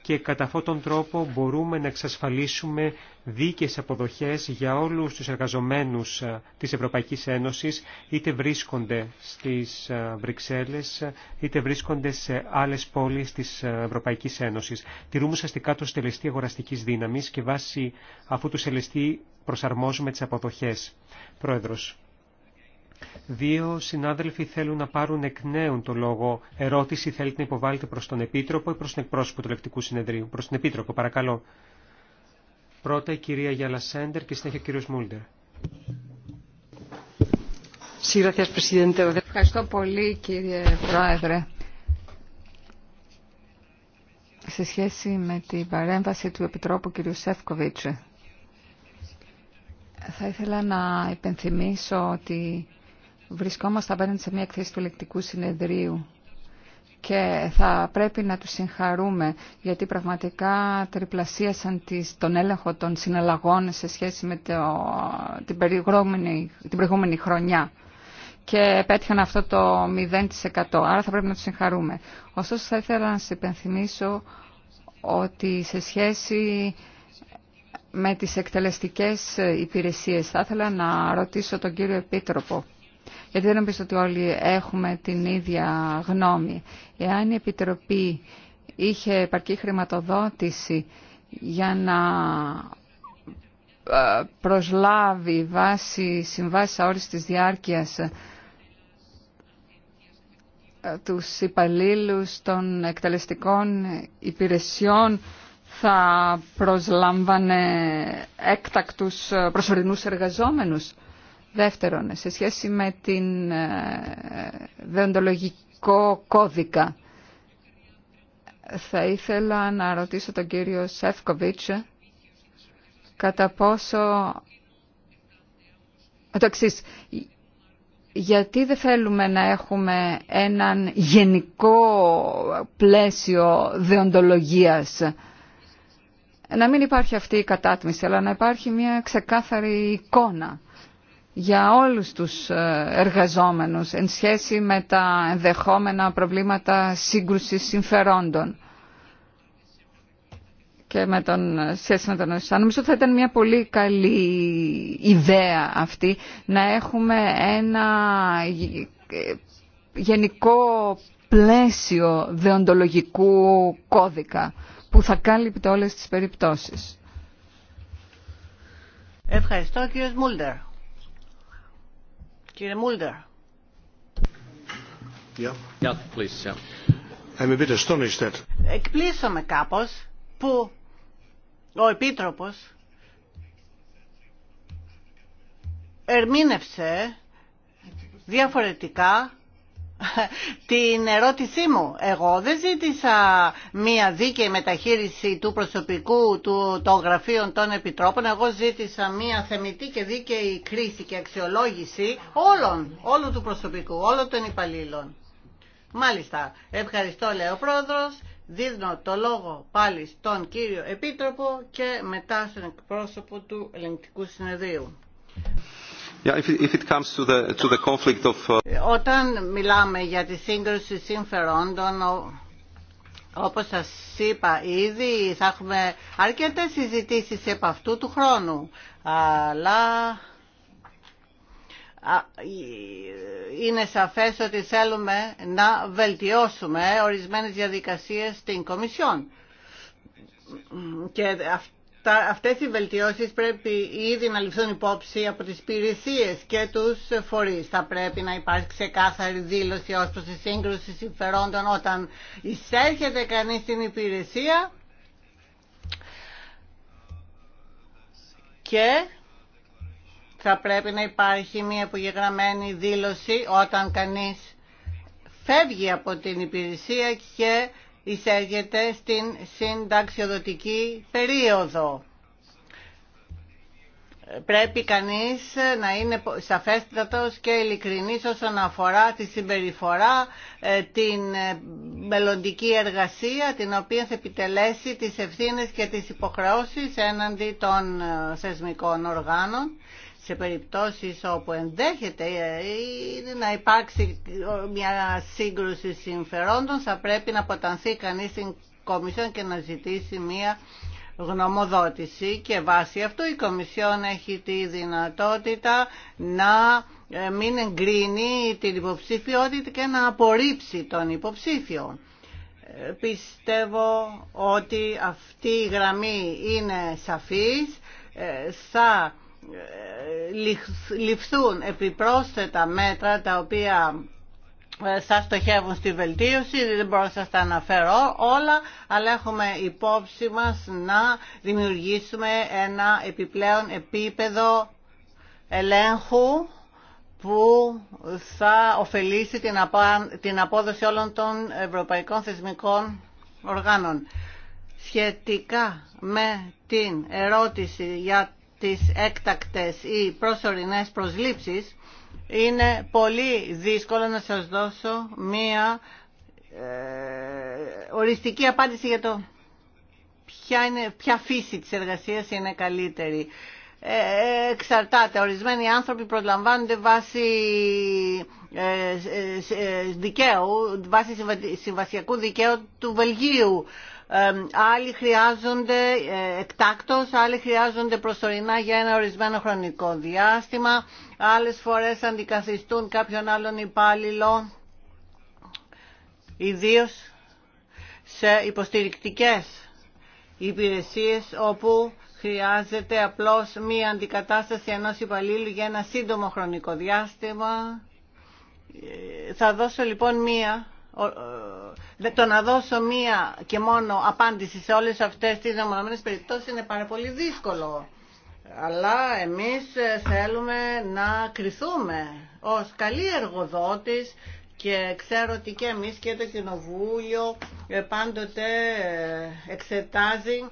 και κατά αυτόν τον τρόπο μπορούμε να εξασφαλίσουμε δίκαιες αποδοχές για όλους τους εργαζομένους ε, της Ευρωπαϊκής Ένωσης, είτε βρίσκονται στις ε, Βρυξέλλες, είτε βρίσκονται σε άλλες πόλεις της ε, Ευρωπαϊκής Ένωσης. Τηρούμε ουσιαστικά το στελεστή αγοραστικής δύναμης και βάσει αφού του στελεστή προσαρμόζουμε τις αποδοχές. Πρόεδρος. Δύο συνάδελφοι θέλουν να πάρουν εκ νέου το λόγο. Ερώτηση θέλετε να υποβάλλετε προς τον Επίτροπο ή προς τον εκπρόσωπο του Λεπτικού Συνεδρίου. Προς τον Επίτροπο, παρακαλώ. Πρώτα η κυρία Γιάλα Σέντερ και συνέχεια ο κύριος Μούλτερ. Ευχαριστώ πολύ κύριε Πρόεδρε. Σε σχέση με την παρέμβαση του Επιτρόπου κύριου Σεύκοβιτς, θα ήθελα να υπενθυμίσω ότι βρισκόμαστε απέναντι σε μια εκθέση του λεκτικού συνεδρίου και θα πρέπει να τους συγχαρούμε γιατί πραγματικά τριπλασίασαν τις, τον έλεγχο των συναλλαγών σε σχέση με το, την, την προηγούμενη χρονιά και πέτυχαν αυτό το 0%. Άρα θα πρέπει να τους συγχαρούμε. Ωστόσο θα ήθελα να σας υπενθυμίσω ότι σε σχέση με τις εκτελεστικές υπηρεσίες θα ήθελα να ρωτήσω τον κύριο Επίτροπο γιατί δεν νομίζω ότι όλοι έχουμε την ίδια γνώμη. Εάν η Επιτροπή είχε επαρκή χρηματοδότηση για να ε, προσλάβει βάση συμβάσεις αόριστης διάρκειας ε, τους υπαλλήλους των εκτελεστικών υπηρεσιών θα προσλάμβανε έκτακτους ε, προσωρινούς εργαζόμενους. Δεύτερον, σε σχέση με την ε, δεοντολογικό κώδικα, θα ήθελα να ρωτήσω τον κύριο Σεφκοβίτς κατά πόσο... Ε, το εξής, γιατί δεν θέλουμε να έχουμε έναν γενικό πλαίσιο δεοντολογίας. Να μην υπάρχει αυτή η κατάτμιση, αλλά να υπάρχει μια ξεκάθαρη εικόνα για όλους τους ε, εργαζόμενους εν σχέση με τα ενδεχόμενα προβλήματα σύγκρουσης συμφερόντων και με τον, ε, σχέση με τον ΩΣΑ. Νομίζω θα ήταν μια πολύ καλή ιδέα αυτή να έχουμε ένα ε, γενικό πλαίσιο δεοντολογικού κώδικα που θα κάλυπτε όλες τις περιπτώσεις. Ευχαριστώ κύριε Μούλτερ. Κύριε Μούλτερ. Yeah. please, κάπως που ο Επίτροπος ερμήνευσε διαφορετικά την ερώτησή μου. Εγώ δεν ζήτησα μία δίκαιη μεταχείριση του προσωπικού του, των γραφείων των επιτρόπων. Εγώ ζήτησα μία θεμητή και δίκαιη κρίση και αξιολόγηση όλων, όλου του προσωπικού, όλων των υπαλλήλων. Μάλιστα, ευχαριστώ λέει ο πρόεδρος. Δίνω το λόγο πάλι στον κύριο Επίτροπο και μετά στον εκπρόσωπο του Ελεγκτικού Συνεδρίου. Όταν μιλάμε για τη σύγκρουση συμφερόντων, όπως σας είπα ήδη, θα έχουμε αρκετές συζητήσεις επ' αυτού του χρόνου. Αλλά είναι σαφές ότι θέλουμε να βελτιώσουμε ορισμένες διαδικασίες στην Κομισιόν. Και αυτό τα, αυτές οι βελτιώσεις πρέπει ήδη να ληφθούν υπόψη από τις υπηρεσίε και τους φορείς. Θα πρέπει να υπάρχει ξεκάθαρη δήλωση ως προς τη σύγκρουση συμφερόντων όταν εισέρχεται κανείς στην υπηρεσία και θα πρέπει να υπάρχει μια απογεγραμμένη δήλωση όταν κανείς φεύγει από την υπηρεσία και εισέρχεται στην συνταξιοδοτική περίοδο. Πρέπει κανείς να είναι σαφέστατος και ειλικρινής όσον αφορά τη συμπεριφορά, ε, την ε, μελλοντική εργασία, την οποία θα επιτελέσει τις ευθύνες και τις υποχρεώσεις έναντι των ε, θεσμικών οργάνων σε περιπτώσεις όπου ενδέχεται ε, να υπάρξει ε, μια σύγκρουση συμφερόντων θα πρέπει να αποτανθεί κανείς στην Κομισιόν και να ζητήσει μια γνωμοδότηση και βάσει αυτού η Κομισιόν έχει τη δυνατότητα να ε, μην εγκρίνει την υποψηφιότητα και να απορρίψει τον υποψήφιο. Πιστεύω ότι αυτή η γραμμή είναι σαφής, θα ληφθούν επιπρόσθετα μέτρα τα οποία σας ε, στοχεύουν στη βελτίωση, δεν μπορώ να σας τα αναφέρω όλα, αλλά έχουμε υπόψη μας να δημιουργήσουμε ένα επιπλέον επίπεδο ελέγχου που θα ωφελήσει την απόδοση όλων των ευρωπαϊκών θεσμικών οργάνων. Σχετικά με την ερώτηση για τις έκτακτες ή προσωρινές προσλήψεις είναι πολύ δύσκολο να σας δώσω μία ε, οριστική απάντηση για το ποια, είναι, ποια φύση της εργασίας είναι καλύτερη. Ε, εξαρτάται. Ορισμένοι άνθρωποι προσλαμβάνονται βάσει ε, ε, δικαίου, βάσει συμβασιακού δικαίου του Βελγίου. Άλλοι χρειάζονται εκτάκτος, άλλοι χρειάζονται προσωρινά για ένα ορισμένο χρονικό διάστημα. Άλλες φορές αντικαθιστούν κάποιον άλλον υπάλληλο, ιδίως σε υποστηρικτικές υπηρεσίες όπου Χρειάζεται απλώς μία αντικατάσταση ενός υπαλλήλου για ένα σύντομο χρονικό διάστημα. Ε, θα δώσω λοιπόν μία, ε, το να δώσω μία και μόνο απάντηση σε όλες αυτές τις νομομένες περιπτώσεις είναι πάρα πολύ δύσκολο. Αλλά εμείς ε, θέλουμε να κριθούμε ως καλοί εργοδότης και ξέρω ότι και εμείς και το Κοινοβούλιο πάντοτε εξετάζει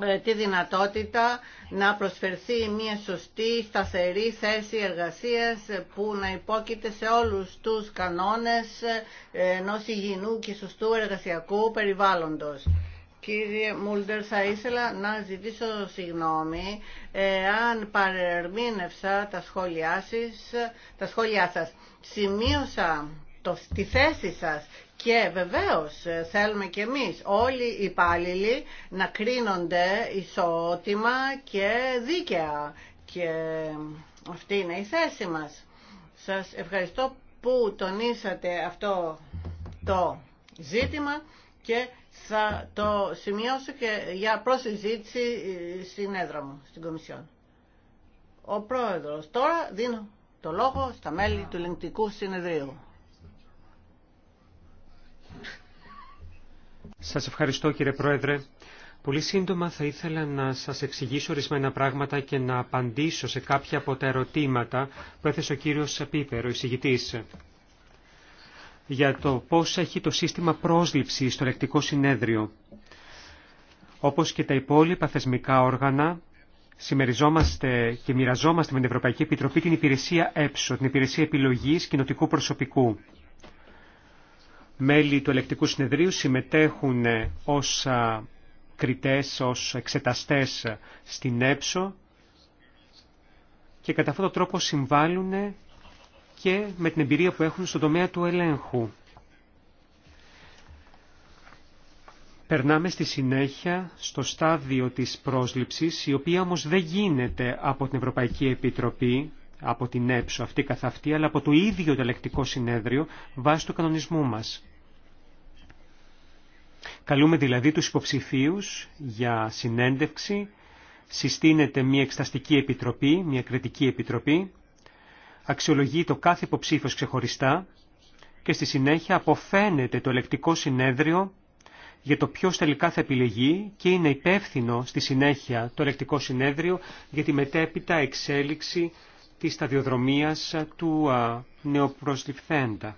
ε, τη δυνατότητα να προσφερθεί μια σωστή, σταθερή θέση εργασίας που να υπόκειται σε όλους τους κανόνες ε, ενός υγιεινού και σωστού εργασιακού περιβάλλοντος. Κύριε Μούλτερ, θα ήθελα να ζητήσω συγγνώμη ε, αν παρερμήνευσα τα σχόλιά σας. Σημείωσα το, τη θέση σας και βεβαίως ε, θέλουμε και εμείς όλοι οι υπάλληλοι να κρίνονται ισότιμα και δίκαια. Και αυτή είναι η θέση μας. Σας ευχαριστώ που τονίσατε αυτό το ζήτημα και θα το σημειώσω και για προσυζήτηση ε, στην έδρα μου, στην Κομισιόν. Ο Πρόεδρος. Τώρα δίνω το λόγο στα μέλη του Ελληνικού Συνεδρίου. Σας ευχαριστώ κύριε Πρόεδρε. Πολύ σύντομα θα ήθελα να σας εξηγήσω ορισμένα πράγματα και να απαντήσω σε κάποια από τα ερωτήματα που έθεσε ο κύριος Σαπίπερ, ο εισηγητής, για το πώς έχει το σύστημα πρόσληψη στο λεκτικό συνέδριο. Όπως και τα υπόλοιπα θεσμικά όργανα, συμμεριζόμαστε και μοιραζόμαστε με την Ευρωπαϊκή Επιτροπή την υπηρεσία έψο, την υπηρεσία επιλογής κοινοτικού προσωπικού μέλη του ελεκτικού συνεδρίου συμμετέχουν ως κριτές, ως εξεταστές στην έψο και κατά αυτόν τον τρόπο συμβάλλουν και με την εμπειρία που έχουν στον τομέα του ελέγχου. Περνάμε στη συνέχεια στο στάδιο της πρόσληψης, η οποία όμως δεν γίνεται από την Ευρωπαϊκή Επιτροπή, από την έψο αυτή καθ' αυτή, αλλά από το ίδιο το ελεκτικό συνέδριο βάσει του κανονισμού μας. Καλούμε δηλαδή τους υποψηφίους για συνέντευξη, συστήνεται μια εξταστική επιτροπή, μια κριτική επιτροπή, αξιολογεί το κάθε υποψήφιος ξεχωριστά και στη συνέχεια αποφαίνεται το ελεκτικό συνέδριο για το ποιος τελικά θα επιλεγεί και είναι υπεύθυνο στη συνέχεια το ελεκτικό συνέδριο για τη μετέπειτα εξέλιξη της σταδιοδρομίας του νεοπροσληφθέντα.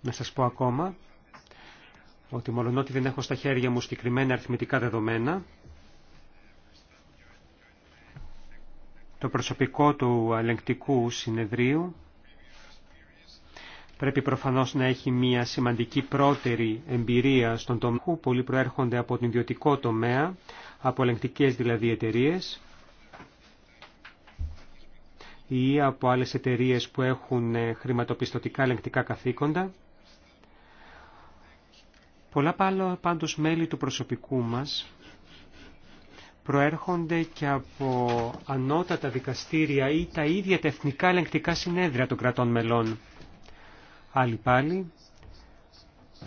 Να σας πω ακόμα ότι μολονότι δεν έχω στα χέρια μου συγκεκριμένα αριθμητικά δεδομένα, το προσωπικό του ελεγκτικού συνεδρίου πρέπει προφανώς να έχει μια σημαντική πρώτερη εμπειρία στον τομέα πολλοί προέρχονται από την ιδιωτικό τομέα, από ελεγκτικές δηλαδή εταιρείε ή από άλλες εταιρείε που έχουν ε, χρηματοπιστωτικά ελεγκτικά καθήκοντα. Πολλά πάντως μέλη του προσωπικού μας προέρχονται και από ανώτατα δικαστήρια ή τα ίδια τα εθνικά ελεγκτικά συνέδρια των κρατών μελών. Άλλοι πάλι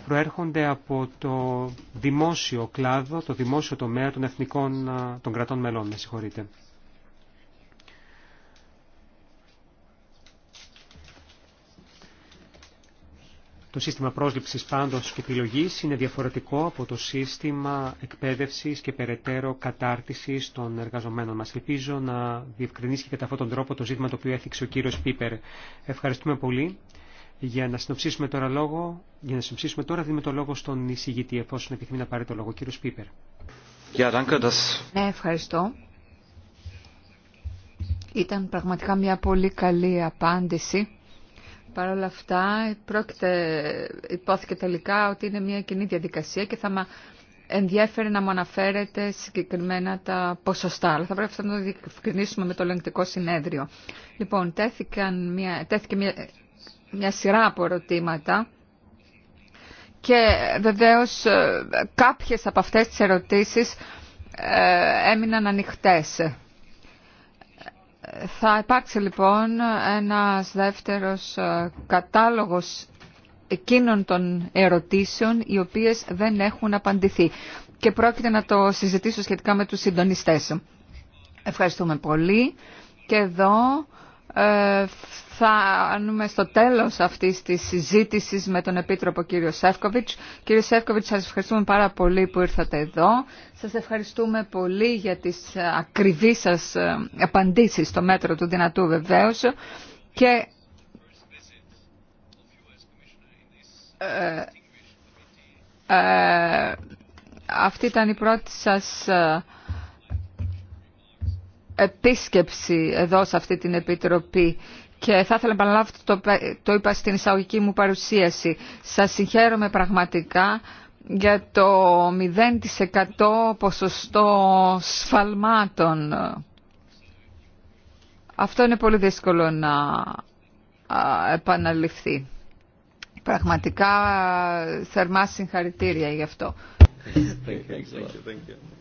προέρχονται από το δημόσιο κλάδο, το δημόσιο τομέα των εθνικών των κρατών μελών, με συγχωρείτε. Το σύστημα πρόσληψης πάντως και επιλογής είναι διαφορετικό από το σύστημα εκπαίδευσης και περαιτέρω κατάρτισης των εργαζομένων μας. Ελπίζω να διευκρινίσει και κατά αυτόν τον τρόπο το ζήτημα το οποίο έθιξε ο κύριος Πίπερ. Ευχαριστούμε πολύ. Για να συνοψίσουμε τώρα λόγο, για να συνοψίσουμε τώρα δίνουμε το λόγο στον εισηγητή εφόσον επιθυμεί να πάρει το λόγο. Κύριο Πίπερ. Ναι, ευχαριστώ. Ήταν πραγματικά μια πολύ καλή απάντηση. Παρ' όλα αυτά, πρόκειται, υπόθηκε τελικά ότι είναι μια κοινή διαδικασία και θα μα ενδιαφέρει να μου αναφέρετε συγκεκριμένα τα ποσοστά. Αλλά θα πρέπει αυτό να το διευκρινίσουμε με το ελεγκτικό συνέδριο. Λοιπόν, τέθηκαν μια, τέθηκε μια μια σειρά από ερωτήματα και βεβαίως ε, κάποιες από αυτές τις ερωτήσεις ε, έμειναν ανοιχτές. Θα υπάρξει λοιπόν ένας δεύτερος ε, κατάλογος εκείνων των ερωτήσεων οι οποίες δεν έχουν απαντηθεί και πρόκειται να το συζητήσω σχετικά με τους συντονιστές. Ευχαριστούμε πολύ και εδώ ε, θα ανούμε στο τέλος αυτής της συζήτησης με τον Επίτροπο κύριο Σεύκοβιτς. Κύριε Σεύκοβιτς, σας ευχαριστούμε πάρα πολύ που ήρθατε εδώ. Σας ευχαριστούμε πολύ για τις ακριβείς σας ε, απαντήσεις στο μέτρο του δυνατού βεβαίως. Και ε, αυτή ήταν η πρώτη σας επίσκεψη εδώ σε αυτή την Επιτροπή και θα ήθελα να επαναλάβω το, το είπα στην εισαγωγική μου παρουσίαση. Σας συγχαίρομαι πραγματικά για το 0% ποσοστό σφαλμάτων. Αυτό είναι πολύ δύσκολο να επαναληφθεί. Πραγματικά θερμά συγχαρητήρια γι' αυτό. Thank you.